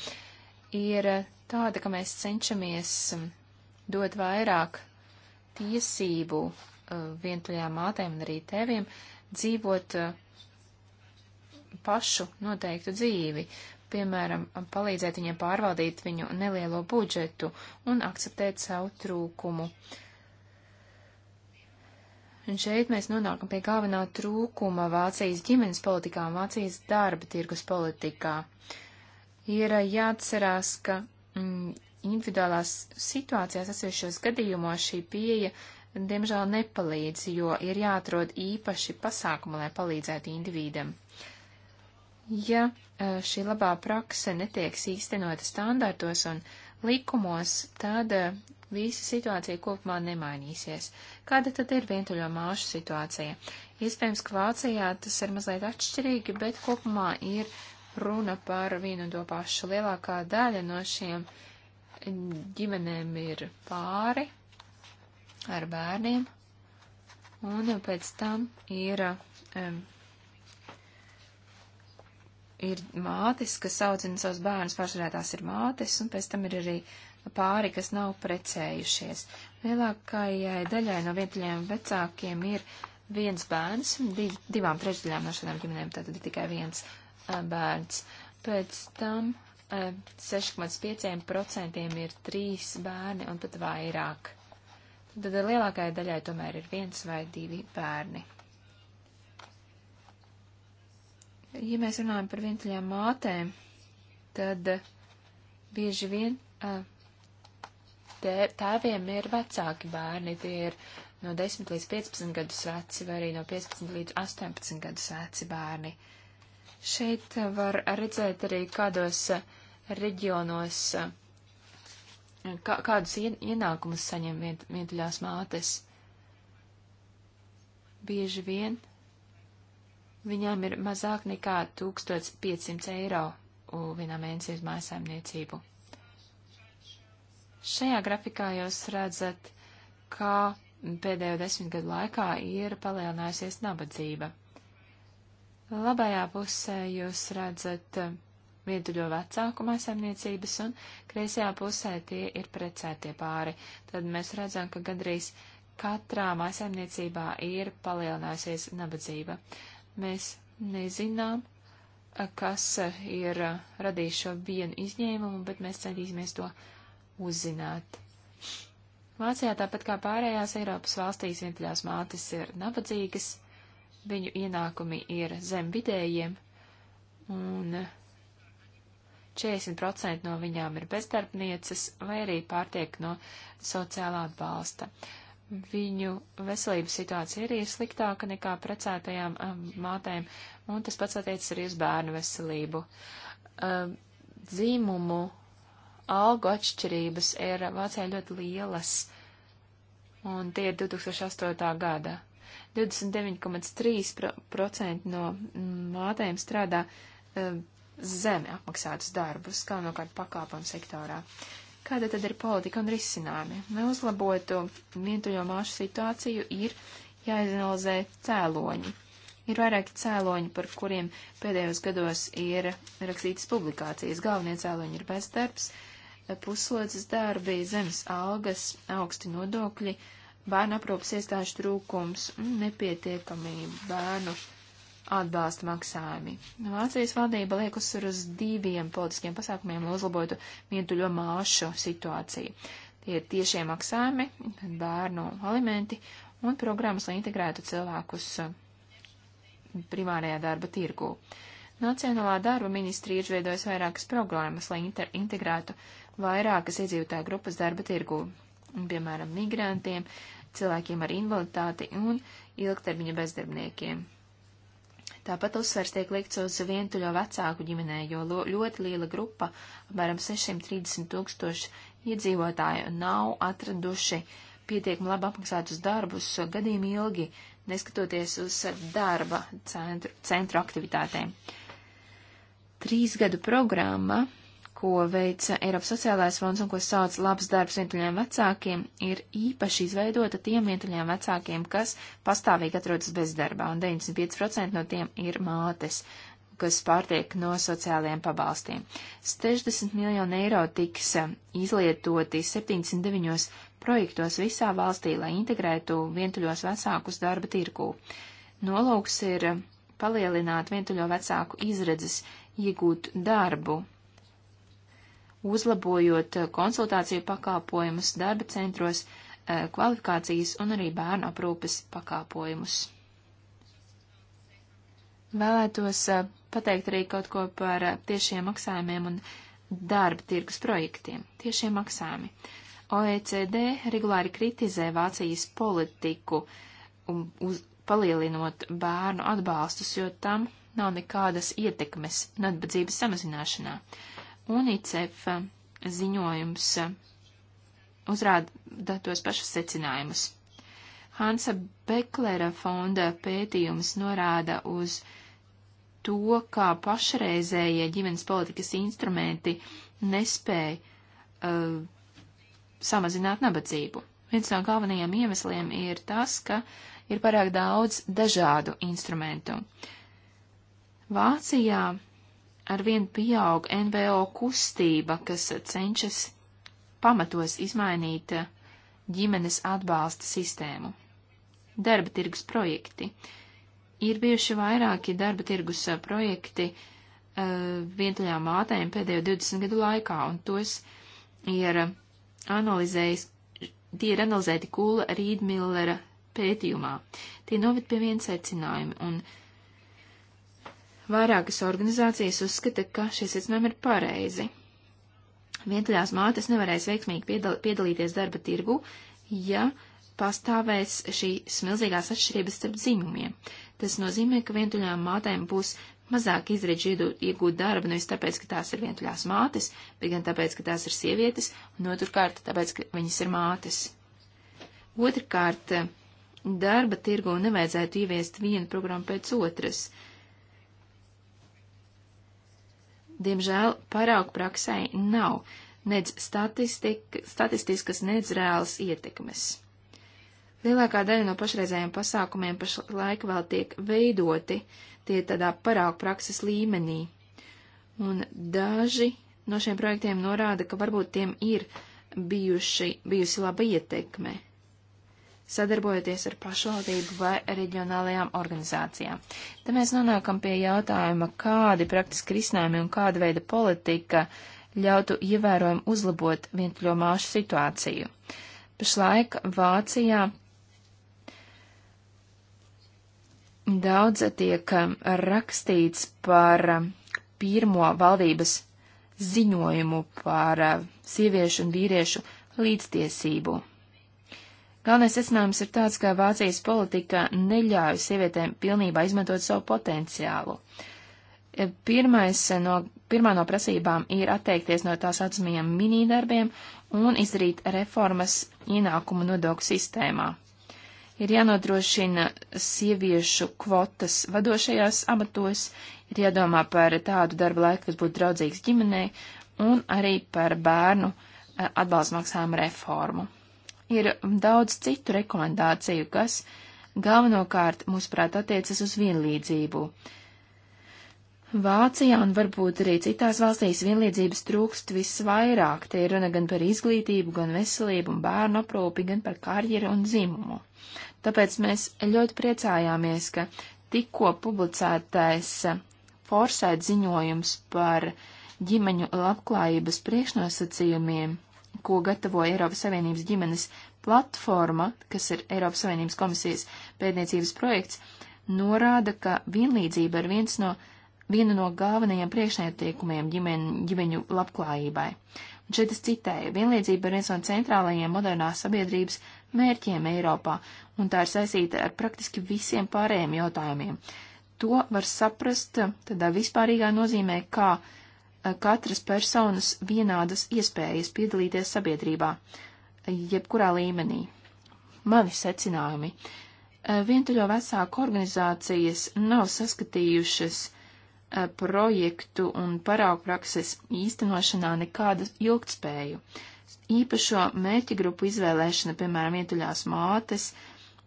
ir tāda, ka mēs cenšamies um, dot vairāk tiesību uh, vientuļām mātēm un arī tēviem dzīvot uh, pašu noteiktu dzīvi, piemēram, palīdzēt viņiem pārvaldīt viņu nelielo budžetu un akceptēt savu trūkumu. Un šeit mēs nonākam pie galvenā trūkuma Vācijas ģimenes politikā un Vācijas darba tirgus politikā. Ir jāatcerās, ka mm, individuālās situācijās atsevišķos gadījumos šī pieeja diemžēl nepalīdz, jo ir jāatrod īpaši pasākumi, lai palīdzētu individam. Ja e, šī labā prakse netiek īstenota standartos un likumos, tad e, visa situācija kopumā nemainīsies. Kāda tad ir vientuļo māšu situācija? Iespējams, ka Vācijā tas ir mazliet atšķirīgi, bet kopumā ir uh, runa par vienu un to pašu. Lielākā daļa no šiem ģimenēm ir pāri ar bērniem, un pēc tam ir, um, ir mātes, kas audzina savus bērnus, pārsvarā tās ir mātes, un pēc tam ir arī pāri, kas nav precējušies. Lielākajai daļai no vientuļajiem vecākiem ir viens bērns, div, divām trešdaļām no šādām ģimenēm tātad ir tikai viens Eh, bērns. Pēc tam 6,5% eh, ir trīs bērni un pat vairāk. Tad lielākajai daļai tomēr ir viens vai divi bērni. Ja mēs runājam par vientuļām mātēm, tad bieži vien eh, tēviem ir vecāki bērni, tie ir no 10 līdz 15 gadus veci vai arī no 15 līdz 18 gadus veci bērni. Uh, Šeit var redzēt arī kādos reģionos, kā, kādus ienākumus saņem vientuļās mātes. Bieži vien viņām ir mazāk nekā 1500 eiro vienā mēnesī uz mājasēmniecību. Šajā grafikā jūs redzat, kā pēdējo desmit gadu laikā ir palielinājusies nabadzība. Labajā pusē jūs redzat eh, vientuļo vecāku mājsaimniecības, un kreisajā pusē tie ir precētie pāri. Tad mēs redzam, ka gandrīz katrā mājsaimniecībā ir palielinājusies nabadzība. Mēs nezinām, eh, kas eh, ir radījis šo vienu izņēmumu, bet mēs centīsimies to uzzināt. Vācijā, tāpat kā pārējās Eiropas valstīs, vientuļās mātes ir nabadzīgas, viņu ienākumi ir zem vidējiem, un 40% no viņām ir bezdarbnieces vai arī pārtiek no sociālā atbalsta. Viņu veselības situācija arī ir sliktāka nekā precētajām um, mātēm, un tas pats attiecas arī uz bērnu veselību. Um, dzīmumu algu atšķirības ir Vācijā ļoti lielas, un tie ir 2008. gada 29,3% no mm, mātēm strādā eh, zemi apmaksātus darbus, galvenokārt pakāpojumu sektorā. Kāda tad ir politika un risinājumi? Lai uzlabotu vientuļo māšu situāciju, ir jāizanalizē cēloņi. Ir vairāki cēloņi, par kuriem pēdējos gados ir rakstītas publikācijas. Galvenie cēloņi ir bezdarbs, eh, puslodzes darbi, zemes algas, augsti nodokļi, uh, bērnu aprūpas iestāžu trūkums un nepietiekami bērnu atbalsta maksājumi. Vācijas valdība liek uzsver uz diviem politiskiem pasākumiem, lai uzlabotu mietuļo māšu situāciju. Tie ir tiešie maksājumi, bērnu alimenti un programmas, lai integrētu cilvēkus uh, primārajā darba tirgū. Nacionālā darba ministrija izveidojas vairākas programmas, lai integrētu vairākas iedzīvotāju grupas darba tirgū piemēram, migrantiem, cilvēkiem ar invaliditāti un ilgtermiņa bezdarbniekiem. Tāpat uzsvers tiek likts uz vientuļo vecāku ģimenē, jo lo, ļoti liela grupa, apmēram 630 tūkstoši iedzīvotāju, nav atraduši pietiekami labi apmaksātus darbus gadiem ilgi, neskatoties uz darba centru, centru aktivitātēm. Trīs gadu programma ko veica Eiropas sociālais fonds un ko sauc labs darbs vientuļiem vecākiem, ir īpaši izveidota tiem vientuļiem vecākiem, kas pastāvīgi atrodas bezdarbā, un 95% no tiem ir mātes kas pārtiek no sociālajiem pabalstiem. 60 miljoni eiro tiks izlietoti 79 projektos visā valstī, lai integrētu vientuļos vecākus darba tirgū. Nolūks ir palielināt vientuļo vecāku izredzes iegūt darbu uzlabojot eh, konsultāciju pakāpojumus darba centros, eh, kvalifikācijas un arī bērnu aprūpes pakāpojumus. Vēlētos eh, pateikt arī kaut ko par tiešiem maksājumiem un darba tirgus projektiem. Tiešie maksājumi. OECD regulāri kritizē Vācijas politiku, um, uz, palielinot bērnu atbalstus, jo tam nav nekādas ietekmes nabadzības samazināšanā. Uh, UNICEF ziņojums uzrāda tos pašus secinājumus. Hansa Beklera fonda pētījums norāda uz to, kā pašreizējie ģimenes politikas instrumenti nespēja uh, samazināt nabadzību. Viens no galvenajiem iemesliem ir tas, ka ir pārāk daudz dažādu instrumentu. Vācijā arvien pieaug NVO kustība, kas cenšas pamatos izmainīt ģimenes atbalsta sistēmu. Darba tirgus projekti. Ir bijuši vairāki darba tirgus projekti uh, eh, vientuļām mātēm pēdējo 20 gadu laikā, un tos ir analizējis, tie ir analizēti Kula Rīdmillera pētījumā. Tie noved pie viena secinājuma, un uh, Vairākas organizācijas uzskata, ka šie secinājumi ir pareizi. Vientuļās mātes nevarēs veiksmīgi piedal piedalīties darba tirgu, ja pastāvēs šīs milzīgās atšķirības starp dzimumiem. Tas nozīmē, ka vientuļām mātēm būs mazāk izredzi iegūt darbu nevis tāpēc, ka tās ir vientuļās mātes, bet gan tāpēc, ka tās ir sievietes, un otrkārt tāpēc, ka viņas ir mātes. Otrkārt, darba tirgu nevajadzētu ieviest vienu programmu pēc otras. Uh, Diemžēl paraugu praksē nav nedz statistiskas, nedz reālas ietekmes. Lielākā daļa no pašreizējiem pasākumiem pašlaik vēl tiek veidoti, tie tādā paraugu prakses līmenī. Un daži no šiem projektiem norāda, ka varbūt tiem ir bijuši, bijusi laba ietekme sadarbojoties ar pašvaldību vai reģionālajām organizācijām. Te mēs nonākam pie jautājuma, kādi praktiski risinājumi un kāda veida politika ļautu ievērojami uzlabot vientuļo māšu situāciju. Pašlaik Vācijā daudz tiek rakstīts par pirmo valdības ziņojumu par sieviešu un vīriešu līdztiesību. Galvenais secinājums ir tāds, ka Vācijas politika neļauj sievietēm pilnībā izmantot savu potenciālu. Pirmais no, pirmā no prasībām ir atteikties no tās atzmījām minidarbiem un izdarīt reformas ienākumu nodokļu sistēmā. Ir jānodrošina sieviešu kvotas vadošajās amatos, ir jādomā par tādu darba laiku, kas būtu draudzīgs ģimenei, un arī par bērnu eh, atbalstmaksām reformu ir daudz citu rekomendāciju, kas galvenokārt, mūsuprāt, attiecas uz vienlīdzību. Vācijā un varbūt arī citās valstīs vienlīdzības trūkst visvairāk. Te ir runa gan par izglītību, gan veselību un bērnu aprūpi, gan par karjeru un dzimumu. Tāpēc mēs ļoti priecājāmies, ka tikko publicētais forsēt ziņojums par ģimeņu labklājības priekšnosacījumiem ko gatavo Eiropas Savienības ģimenes platforma, kas ir Eiropas Savienības komisijas pētniecības projekts, norāda, ka vienlīdzība ir viens no, viena no galvenajiem priekšnētiekumiem ģimeņ, ģimeņu labklājībai. Un šeit es citēju, vienlīdzība ir viens no centrālajiem modernās sabiedrības mērķiem Eiropā, un tā ir saistīta ar praktiski visiem pārējiem jautājumiem. To var saprast uh, tādā vispārīgā nozīmē, kā uh, katras personas vienādas iespējas piedalīties sabiedrībā, jebkurā līmenī. Mani secinājumi. Eh, vientuļo vecāku organizācijas nav saskatījušas eh, projektu un paraugu prakses īstenošanā nekādu ilgtspēju. Īpašo mērķi grupu izvēlēšana, piemēram, vientuļās mātes,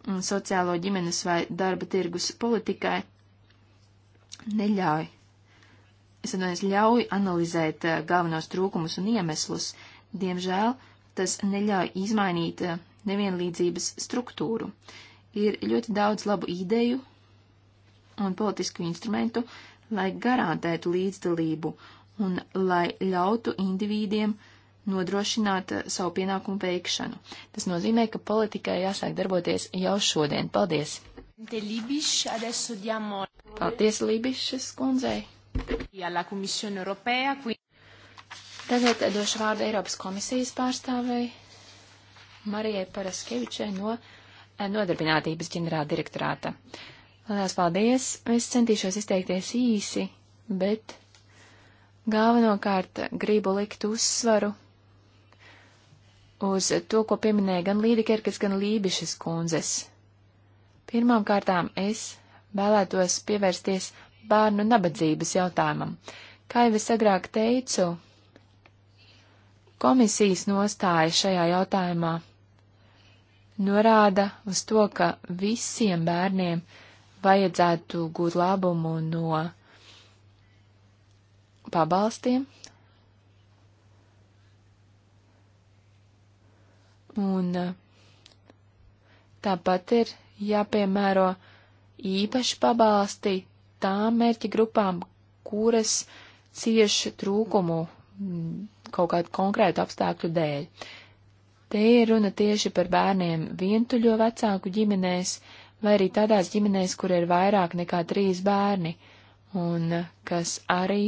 mm, sociālo ģimenes vai darba tirgus politikai neļauj es atvainojos, ļauj analizēt eh, galvenos trūkumus un iemeslus. Diemžēl tas neļauj izmainīt eh, nevienlīdzības struktūru. Ir ļoti daudz labu ideju un politisku instrumentu, lai garantētu līdzdalību un lai ļautu indivīdiem nodrošināt eh, savu pienākumu veikšanu. Tas nozīmē, ka politikai jāsāk darboties jau šodien. Paldies! Paldies Lībišas kundzei! Tagad došu vārdu Eiropas komisijas pārstāvei Marijai Paraskevičai no eh, Nodarbinātības ģenerāla direktorāta. Lielas paldies! Es centīšos izteikties īsi, bet galvenokārt gribu likt uzsvaru uz to, ko pieminēja gan Līdekerkas, gan Lībišas kundzes. Pirmām kārtām es vēlētos pievērsties bērnu nabadzības jautājumam. Kā jau es agrāk teicu, komisijas nostāja šajā jautājumā norāda uz to, ka visiem bērniem vajadzētu gūt labumu no pabalstiem. Un eh, tāpat ir jāpiemēro īpaši pabalsti tām mērķa grupām, kuras cieši trūkumu kaut kādu konkrētu apstākļu dēļ. Te ir runa tieši par bērniem vientuļo vecāku ģimenēs, vai arī tādās ģimenēs, kur ir vairāk nekā trīs bērni, un kas arī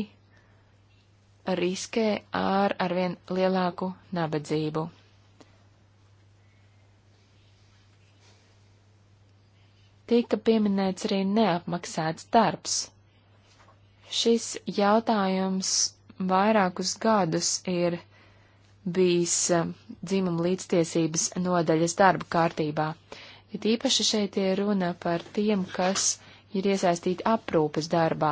riskē ar arvien lielāku nabadzību. Tika pieminēts arī neapmaksāts darbs. Šis jautājums vairākus gadus ir bijis um, dzimuma līdztiesības nodaļas darba kārtībā. It īpaši šeit ir runa par tiem, kas ir iesaistīti aprūpes darbā.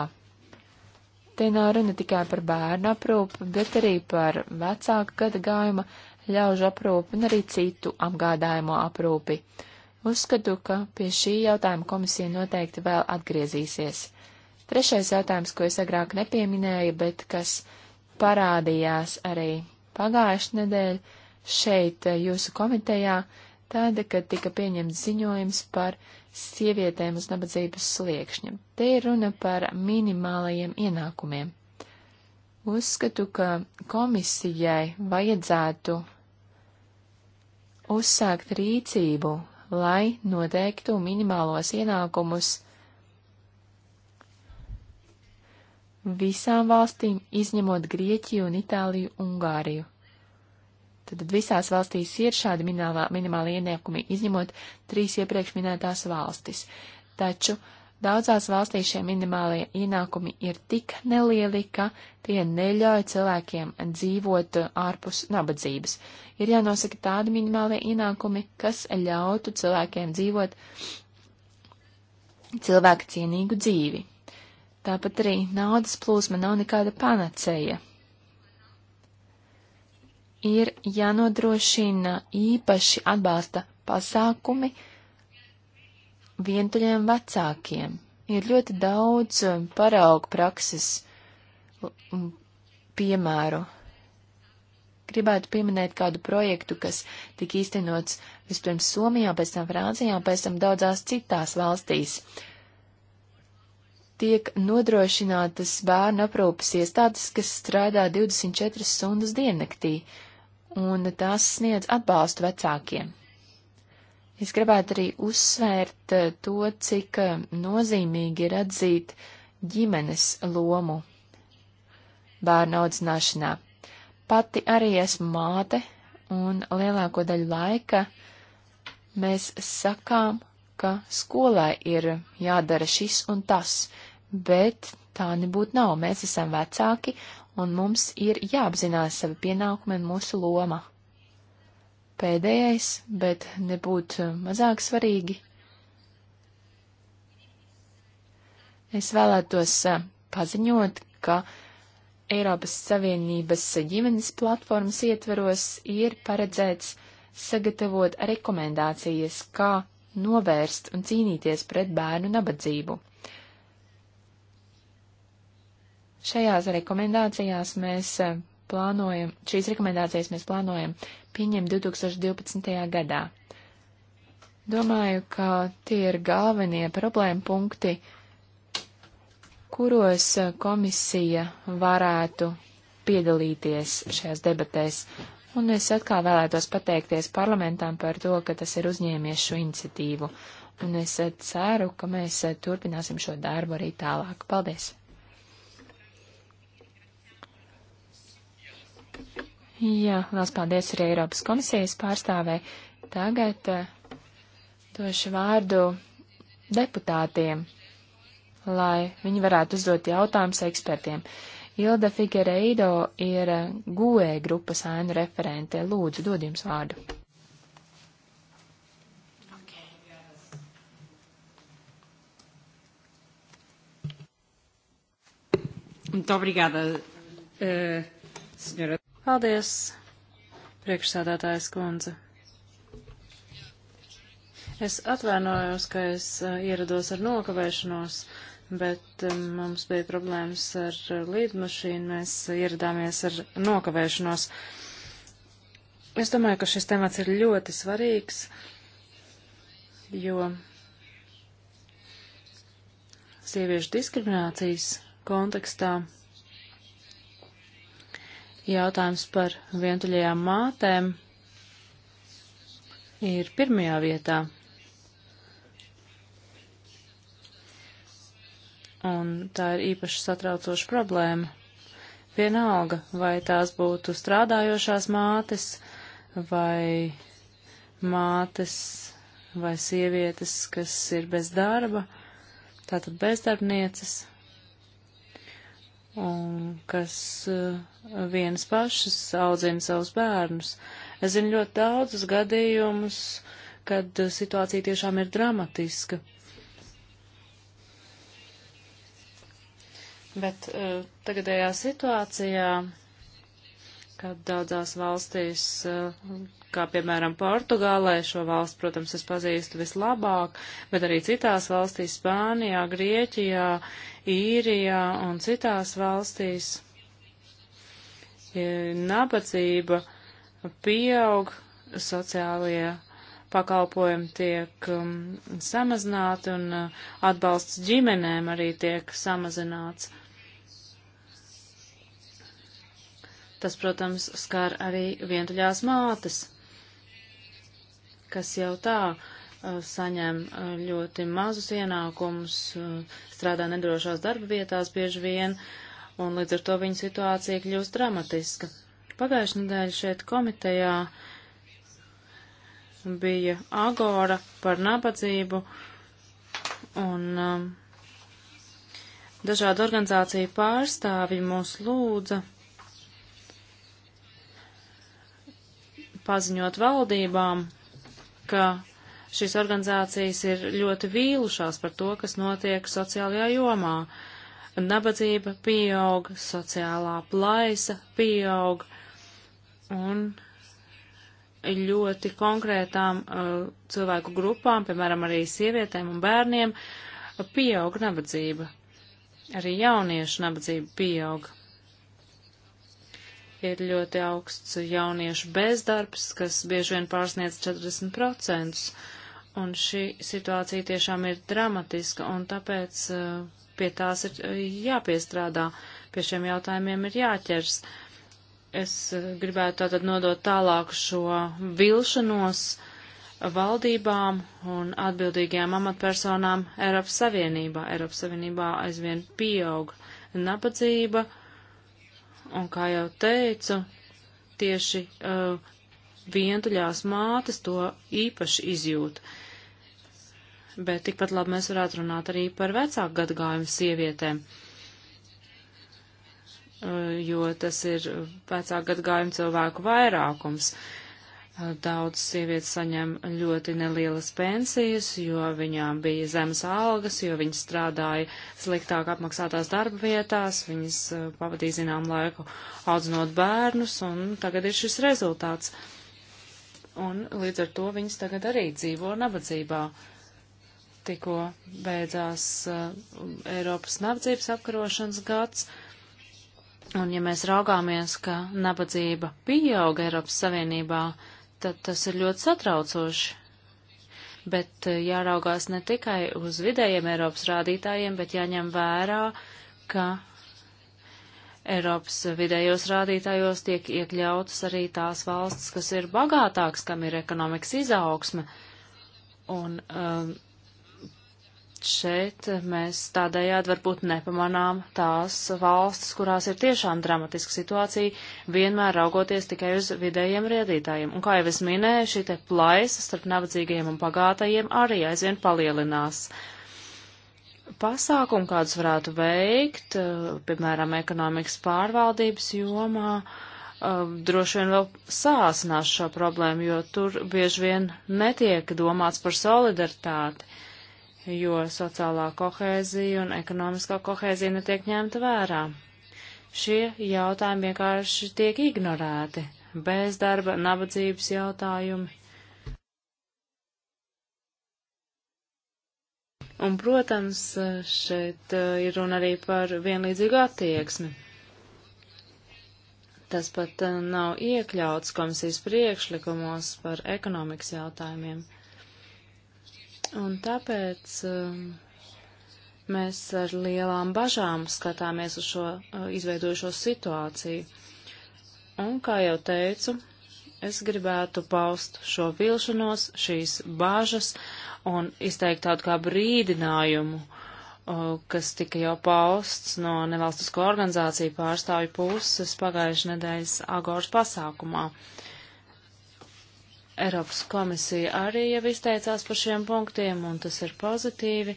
Te nav runa tikai par bērnu aprūpi, bet arī par vecāku gada gājuma ļaužu aprūpi un arī citu apgādājumu aprūpi. Uzskatu, ka pie šī jautājuma komisija noteikti vēl atgriezīsies. Trešais jautājums, ko es agrāk nepieminēju, bet kas parādījās arī pagājušajā nedēļā šeit eh, jūsu komitejā, tāda, kad tika pieņemts ziņojums par sievietēm uz nabadzības sliekšņa. Te ir runa par minimālajiem ienākumiem. Uzskatu, ka komisijai vajadzētu uzsākt rīcību lai noteiktu minimālos ienākumus visām valstīm, izņemot Grieķiju un Itāliju un Ungāriju. Tad visās valstīs ir šādi minimālā, minimāli ienākumi, izņemot trīs iepriekš minētās valstis. Taču uh, Daudzās valstīs šie minimālie ienākumi ir tik nelieli, ka tie neļauj cilvēkiem dzīvot ārpus nabadzības. Ir jānosaka tādi minimālie ienākumi, kas ļautu cilvēkiem dzīvot cilvēku cienīgu dzīvi. Tāpat arī naudas plūsma nav nekāda panacēja. Ir jānodrošina īpaši atbalsta pasākumi, uh, vientuļiem vecākiem. Ir ļoti daudz eh, paraugu prakses piemēru. Gribētu pieminēt kādu projektu, kas tika īstenots vispirms Somijā, pēc tam Francijā, pēc tam daudzās citās valstīs. Tiek nodrošinātas bērnu aprūpas iestādes, kas strādā 24 stundas diennaktī, un tās sniedz atbalstu vecākiem. Es gribētu arī uzsvērt eh, to, cik eh, nozīmīgi ir atzīt ģimenes lomu bērnu audzināšanā. Pati arī esmu māte, un lielāko daļu laika mēs sakām, ka skolai ir jādara šis un tas, bet tā nebūtu nav. Mēs esam vecāki, un mums ir jāapzinās savi pienākumi un mūsu loma pēdējais, bet nebūt eh, mazāk svarīgi. Es vēlētos eh, paziņot, ka Eiropas Savienības ģimenes platformas ietveros ir paredzēts sagatavot rekomendācijas, kā novērst un cīnīties pret bērnu nabadzību. Šajās rekomendācijās mēs eh, plānojam, šīs rekomendācijas mēs plānojam pieņemti 2012. gadā. Domāju, ka tie ir galvenie problēma punkti, kuros eh, komisija varētu piedalīties šajās debatēs, un es atkal vēlētos pateikties parlamentam par to, ka tas ir uzņēmies šo iniciatīvu, un es eh, ceru, ka mēs eh, turpināsim šo darbu arī tālāk. Paldies! Jā, liels paldies arī Eiropas komisijas pārstāvē. Tagad eh, došu vārdu deputātiem, lai viņi varētu uzdot jautājumus ekspertiem. Ilda Figueiredo ir eh, GUE grupas ēnu referente. Lūdzu, dod jums vārdu. Okay. Muito obrigada, uh, senhora. Paldies, priekšsādātājs kundze. Es atvainojos, ka es ierados ar nokavēšanos, bet mums bija problēmas ar līdmašīnu. Mēs ieradāmies ar nokavēšanos. Es domāju, ka šis temats ir ļoti svarīgs, jo sieviešu diskriminācijas kontekstā jautājums par vientuļajām mātēm ir pirmajā vietā. Un tā ir īpaši satraucoša problēma. Vienalga, vai tās būtu strādājošās mātes, vai mātes, vai sievietes, kas ir bez darba, tātad bezdarbnieces kas uh, vienas pašas audzina savus bērnus. Es zinu ļoti daudzus gadījumus, kad uh, situācija tiešām ir dramatiska. Bet uh, tagadējā situācijā, kad daudzās valstīs, uh, kā piemēram Portugālē, šo valstu, protams, es pazīstu vislabāk, bet arī citās valstīs, Spānijā, Grieķijā, īrijā un citās valstīs nabadzība pieaug, sociālie pakalpojumi tiek um, samazināti un uh, atbalsts ģimenēm arī tiek samazināts. Tas, protams, skar arī vientuļās mātes, kas jau tā uh, Uh, saņem uh, ļoti mazus ienākumus, uh, strādā nedrošās darba vietās bieži vien, un līdz ar to viņa situācija kļūst dramatiska. Pagājušajā nedēļā šeit komitejā bija agora par nabadzību, un um, dažādu organizāciju pārstāvi mūs lūdza paziņot valdībām, ka šīs organizācijas ir ļoti vīlušās par to, kas notiek sociālajā jomā. Nabadzība pieaug, sociālā plaisa pieaug un ļoti konkrētām uh, cilvēku grupām, piemēram, arī sievietēm un bērniem, pieaug nabadzība. Arī jauniešu nabadzība pieaug. Ir ļoti augsts jauniešu bezdarbs, kas bieži vien pārsniedz 40% un šī situācija tiešām ir dramatiska, un tāpēc uh, pie tās ir eh, jāpiestrādā, pie šiem jautājumiem ir jāķers. Es uh, gribētu tātad nodot tālāk šo vilšanos valdībām un atbildīgajām amatpersonām Eiropas Savienībā. Eiropas Savienībā aizvien pieaug nabadzība, un kā jau teicu, tieši uh, vientuļās mātes to īpaši izjūt. Uh, bet tikpat labi mēs varētu runāt arī par vecāku gadagājumu sievietēm, jo tas ir vecāku gadagājumu cilvēku vairākums. Daudz sievietes saņem ļoti nelielas pensijas, jo viņām bija zemes algas, jo viņas strādāja sliktāk apmaksātās darba vietās, viņas pavadīja zinām laiku audzinot bērnus, un tagad ir šis rezultāts. Un līdz ar to viņas tagad arī dzīvo nabadzībā. Uh, tikko beidzās uh, Eiropas nabadzības apkarošanas gads. Un ja mēs raugāmies, ka nabadzība pieauga Eiropas Savienībā, tad tas ir ļoti satraucoši. Bet uh, jāraugās ne tikai uz vidējiem Eiropas rādītājiem, bet jāņem vērā, ka Eiropas vidējos rādītājos tiek iekļautas arī tās valsts, kas ir bagātākas, kam ir ekonomikas izaugsme. Un um, šeit mēs tādējādi varbūt nepamanām tās valstis, kurās ir tiešām dramatiska situācija, vienmēr raugoties tikai uz vidējiem riedītājiem. Un kā jau es minēju, šī te plaisa starp nabadzīgajiem un pagātajiem arī aizvien palielinās. Pasākumu kādus varētu veikt, eh, piemēram, ekonomikas pārvaldības jomā, eh, droši vien vēl sāsinās šo problēmu, jo tur bieži vien netiek domāts par solidaritāti jo sociālā kohēzija un ekonomiskā kohēzija netiek ņemta vērā. Šie jautājumi vienkārši tiek ignorēti - bezdarba, nabadzības jautājumi. Un, protams, šeit eh, ir runa arī par vienlīdzīgu attieksmi. Tas pat eh, nav iekļauts komisijas priekšlikumos par ekonomikas jautājumiem. Un tāpēc um, mēs ar lielām bažām skatāmies uz šo uh, izveidojušo situāciju. Un, kā jau teicu, es gribētu paust šo vilšanos, šīs bāžas un izteikt tādu kā brīdinājumu, uh, kas tika jau pausts no nevalstisko organizāciju pārstāvju puses pagājušajā nedēļas Agoras pasākumā. Uh, Eiropas komisija arī jau izteicās par šiem punktiem, un tas ir pozitīvi,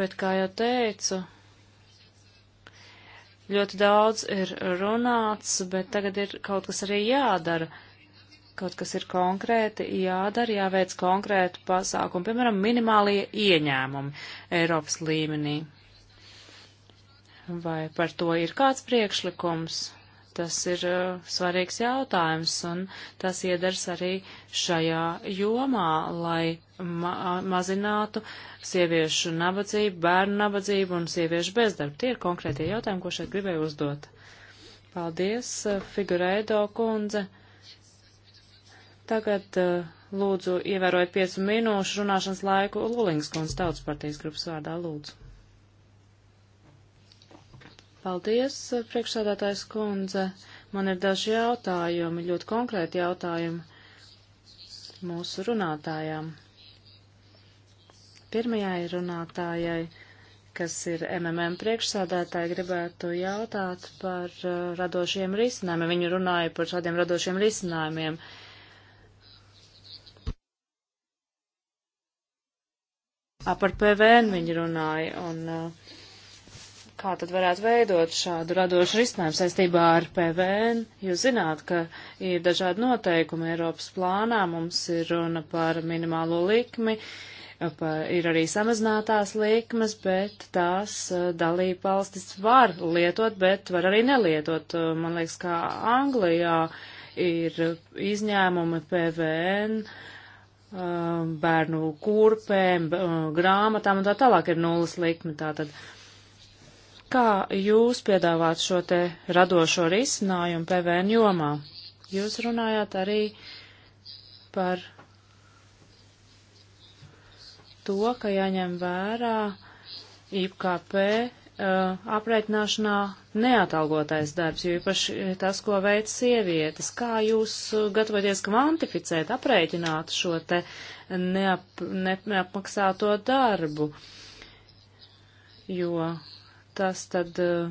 bet, kā jau teicu, ļoti daudz ir runāts, bet tagad ir kaut kas arī jādara. Kaut kas ir konkrēti jādara, jāveic konkrētu pasākumu, piemēram, minimālie ieņēmumi Eiropas līmenī. Vai par to ir kāds priekšlikums? Tas ir uh, svarīgs jautājums, un tas iedars arī šajā jomā, lai ma mazinātu sieviešu nabadzību, bērnu nabadzību un sieviešu bezdarbu. Tie ir konkrētie jautājumi, ko šeit gribēju uzdot. Paldies, uh, Figureido kundze. Tagad uh, lūdzu ievērojiet piecu minūšu runāšanas laiku Lulings kundze tautas partijas grupas vārdā lūdzu. Paldies, priekšsādātājs kundze. Man ir daži jautājumi, ļoti konkrēti jautājumi mūsu runātājām. Pirmajai runātājai, kas ir MMM priekšsādātāji, gribētu jautāt par uh, radošiem risinājumiem. Viņi runāja par šādiem radošiem risinājumiem. A, par PVN viņi runāja. Un, uh, kā tad varētu veidot šādu radošu risinājumu saistībā ar PVN. Jūs zināt, ka ir dažādi noteikumi Eiropas plānā, mums ir runa par minimālo likmi, par, ir arī samazinātās likmes, bet tās dalība valstis var lietot, bet var arī nelietot. Man liekas, kā Anglijā ir izņēmumi PVN bērnu kurpēm, grāmatām un tā tālāk ir nulles likme. Tātad. Uh, Kā jūs piedāvāt šo te radošo risinājumu PVN jomā? Jūs runājāt arī par to, ka jāņem vērā IPKP uh, aprēķināšanā neatalgotais darbs, jo īpaši tas, ko veic sievietes. Kā jūs uh, gatavoties kvantificēt, aprēķināt šo te neap, ne, neapmaksāto darbu? Jo tas tad eh,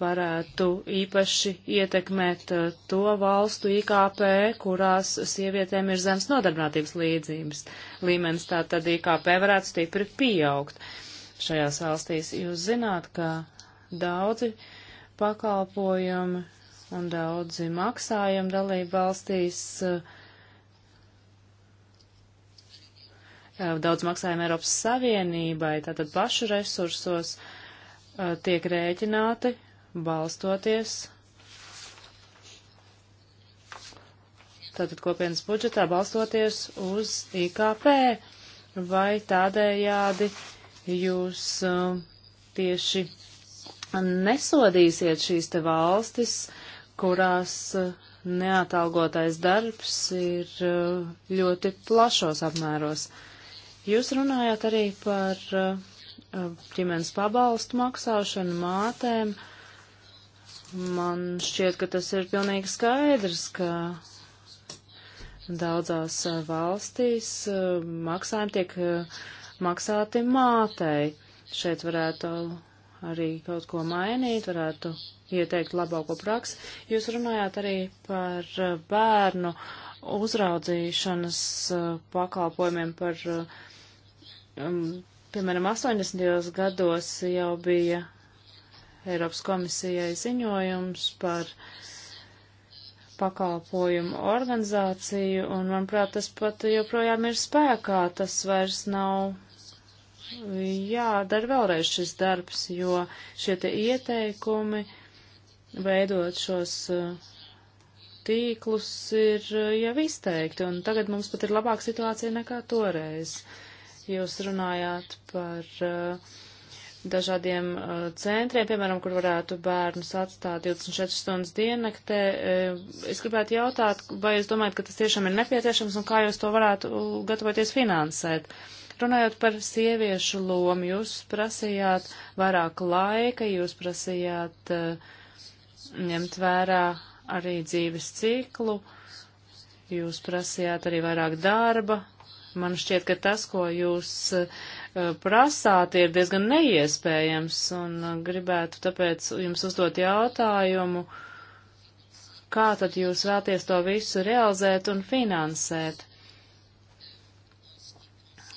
varētu īpaši ietekmēt eh, to valstu IKP, kurās sievietēm ir zems nodarbinātības līdzības līmenis, tā tad IKP varētu stipri pieaugt šajās valstīs. Jūs zināt, ka daudzi pakalpojumi un daudzi maksājumi dalību valstīs uh, Eh, daudz maksājumu Eiropas Savienībai, tātad pašu resursos eh, tiek rēķināti balstoties. Tātad kopienas budžetā balstoties uz IKP vai tādējādi jūs eh, tieši nesodīsiet šīs te valstis, kurās neatalgotais darbs ir ļoti plašos apmēros. Jūs runājāt arī par uh, ģimenes pabalstu maksāšanu mātēm. Man šķiet, ka tas ir pilnīgi skaidrs, ka daudzās uh, valstīs uh, maksājumi tiek maksāti mātei. Šeit varētu arī kaut ko mainīt, varētu ieteikt labāko praksi. Jūs runājāt arī par bērnu uzraudzīšanas pakalpojumiem, par um, piemēram, 80. gados jau bija Eiropas komisijai ziņojums par pakalpojumu organizāciju, un, manuprāt, tas pat joprojām ir spēkā, tas vairs nav jādara vēlreiz šis darbs, jo šie te ieteikumi veidot šos uh, tīklus ir uh, jau izteikti, un tagad mums pat ir labāka situācija nekā toreiz. Uh, Jūs runājāt par uh, dažādiem uh, centriem, piemēram, kur varētu bērnus atstāt 24 stundas diennaktē. Uh, es gribētu jautāt, vai jūs domājat, ka tas tiešām ir nepieciešams un kā jūs to varētu gatavoties finansēt? Runājot par sieviešu lomu, jūs prasījāt vairāk laika, jūs prasījāt uh, ņemt vērā arī dzīves ciklu, jūs prasījāt arī vairāk darba, Man šķiet, ka tas, ko jūs eh, prasāt, ir diezgan neiespējams, un eh, gribētu tāpēc jums uzdot jautājumu, kā tad jūs vēlties to visu realizēt un finansēt.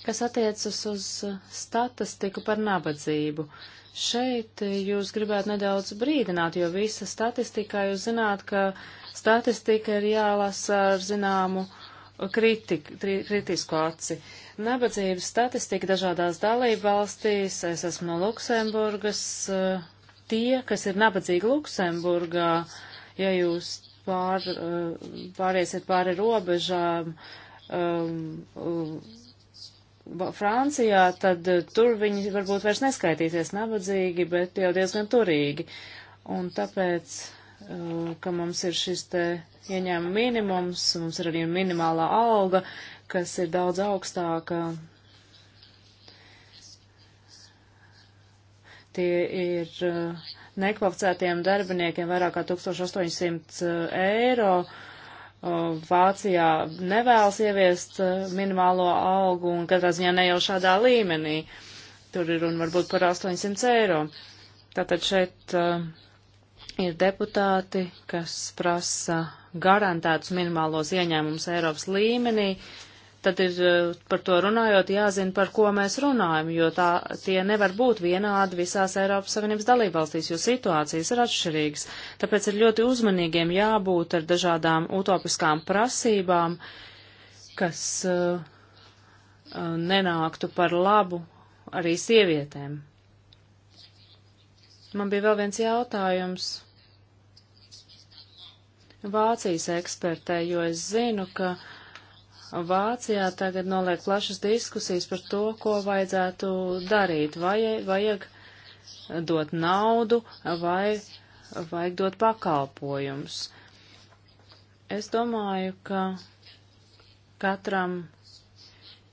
Kas attiecas uz eh, statistiku par nabadzību. Šeit jūs gribētu nedaudz brīdināt, jo visa statistikā jūs zināt, ka statistika ir jālasa ar zināmu uh, kritik, tri, kritisku aci. Nabadzības statistika dažādās dalību valstīs, es esmu no Luksemburgas, eh, tie, kas ir nabadzīgi Luksemburgā, ja jūs pār, eh, pāriesiet pāri robežām, um, Francijā, tad eh, tur viņi varbūt vairs neskaitīsies nabadzīgi, bet jau diezgan turīgi. Un tāpēc Eh, ka mums ir šis te ieņēmuma minimums, mums ir arī minimālā alga, kas ir daudz augstāka. Tie ir eh, nekvalificētiem darbiniekiem vairāk kā 1800 eh, eiro. Vācijā nevēlas ieviest minimālo algu un katrā ziņā ne jau šādā līmenī. Tur ir un varbūt par 800 eiro. Tātad šeit uh, Ir deputāti, kas prasa garantētus minimālos ieņēmumus Eiropas līmenī, tad ir eh, par to runājot jāzina, par ko mēs runājam, jo tā, tie nevar būt vienādi visās Eiropas Savienības dalībvalstīs, jo situācijas ir atšķirīgas. Tāpēc ir ļoti uzmanīgiem jābūt ar dažādām utopiskām prasībām, kas uh, nenāktu par labu arī sievietēm. Man bija vēl viens jautājums Vācijas ekspertē, jo es zinu, ka Vācijā tagad noliek plašas diskusijas par to, ko vajadzētu darīt. Vai vajag dot naudu vai vajag dot pakalpojumus. Es domāju, ka katram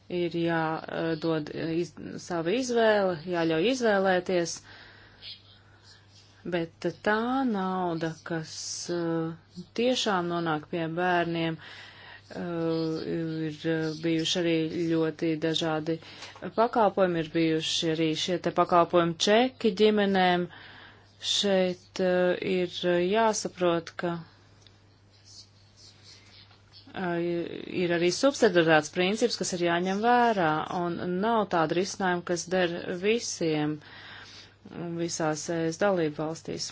ir jādod iz, sava izvēle, jāļauj izvēlēties, bet tā nauda, kas uh, tiešām nonāk pie bērniem, uh, ir uh, bijuši arī ļoti dažādi pakalpojumi, ir bijuši arī šie te pakalpojumi čeki ģimenēm. Šeit uh, ir uh, jāsaprot, ka uh, ir arī subsidiarāts princips, kas ir jāņem vērā, un nav tāda risinājuma, kas der visiem. Uh, visās ES dalību valstīs.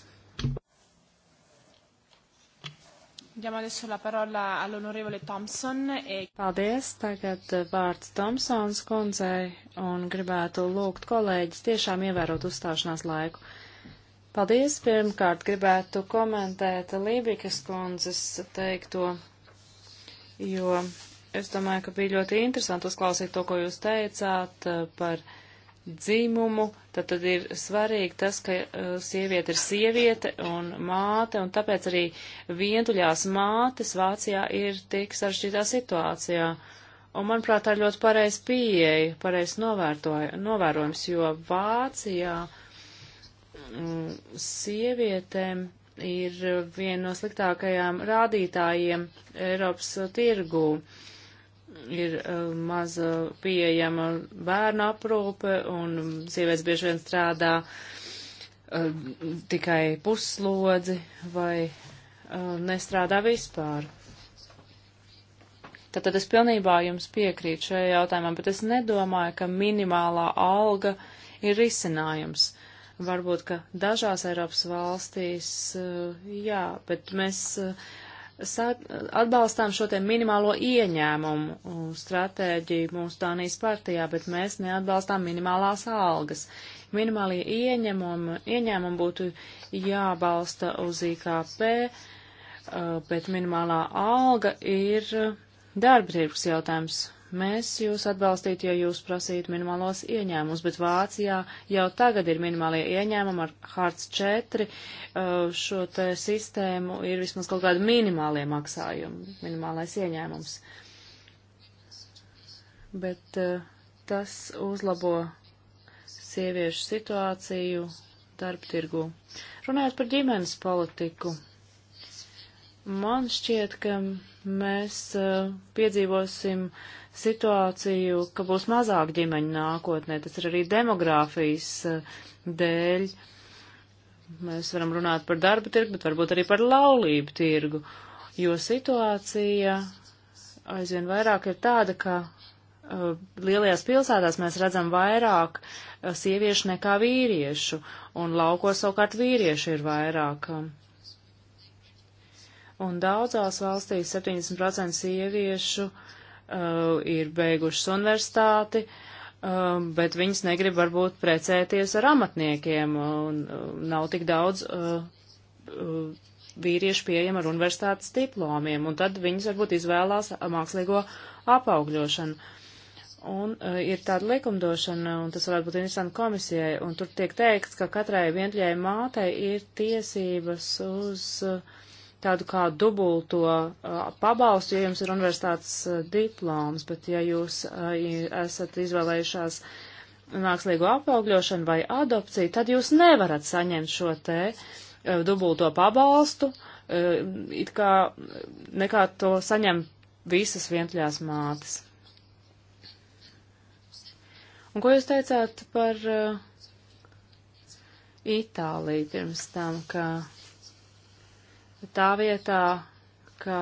Paldies, tagad vārds Tomsons kundzei un gribētu lūgt kolēģis tiešām ievērot uzstāšanās laiku. Paldies, pirmkārt gribētu komentēt Lībikas kundzes teikto, jo es domāju, ka bija ļoti interesanti uzklausīt to, ko jūs teicāt eh, par dzimumu, tad, tad ir svarīgi tas, ka uh, sieviete ir sieviete un māte, un tāpēc arī vientuļās mātes Vācijā ir tik sarežģītā situācijā. Un, manuprāt, tā ir ļoti pareiz pieeja, pareiz novērojums, jo Vācijā mm, sievietēm ir viena no sliktākajām rādītājiem Eiropas tirgū. Uh, ir uh, maza pieejama bērnu aprūpe, un sievietes bieži vien strādā uh, tikai pusslodzi vai uh, nestrādā vispār. Tad, tad es pilnībā jums piekrītu šajā jautājumā, bet es nedomāju, ka minimālā alga ir risinājums. Varbūt, ka dažās Eiropas valstīs, uh, jā, bet mēs uh, atbalstām šo te minimālo ieņēmumu stratēģiju mūsu Tānijas partijā, bet mēs neatbalstām minimālās algas. Minimālie ieņēmumi, ieņēmumi būtu jābalsta uz IKP, bet minimālā alga ir darba tirgus jautājums. Mēs jūs atbalstītu, ja jūs prasītu minimālos ieņēmumus, bet Vācijā jau tagad ir minimālie ieņēmumi ar Hartz 4. Uh, šo te sistēmu ir vismaz kaut kādi minimālie maksājumi, minimālais ieņēmums. Bet uh, tas uzlabo sieviešu situāciju darba tirgu. Runājot par ģimenes politiku, man šķiet, ka mēs uh, piedzīvosim uh, situāciju, ka būs mazāk ģimeņu nākotnē. Tas ir arī demogrāfijas eh, dēļ. Mēs varam runāt par darba tirgu, bet varbūt arī par laulību tirgu, jo situācija aizvien vairāk ir tāda, ka uh, lielajās pilsētās mēs redzam vairāk uh, sieviešu nekā vīriešu, un laukos savukārt vīrieši ir vairāk. Un daudzās valstīs 70% sieviešu uh, uh, ir beigušas universitāti, uh, bet viņas negrib varbūt precēties ar amatniekiem un uh, nav tik daudz uh, uh, vīriešu pieejama ar universitātes diplomiem, un tad viņas varbūt izvēlās mākslīgo apaugļošanu. Un uh, ir tāda likumdošana, un tas varētu būt interesanti komisijai, un tur tiek teikts, ka katrai vientuļai mātei ir tiesības uz uh, tādu kā dubulto pabalstu, ja jums ir universitātes diploms, bet ja jūs esat izvēlējušās mākslīgo apaugļošanu vai adopciju, tad jūs nevarat saņemt šo te dubulto pabalstu, it kā nekā to saņem visas vientuļās mātes. Un ko jūs teicāt par uh, Itāliju pirms tam, ka tā vietā, ka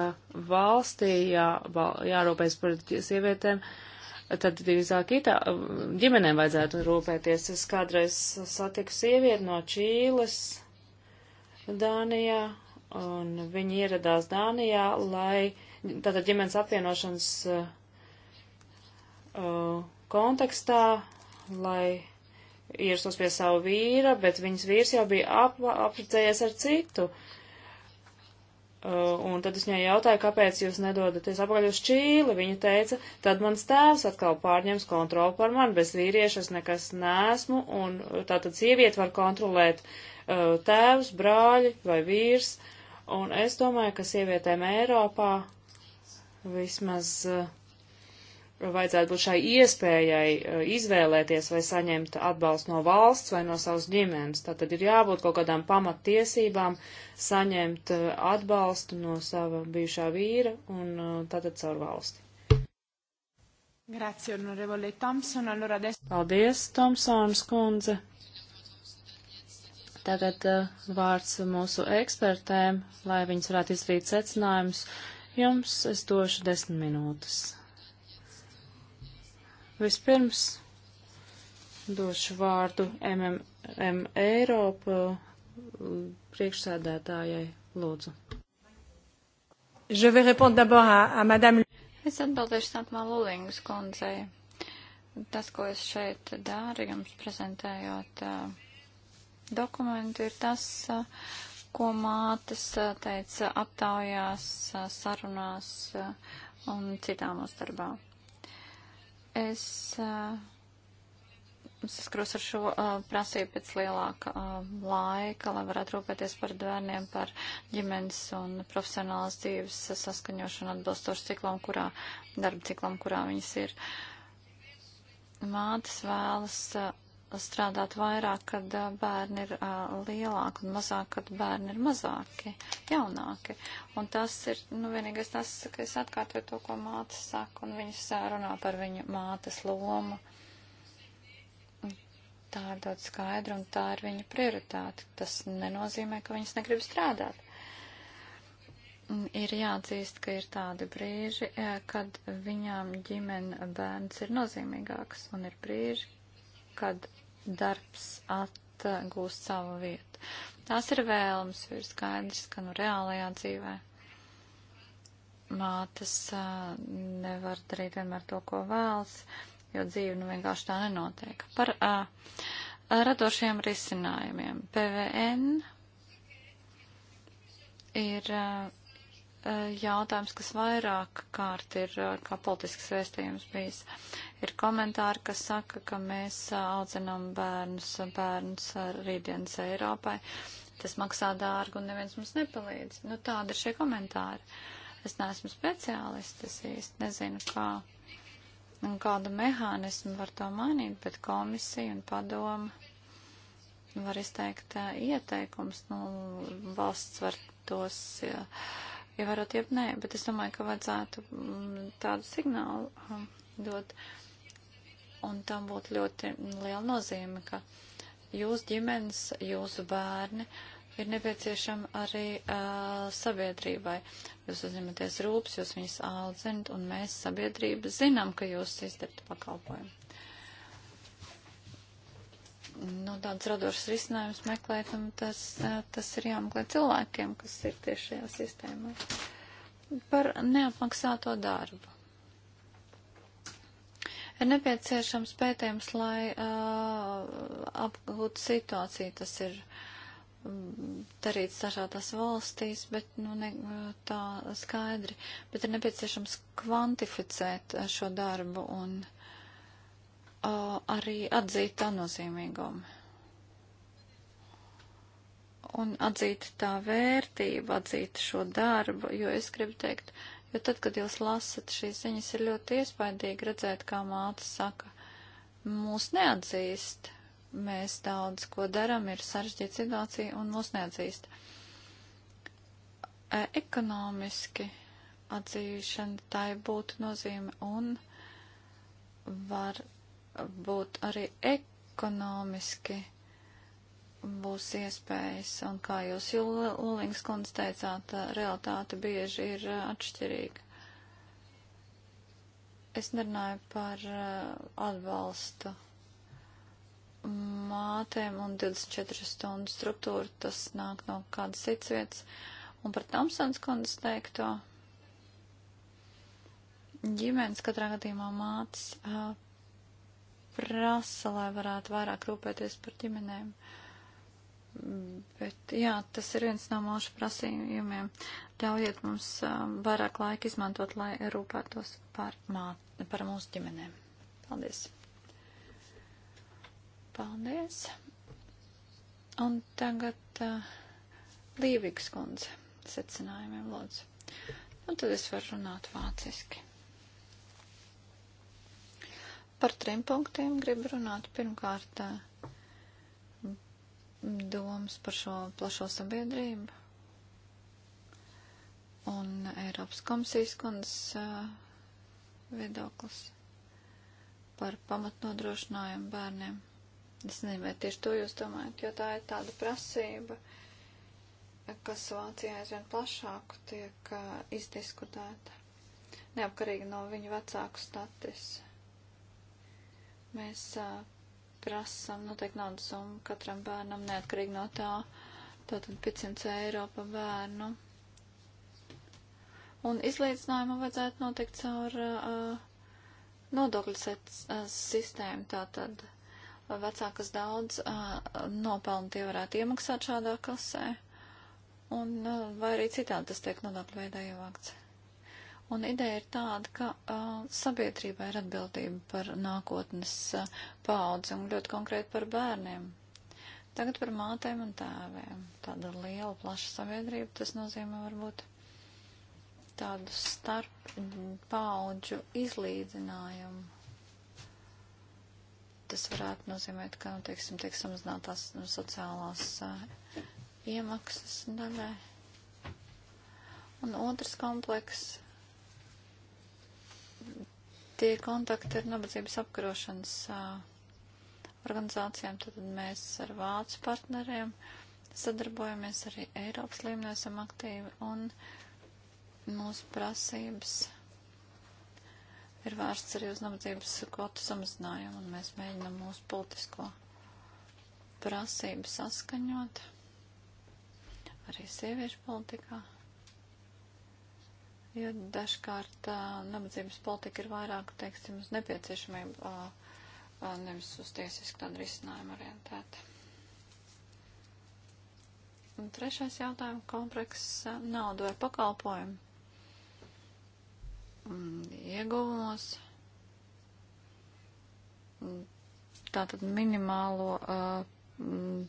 valstī jā, jārūpēs par sievietēm, tad drīzāk itā, ģimenēm vajadzētu rūpēties. Es kādreiz satiku sievieti no Čīles, Dānijā, un viņi ieradās Dānijā, lai tātad ģimenes apvienošanas uh, kontekstā, lai ierastos pie savu vīra, bet viņas vīrs jau bija ap, aprecējies ar citu. Uh, Uh, un tad es viņai jautāju, kāpēc jūs nedodaties apakaļ uz Čīli. Viņa teica, tad mans tēvs atkal pārņems kontroli par mani, bez vīrieša es nekas nesmu, un uh, tātad sieviete var kontrolēt uh, tēvs, brāļi vai vīrs. Un es domāju, ka sievietēm Eiropā vismaz uh, vajadzētu būt šai iespējai eh, izvēlēties vai saņemt atbalstu no valsts vai no savas ģimenes. Tātad ir jābūt kaut kādām pamattiesībām saņemt eh, atbalstu no sava bijušā vīra un eh, tātad caur valsti. Grazie, onorevole Thompson. Allora adesso... Paldies, Thompsons kundze. Tagad uh, vārds mūsu ekspertēm, lai viņas varētu izdarīt secinājumus. Jums es došu desmit minūtes. Vispirms došu vārdu MMM Eiropa priekšsēdētājai Lūdzu. Je vais répondre d'abord à, à Madame. Es atbildēšu sākumā Lulingas kundzei. Tas, ko es šeit dāru, jums prezentējot dokumentu, ir tas, ko mātes teica aptaujās, sarunās un citām uzdarbām. Es uh, saskaros ar šo uh, prasību pēc lielāka uh, laika, lai varētu rūpēties par bērniem, par ģimenes un profesionālas dzīves saskaņošanu atbilstoši ciklam, kurā, darba ciklam, kurā viņas ir. Mātes vēlas uh, strādāt vairāk, kad bērni ir lielāki un mazāk, kad bērni ir mazāki, jaunāki. Un tas ir, nu, vienīgais tas, ka es atkārtoju to, ko māte saka, un viņas runā par viņu mātes lomu. Tā ir ļoti skaidra un tā ir viņa prioritāte. Tas nenozīmē, ka viņas negrib strādāt ir jāatzīst, ka ir tādi brīži, kad viņām ģimene bērns ir nozīmīgāks, un ir brīži, kad darbs atgūst savu vietu. Tās ir vēlmes, ir skaidrs, ka nu reālajā dzīvē mātes nevar darīt vienmēr to, ko vēlas, jo dzīve nu vienkārši tā nenotiek. Par a, radošiem risinājumiem. PVN ir Eh, jautājums, kas vairāk kārt ir eh, kā politisks vēstījums bijis. Ir komentāri, kas saka, ka mēs eh, audzinām bērnus, bērnus rītdienas Eiropai. Tas maksā dārgu un neviens mums nepalīdz. Nu, tādi ir šie komentāri. Es neesmu speciālists, es īsti nezinu, kā un kādu mehānismu var to mainīt, bet komisija un padoma var izteikt ieteikums. Nu, valsts var tos. Ja, ievērot, ja, ja nē, bet es domāju, ka vajadzētu mm, tādu signālu um, dot. Un tam būtu ļoti liela nozīme, ka jūsu ģimenes, jūsu bērni ir nepieciešami arī uh, sabiedrībai. Jūs uzņematies rūpes, jūs viņus audzinat, un mēs sabiedrība zinām, ka jūs izdarat pakalpojumu nu, tāds radošs risinājums meklēt, un tas, tas ir jāmeklē cilvēkiem, kas ir tieši šajā sistēmā. Par neapmaksāto darbu. Ir nepieciešams pētījums, lai uh, apgūtu situāciju. Tas ir darīts dažādās valstīs, bet nu, ne, tā skaidri. Bet ir nepieciešams kvantificēt šo darbu un uh, arī atzīt tā nozīmīgumu. Un atzīt tā vērtību, atzīt šo darbu, jo es gribu teikt, jo tad, kad jūs lasat šīs ziņas, ir ļoti iespaidīgi redzēt, kā māte saka, mūs neatzīst, mēs daudz ko daram, ir sarežģīta situācija un mūs neatzīst. E, ekonomiski atzīšana tai būtu nozīme un var būt arī ekonomiski būs iespējas, un kā jūs Lulings kundze teicāt, realitāte bieži ir uh, atšķirīga. Es nerunāju par uh, atbalstu mātēm un 24 stundu struktūru, tas nāk no kādas cits vietas. Un par Tomsons kundzes teikto, ģimenes katrā gadījumā mātes uh, prasa, lai varētu vairāk rūpēties par ģimenēm. Bet, jā, tas ir viens no mūsu prasījumiem. Ļaujiet mums um, vairāk laika izmantot, lai rūpētos par, mā, par mūsu ģimenēm. Paldies! Paldies! Un tagad uh, Līvīgas kundze secinājumiem lūdzu. Un tad es varu runāt vāciski par trim punktiem gribu runāt. Pirmkārt, domas par šo plašo sabiedrību un Eiropas komisijas kundas viedoklis par pamatnodrošinājumu bērniem. Es nezinu, vai tieši to jūs domājat, jo tā ir tāda prasība, kas Vācijā aizvien plašāk tiek izdiskutēta, neapkarīgi no viņu vecāku statusa. Mēs uh, prasam noteikti naudas summu katram bērnam neatkarīgi no tā. Tātad 500 eiro pa bērnu. Un izlīdzinājumu vajadzētu noteikt caur uh, nodokļu uh, sistēmu. Tātad vecākas daudz uh, nopelnu tie varētu iemaksāt šādā kasē. Un uh, vai arī citādi tas tiek nodokļu veidā ievākts. Un ideja ir tāda, ka uh, sabiedrībai ir atbildība par nākotnes uh, paudzi un ļoti konkrēti par bērniem. Tagad par mātēm un tēvēm. Tāda liela, plaša sabiedrība, tas nozīmē varbūt tādu starp paudžu izlīdzinājumu. Tas varētu nozīmēt, ka, nu, teiksim, tiek samazinātās nu, sociālās uh, iemaksas daļai. Un otrs komplekss tie kontakti ir nabadzības apkarošanas organizācijām, tad mēs ar vācu partneriem sadarbojamies arī Eiropas līmenī, esam aktīvi un mūsu prasības ir vērsts arī uz nabadzības kvotu samazinājumu, un mēs mēģinam mūsu politisko prasību saskaņot arī sieviešu politikā. Jo dažkārt nabadzības politika ir vairāk, teiksim, uz nepieciešamiem, nevis uz tiesisku tādu risinājumu orientēta. Un trešais jautājums - komplekss naudu vai pakalpojumu. Ieguvumos. Tātad minimālo uh,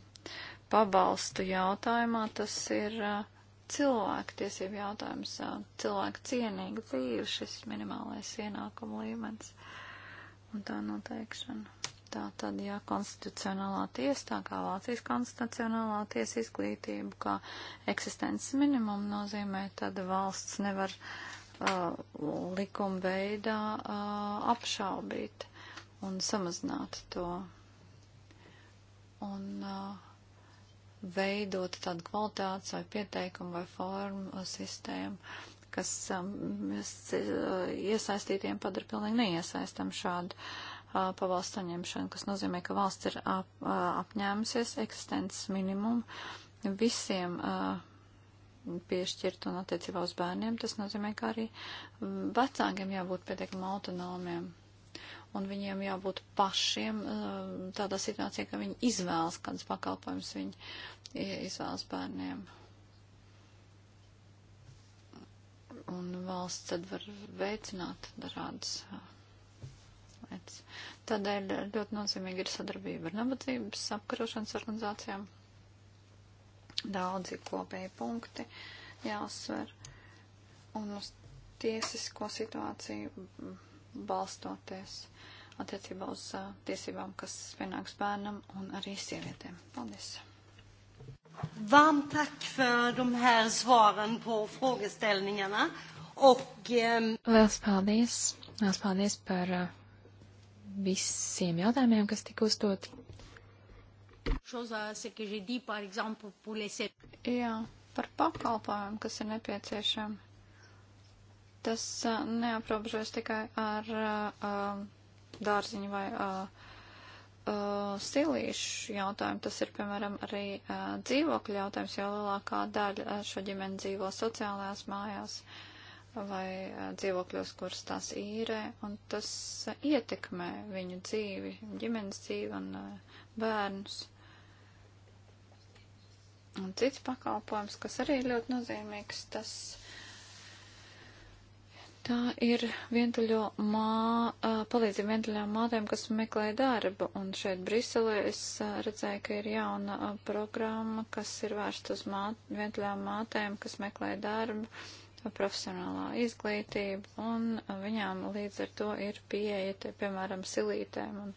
pabalstu jautājumā tas ir uh, cilvēktiesību jautājums, cilvēku cienīga dzīve, šis minimālais ienākuma līmenis un tā noteikšana. Tā tad, ja konstitucionālā tiesa, tā kā Vācijas konstitucionālā tiesa izglītību, kā eksistences minimumu nozīmē, tad valsts nevar uh, likuma veidā uh, apšaubīt un samazināt to. Un, uh, veidot tādu kvalitātes vai pieteikumu vai formu uh, sistēmu, kas um, uh, iesaistītiem padara pilnīgi neiesaistam šādu uh, pavalstu saņemšanu, kas nozīmē, ka valsts ir ap, uh, apņēmusies eksistences minimumu visiem uh, piešķirt un attiecībā uz bērniem. Tas nozīmē, ka arī vecākiem jābūt pietiekami autonomiem. Un viņiem jābūt pašiem uh, tādā situācijā, ka viņi izvēlas, kādas pakalpojumus viņi izvēles bērniem. Un valsts tad var veicināt dažādas lietas. Tādēļ ļoti nozīmīgi ir sadarbība ar nabadzības apkarošanas organizācijām. Daudzi kopēji punkti jāuzsver. Un uz tiesisko situāciju balstoties attiecībā uz uh, tiesībām, kas pienāks bērnam un arī sievietēm. Paldies! Varmt tack för de här svaren på frågeställningarna. Och, um... Liels paldies. Liels paldies par uh, visiem jautājumiem, kas tika uzdoti. Jā, par pakalpojumu, kas ir nepieciešami. Tas uh, neaprobežojas tikai ar uh, dārziņu vai uh, uh, silīšu jautājumu, tas ir, piemēram, arī uh, dzīvokļu jautājums, jo lielākā daļa uh, šo ģimeni dzīvo sociālajās mājās vai uh, dzīvokļos, kuras tās īrē, un tas uh, ietekmē viņu dzīvi, ģimenes dzīvi un uh, bērnus. Un cits pakalpojums, kas arī ļoti nozīmīgs, tas Tā ir vientuļo mā, palīdzība vientuļām mātēm, kas meklē darbu. Un šeit Briselē es redzēju, ka ir jauna programma, kas ir vērsta uz māt, vientuļām mātēm, kas meklē darbu, profesionālā izglītība. Un viņām līdz ar to ir pieeja, te, piemēram, silītēm un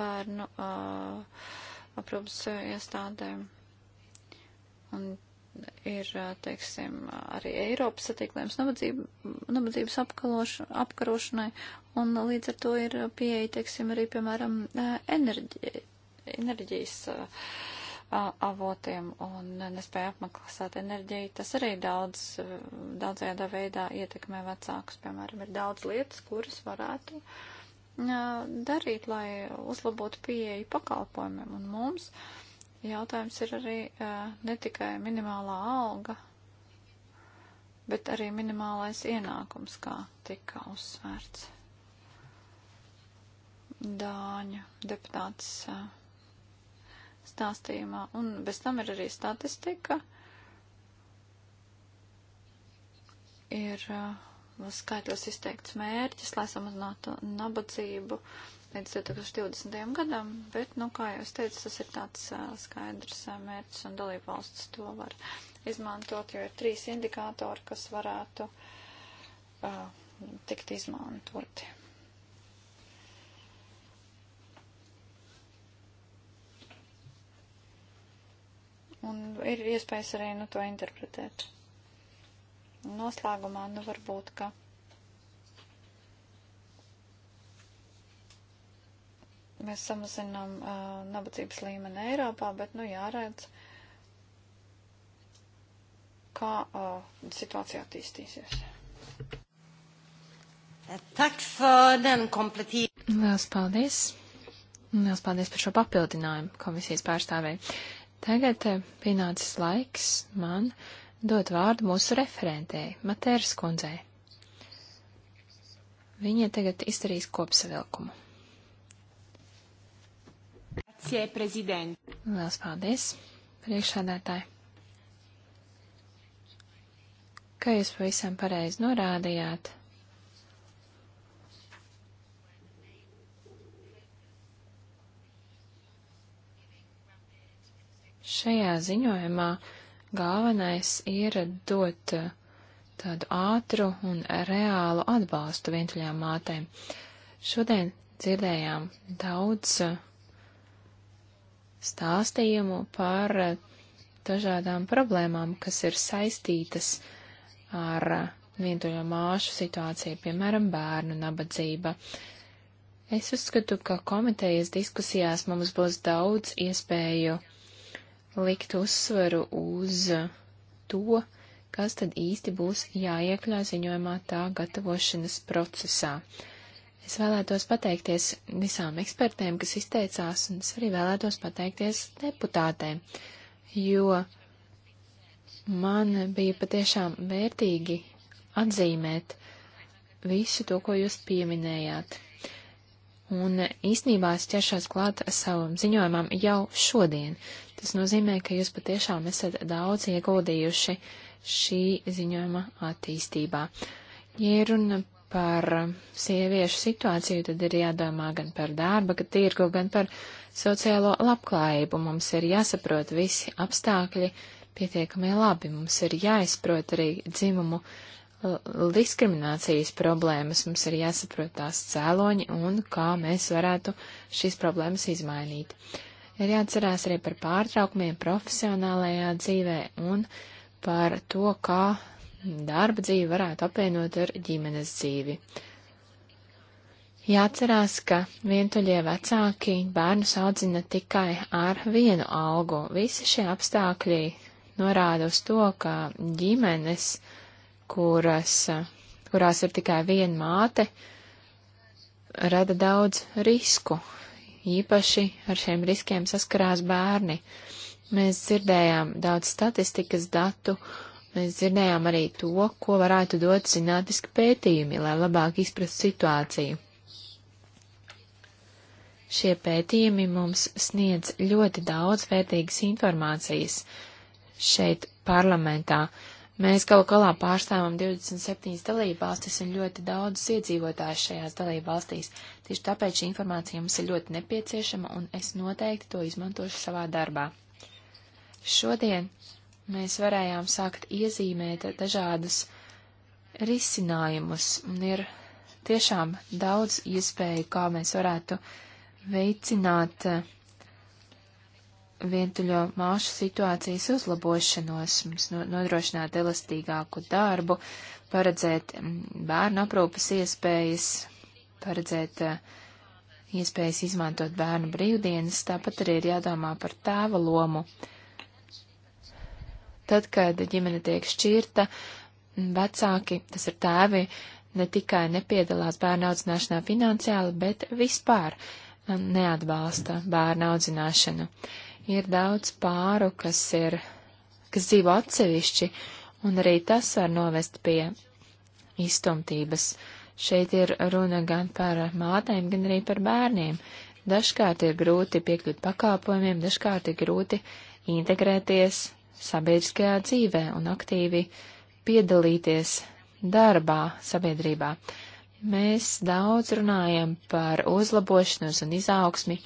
bērnu aprūpas iestādēm. Un ir, teiksim, arī Eiropas satīklējums nabadzības apkarošanai, un līdz ar to ir pieeja, teiksim, arī, piemēram, enerģi, enerģijas avotiem un nespēja apmaksāt enerģiju. Tas arī daudz, daudzajādā veidā ietekmē vecākus. Piemēram, ir daudz lietas, kuras varētu darīt, lai uzlabotu pieeju pakalpojumiem un mums. Uh, Jautājums ir arī ne tikai minimālā alga, bet arī minimālais ienākums, kā tika uzsvērts. Dāņu deputāts stāstījumā, un bez tam ir arī statistika, ir skaitlis izteikts mērķis, lai samazinātu nabadzību, uh, līdz 2020. gadam, bet, nu, kā jau es teicu, tas ir tāds uh, skaidrs uh, mērķis un dalībvalstis to var izmantot, jo ir trīs indikātori, kas varētu uh, tikt izmantoti. Un ir iespējas arī, nu, to interpretēt. Noslēgumā, nu, varbūt, ka Mēs samazinām uh, nabadzības līmeni Eiropā, bet, nu, jāredz, kā uh, situācija attīstīsies. Lielas paldies! Lielas paldies par šo papildinājumu komisijas pārstāvēju. Tagad uh, pienācis laiks man dot vārdu mūsu referentei, Matēras kundzei. Viņa tagad izdarīs kopsavilkumu. Grazie, prezident. Lielas paldies, priekšsādātāji. Kā jūs pavisam pareizi norādījāt, šajā ziņojumā galvenais ir dot tādu ātru un reālu atbalstu vientuļām mātēm. Šodien dzirdējām daudz stāstījumu par eh, dažādām problēmām, kas ir saistītas ar eh, vientuļo māšu situāciju, piemēram, bērnu nabadzība. Es uzskatu, ka komitejas diskusijās mums būs daudz iespēju likt uzsvaru uz to, kas tad īsti būs jāiekļā ziņojumā tā gatavošanas procesā. Uh, Es vēlētos pateikties visām ekspertēm, kas izteicās, un es arī vēlētos pateikties deputātēm, jo man bija patiešām vērtīgi atzīmēt visu to, ko jūs pieminējāt. Un īsnībā es ķeršos klāt savam ziņojumam jau šodien. Tas nozīmē, ka jūs patiešām esat daudz ieguldījuši šī ziņojuma attīstībā. Ja runa par sieviešu situāciju, tad ir jādomā gan par darba, gan tirgu, gan par sociālo labklājību. Mums ir jāsaprot visi apstākļi pietiekami labi. Mums ir jāizprot arī dzimumu diskriminācijas problēmas. Mums ir jāsaprot tās cēloņi un kā mēs varētu šīs problēmas izmainīt. Ir jāatcerās arī par pārtraukumiem profesionālajā dzīvē un par to, kā darba dzīvi varētu apvienot ar ģimenes dzīvi. Jāatcerās, ka vientuļie vecāki bērnus audzina tikai ar vienu algu. Visi šie apstākļi norāda uz to, ka ģimenes, kuras, kurās ir tikai viena māte, rada daudz risku. Īpaši ar šiem riskiem saskarās bērni. Mēs dzirdējām daudz statistikas datu Mēs dzirdējām arī to, ko varētu dot zinātniski pētījumi, lai labāk izprastu situāciju. Šie pētījumi mums sniedz ļoti daudz vērtīgas informācijas šeit parlamentā. Mēs galu galā pārstāvam 27 dalībvalstis un ļoti daudzus iedzīvotājus šajās dalībvalstīs. Tieši tāpēc šī informācija mums ir ļoti nepieciešama un es noteikti to izmantošu savā darbā. Šodien mēs varējām sākt iezīmēt dažādus risinājumus, un ir tiešām daudz iespēju, kā mēs varētu veicināt eh, vientuļo māšu situācijas uzlabošanos, mums nodrošināt elastīgāku darbu, paredzēt mm, bērnu aprūpas iespējas, paredzēt eh, iespējas izmantot bērnu brīvdienas, tāpat arī ir jādomā par tēva lomu. Uh, Tad, kad ģimene tiek šķirta, vecāki, tas ir tēvi, ne tikai nepiedalās bērnu audzināšanā finansiāli, bet vispār um, neatbalsta bērnu audzināšanu. Ir daudz pāru, kas ir, kas dzīvo atsevišķi, un arī tas var novest pie iztumtības. Šeit ir runa gan par mātēm, gan arī par bērniem. Dažkārt ir grūti piekļūt pakalpojumiem, dažkārt ir grūti integrēties sabiedriskajā dzīvē un aktīvi piedalīties darbā sabiedrībā. Mēs daudz runājam par uzlabošanos un izaugsmi.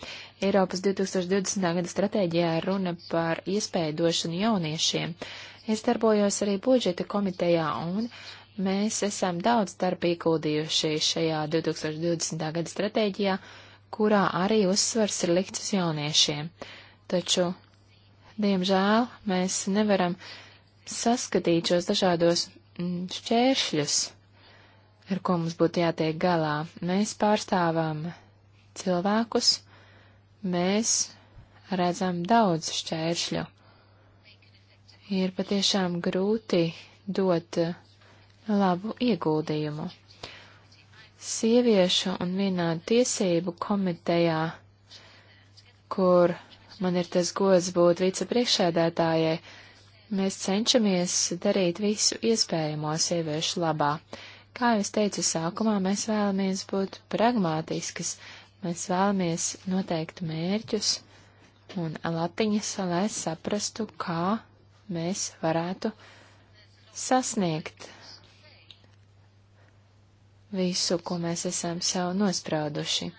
Eiropas 2020. gada stratēģijā runa par iespēju došanu jauniešiem. Es darbojos arī budžeta komitejā un mēs esam daudz darbu ieguldījuši šajā 2020. gada stratēģijā, kurā arī uzsvars ir likts uz jauniešiem. Taču Diemžēl mēs nevaram saskatīt šos dažādos mm, šķēršļus, ar ko mums būtu jātiek galā. Mēs pārstāvām cilvēkus, mēs redzam daudz šķēršļu. Ir patiešām grūti dot labu ieguldījumu. Sieviešu un vienādu tiesību komitejā, kur Man ir tas gods būt vicepriekšēdētājai. Mēs cenšamies darīt visu iespējamo sieviešu labā. Kā jau es teicu sākumā, mēs vēlamies būt pragmātiskas, mēs vēlamies noteikt mērķus un latiņas, lai saprastu, kā mēs varētu sasniegt visu, ko mēs esam sev nosprauduši.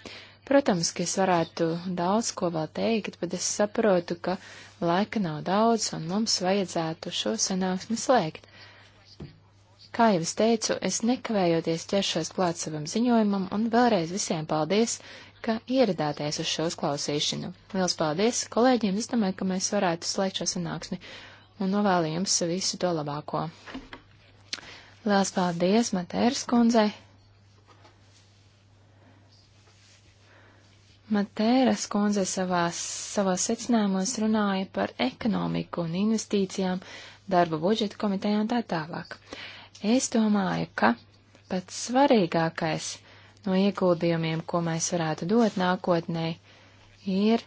Protams, ka es varētu daudz ko vēl teikt, bet es saprotu, ka laika nav daudz un mums vajadzētu šo sanāksmi slēgt. Kā jau es teicu, es nekavējoties ķeršos klāt savam ziņojumam un vēlreiz visiem paldies, ka ieradāties uz šo uzklausīšanu. Liels paldies kolēģiem, es domāju, ka mēs varētu slēgt šo sanāksmi un novēlu jums visu to labāko. Liels paldies Matēras kundzei! Matēras kundze savās, savās secinājumos runāja par ekonomiku un investīcijām, darba budžeta komitejā un tā tālāk. Es domāju, ka pats svarīgākais no ieguldījumiem, ko mēs varētu dot nākotnē, ir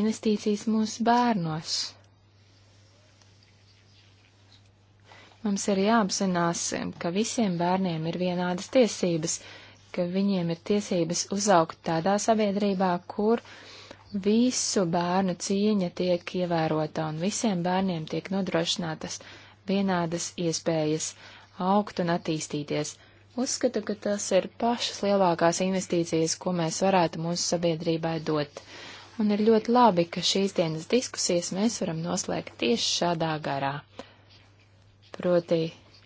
investīcijas mūsu bērnos. Mums ir jāapzinās, ka visiem bērniem ir vienādas tiesības ka viņiem ir tiesības uzaugt tādā sabiedrībā, kur visu bērnu cieņa tiek ievērota un visiem bērniem tiek nodrošinātas vienādas iespējas augt un attīstīties. Uzskatu, ka tas ir pašas lielākās investīcijas, ko mēs varētu mūsu sabiedrībai dot. Un ir ļoti labi, ka šīs dienas diskusijas mēs varam noslēgt tieši šādā garā. Proti,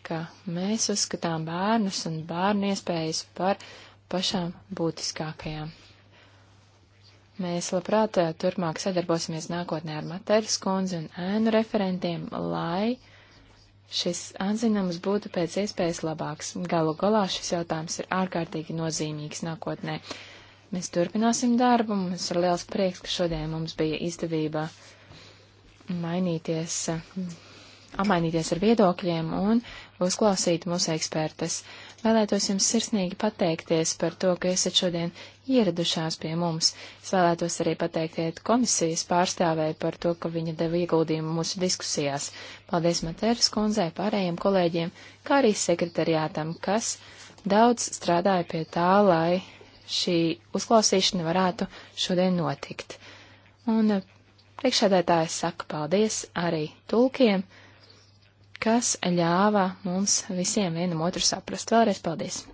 ka mēs uzskatām bērnus un bērnu iespējas par pašām būtiskākajām. Mēs labprāt eh, turpmāk sadarbosimies nākotnē ar Materas kundzi un ēnu referentiem, lai šis atzinums būtu pēc iespējas labāks. Galu galā šis jautājums ir ārkārtīgi nozīmīgs nākotnē. Mēs turpināsim darbu, mums ir liels prieks, ka šodien mums bija izdevība mainīties, eh, apmainīties ar viedokļiem un uzklausīt mūsu ekspertas. Vēlētos jums sirsnīgi pateikties par to, ka esat šodien ieradušās pie mums. Es vēlētos arī pateikties komisijas pārstāvēju par to, ka viņa deva ieguldījumu mūsu diskusijās. Paldies Materas kundzei, pārējiem kolēģiem, kā arī sekretariātam, kas daudz strādāja pie tā, lai šī uzklausīšana varētu šodien notikt. Un priekšādētājs saka paldies arī tulkiem kas ļāva mums visiem vienam otru saprast. Vēlreiz paldies!